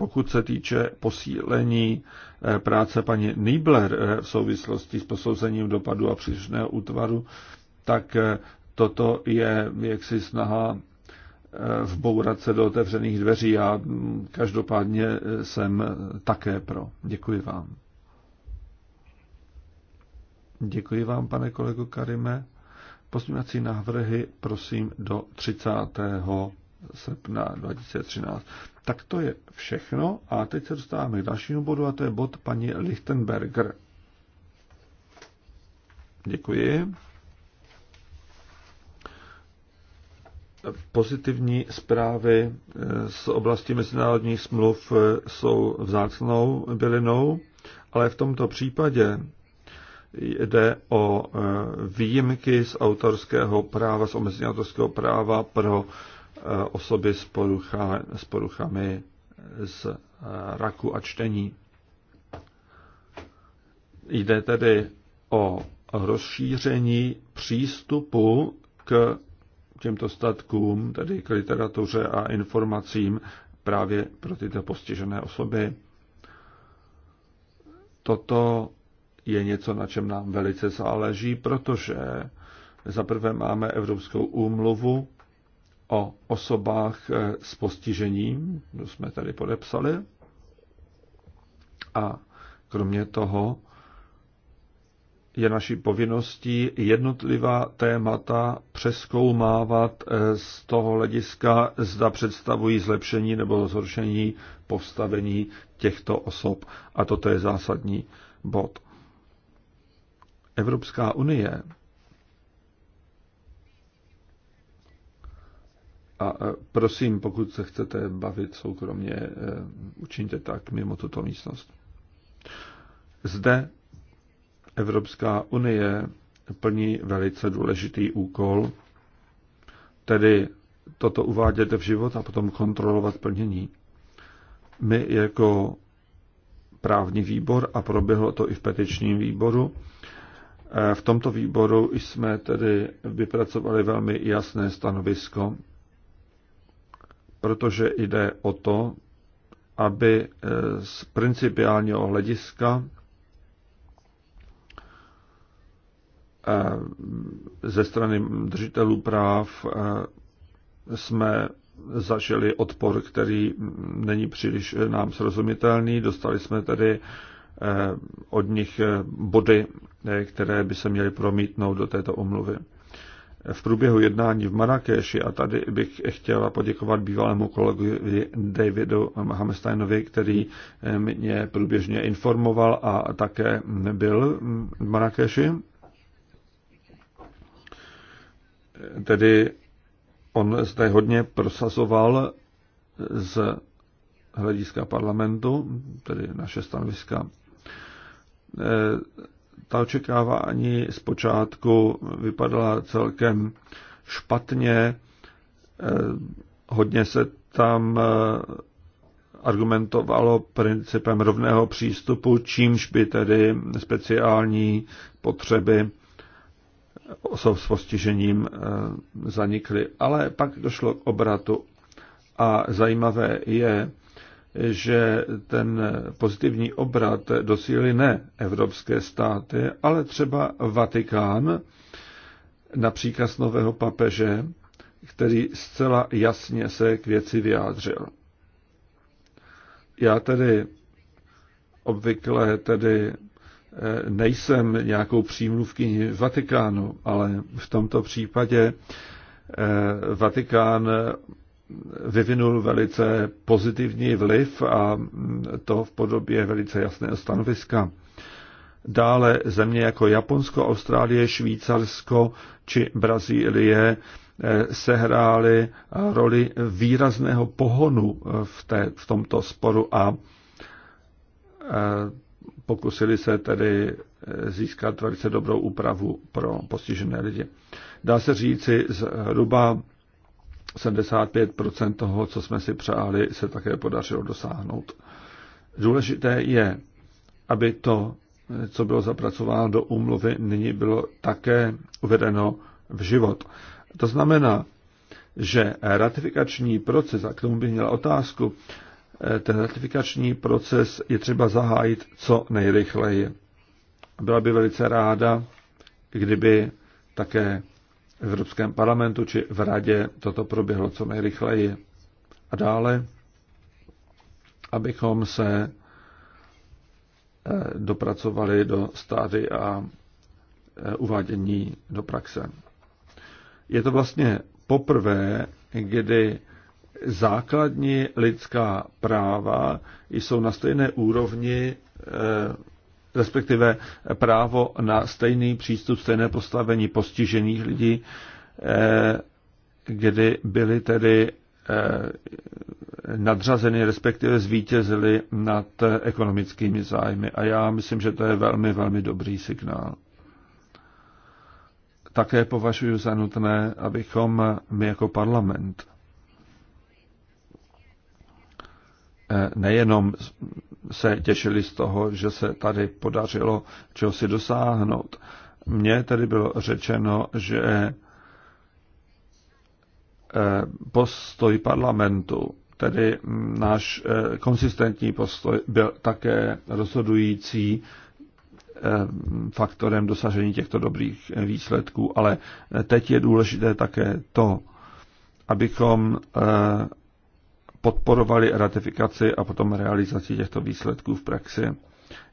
pokud se týče posílení eh, práce paní Nibler eh, v souvislosti s posouzením dopadu a příslušného útvaru, tak eh, toto je jaksi snaha vbourat se do otevřených dveří a mm, každopádně jsem také pro. Děkuji vám. Děkuji vám, pane kolego Karime. Pozměňovací návrhy prosím do 30. srpna 2013. Tak to je všechno a teď se dostáváme k dalšímu bodu a to je bod paní Lichtenberger. Děkuji. Pozitivní zprávy eh, z oblasti mezinárodních smluv eh, jsou vzácnou bylinou, ale v tomto případě jde o eh, výjimky z autorského práva, z omezení autorského práva pro Eh, osoby s, porucha, s poruchami z eh, raku a čtení. Jde tedy o rozšíření přístupu k těmto statkům, tedy k literatuře a informacím právě pro tyto postižené osoby. Toto je něco, na čem nám velice záleží, protože za prvé máme Evropskou úmluvu o osobách eh, s postižením, to jsme tady podepsali. A kromě toho je naší povinností jednotlivá témata přeskoumávat eh, z toho hlediska, zda představují zlepšení nebo zhoršení postavení těchto osob. A toto je zásadní bod. Evropská unie A e, prosím, pokud se chcete bavit soukromně, e, učiňte tak mimo tuto místnost. Zde Evropská unie plní velice důležitý úkol, tedy toto uvádět v život a potom kontrolovat plnění. My jako právní výbor, a proběhlo to i v petičním výboru, e, v tomto výboru jsme tedy vypracovali velmi jasné stanovisko protože jde o to, aby e, z principiálního hlediska e, ze strany držitelů práv e, jsme zažili odpor, který není příliš nám srozumitelný. Dostali jsme tedy od nich body, které by se měly promítnout do této omluvy v průběhu jednání v Marrakeši, a tady bych chtěla poděkovat bývalému kolegovi Davidu Hamesteinovi, který eh, mě průběžně informoval a také byl v Marrakeši. Tedy on zde hodně prosazoval z hlediska parlamentu, tedy naše stanoviska eh, ta očekávání zpočátku vypadala celkem špatně. Eh, hodně se tam eh, argumentovalo principem rovného přístupu, čímž by tedy speciální potřeby osob s postižením eh, zanikly. Ale pak došlo k obratu a zajímavé je, že ten pozitivní obrat dosíly ne evropské státy, ale třeba Vatikán na příkaz nového papeže, který zcela jasně se k věci vyjádřil. Já tedy obvykle tedy eh, nejsem nějakou přímluvkyní Vatikánu, ale v tomto případě eh, Vatikán vyvinul velice pozitivní vliv a to v podobě velice jasného stanoviska. Dále země jako Japonsko, Austrálie, Švýcarsko či Brazílie eh, sehrály roli výrazného pohonu v, té, v tomto sporu a eh, pokusili se tedy eh, získat velice dobrou úpravu pro postižené lidi. Dá se říci, zhruba 75 toho, co jsme si přáli, se také podařilo dosáhnout. Důležité je, aby to, co bylo zapracováno do úmluvy, nyní bylo také uvedeno v život. To znamená, že ratifikační proces, a k tomu bych měl otázku, ten ratifikační proces je třeba zahájit co nejrychleji. Byla by velice ráda, kdyby také Evropském parlamentu či v radě toto proběhlo co nejrychleji. A dále, abychom se eh, dopracovali do stády a eh, uvádění do praxe. Je to vlastně poprvé, kdy základní lidská práva jsou na stejné úrovni eh, respektive právo na stejný přístup, stejné postavení postižených lidí, eh, kdy byly tedy eh, nadřazeny, respektive zvítězili nad ekonomickými zájmy. A já myslím, že to je velmi, velmi dobrý signál. Také považuji za nutné, abychom my jako parlament Eh, nejenom se těšili z toho, že se tady podařilo čeho si dosáhnout. Mně tedy bylo řečeno, že eh, postoj parlamentu, tedy náš eh, konsistentní postoj, byl také rozhodující faktorem dosažení těchto dobrých výsledků. Ale teď je důležité také to, abychom podporovali ratifikaci a potom realizaci těchto výsledků v praxi.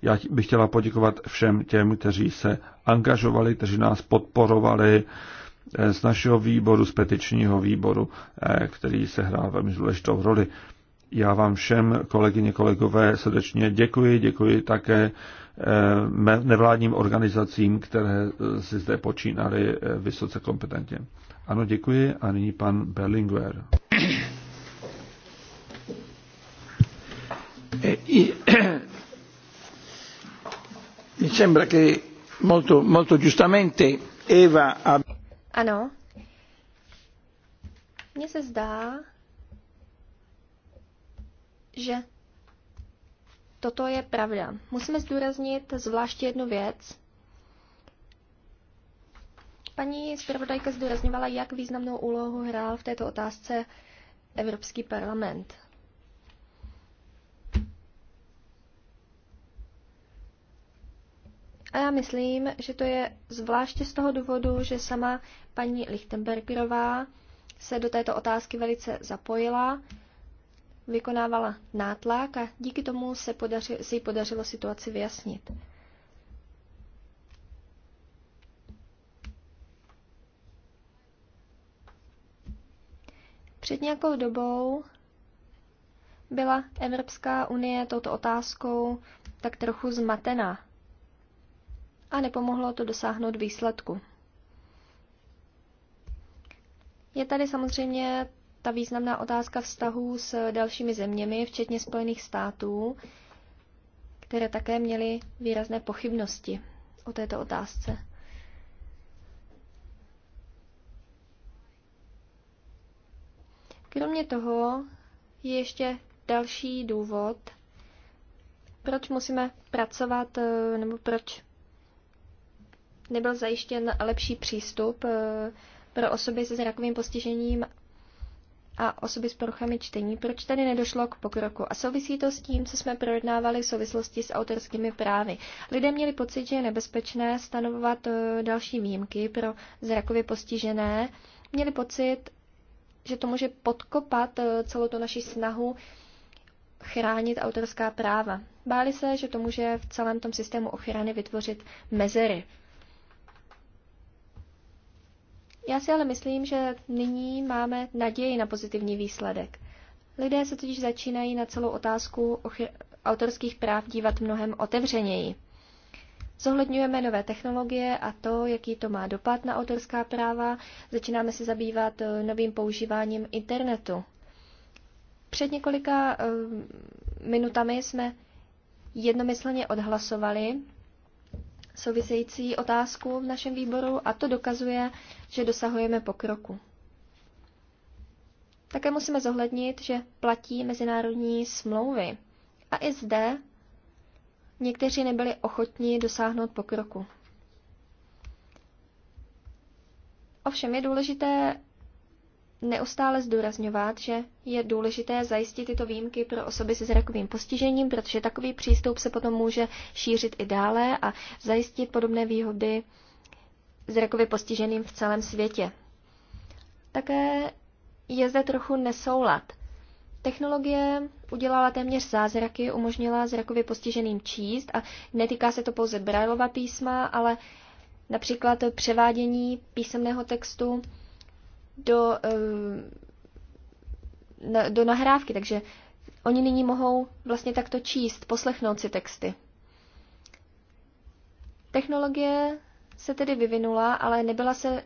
Já bych chtěla poděkovat všem těm, kteří se angažovali, kteří nás podporovali eh, z našeho výboru, z petičního výboru, eh, který se hrál velmi důležitou roli. Já vám všem, kolegyně, kolegové, srdečně děkuji. Děkuji také eh, nevládním organizacím, které si zde počínaly vysoce kompetentně. Ano, děkuji. A nyní pan Berlinguer. Eh, mi sembra che molto, molto giustamente Eva Ano. Mně se zdá, že toto je pravda. Musíme zdůraznit zvláště jednu věc. Paní zpravodajka zdůrazňovala, jak významnou úlohu hrál v této otázce Evropský parlament. A já myslím, že to je zvláště z toho důvodu, že sama paní Lichtenbergerová se do této otázky velice zapojila, vykonávala nátlak a díky tomu se, podaři, se jí podařilo situaci vyjasnit. Před nějakou dobou byla Evropská unie touto otázkou tak trochu zmatená a nepomohlo to dosáhnout výsledku. Je tady samozřejmě ta významná otázka vztahů s dalšími zeměmi, včetně Spojených států, které také měly výrazné pochybnosti o této otázce. Kromě toho je ještě další důvod, proč musíme pracovat, eh, nebo proč nebyl zajištěn lepší přístup eh, pro osoby se zrakovým postižením a osoby s poruchami čtení, proč tady nedošlo k pokroku. A souvisí to s tím, co jsme projednávali v souvislosti s autorskými právy. Lidé měli pocit, že je nebezpečné stanovovat eh, další výjimky pro zrakově postižené. Měli pocit, že to může podkopat eh, celou tu naši snahu chránit autorská práva. Báli se, že to může v celém tom systému ochrany vytvořit mezery já si ale myslím, že nyní máme naději na pozitivní výsledek. Lidé se totiž začínají na celou otázku autorských práv dívat mnohem otevřeněji. Zohledňujeme nové technologie a to, jaký to má dopad na autorská práva. Začínáme se zabývat eh, novým používáním internetu. Před několika eh, minutami jsme jednomyslně odhlasovali související otázku v našem výboru a to dokazuje, že dosahujeme pokroku. Také musíme zohlednit, že platí mezinárodní smlouvy. A i zde někteří nebyli ochotní dosáhnout pokroku. Ovšem je důležité neustále zdůrazňovat, že je důležité zajistit tyto výjimky pro osoby se zrakovým postižením, protože takový přístup se potom může šířit i dále a zajistit podobné výhody zrakově postiženým v celém světě. Také je zde trochu nesoulad. Technologie udělala téměř zázraky, umožnila zrakově postiženým číst a netýká se to pouze Braillova písma, ale například převádění písemného textu do, eh, do nahrávky, takže oni nyní mohou vlastně takto číst, poslechnout si texty. Technologie se tedy vyvinula, ale nebyla, se,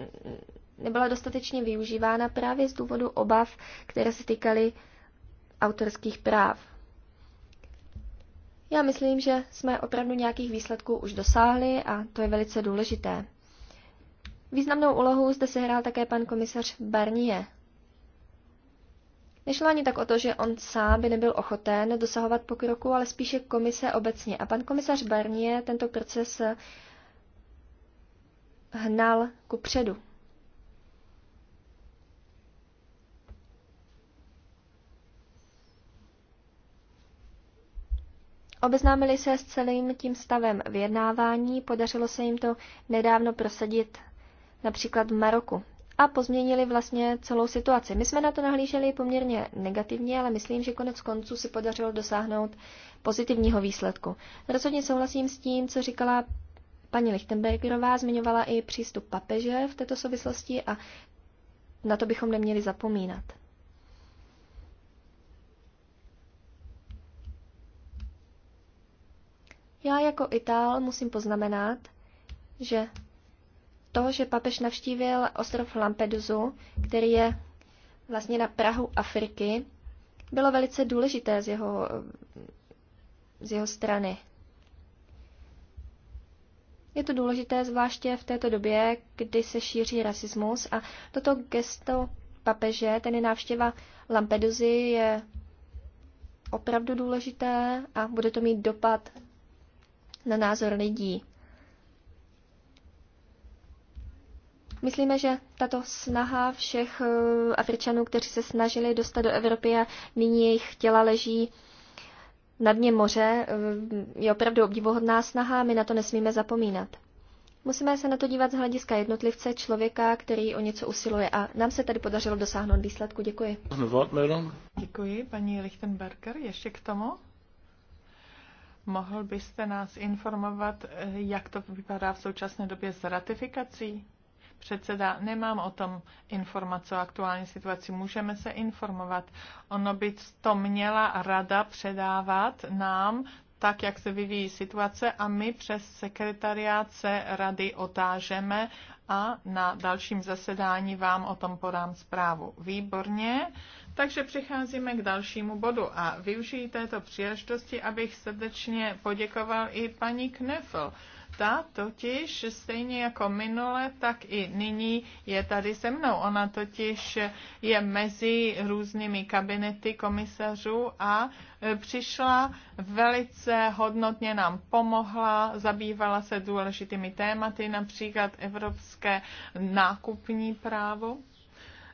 nebyla dostatečně využívána právě z důvodu obav, které se týkaly autorských práv. Já myslím, že jsme opravdu nějakých výsledků už dosáhli a to je velice důležité. Významnou úlohu zde sehrál také pan komisař Barnier. Nešlo ani tak o to, že on sám by nebyl ochoten dosahovat pokroku, ale spíše komise obecně. A pan komisař Barnier tento proces hnal ku předu. Obeznámili se s celým tím stavem vyjednávání, podařilo se jim to nedávno prosadit například v Maroku. A pozměnili vlastně celou situaci. My jsme na to nahlíželi poměrně negativně, ale myslím, že konec konců se podařilo dosáhnout pozitivního výsledku. Rozhodně souhlasím s tím, co říkala paní Lichtenbergerová, zmiňovala i přístup papeže v této souvislosti a na to bychom neměli zapomínat. Já jako Itál musím poznamenat, že to, že papež navštívil ostrov Lampedusu, který je vlastně na Prahu Afriky, bylo velice důležité z jeho, z jeho strany. Je to důležité zvláště v této době, kdy se šíří rasismus a toto gesto papeže, tedy návštěva Lampedusy, je opravdu důležité a bude to mít dopad na názor lidí. Myslíme, že tato snaha všech eh, Afričanů, kteří se snažili dostat do Evropy a nyní jejich těla leží na dně moře, eh, je opravdu obdivuhodná snaha a my na to nesmíme zapomínat. Musíme se na to dívat z hlediska jednotlivce, člověka, který o něco usiluje. A nám se tady podařilo dosáhnout výsledku. Děkuji. Děkuji, paní Lichtenberger. Ještě k tomu? Mohl byste nás informovat, eh, jak to vypadá v současné době s ratifikací? Předseda, nemám o tom informace o aktuální situaci. Můžeme se informovat. Ono by to měla rada předávat nám, tak, jak se vyvíjí situace a my přes sekretariát se rady otážeme a na dalším zasedání vám o tom podám zprávu. Výborně, takže přicházíme k dalšímu bodu a využijí této příležitosti, abych srdečně poděkoval i paní Knefl ta totiž stejně jako minule, tak i nyní je tady se mnou. Ona totiž je mezi různými kabinety komisařů a e, přišla velice hodnotně nám pomohla, zabývala se důležitými tématy, například evropské nákupní právo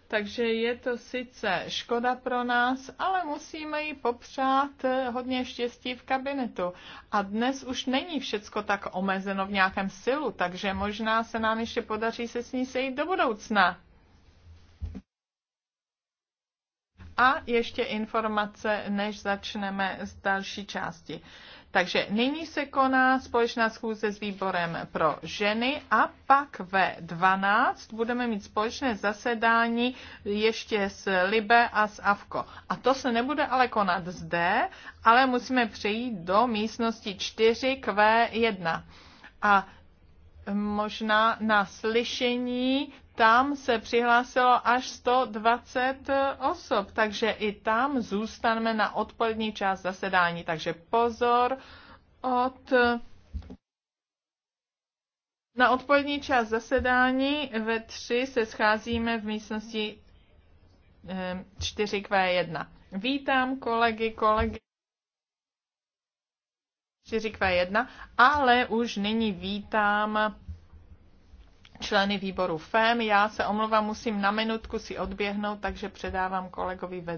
takže je to sice škoda pro nás, ale musíme jí popřát eh, hodně štěstí v kabinetu. A dnes už není všecko tak omezeno v nějakém silu, takže možná se nám ještě podaří se s ní sejít do budoucna. A ještě informace, než začneme z další části. Takže nyní se koná společná schůze s výborem pro ženy a pak ve 12 budeme mít společné zasedání ještě s Libe a s Avko. A to se nebude ale konat zde, ale musíme přejít do místnosti 4Q1. A možná na slyšení tam se přihlásilo až 120 osob, takže i tam zůstaneme na odpolední část zasedání. Takže pozor od na odpolední část zasedání ve 3 se scházíme v místnosti 4Q1. Eh, vítám kolegy, kolegy 4Q1, ale už nyní vítám členy výboru FEM. Já se omlouvám, musím na minutku si odběhnout, takže předávám kolegovi vedení.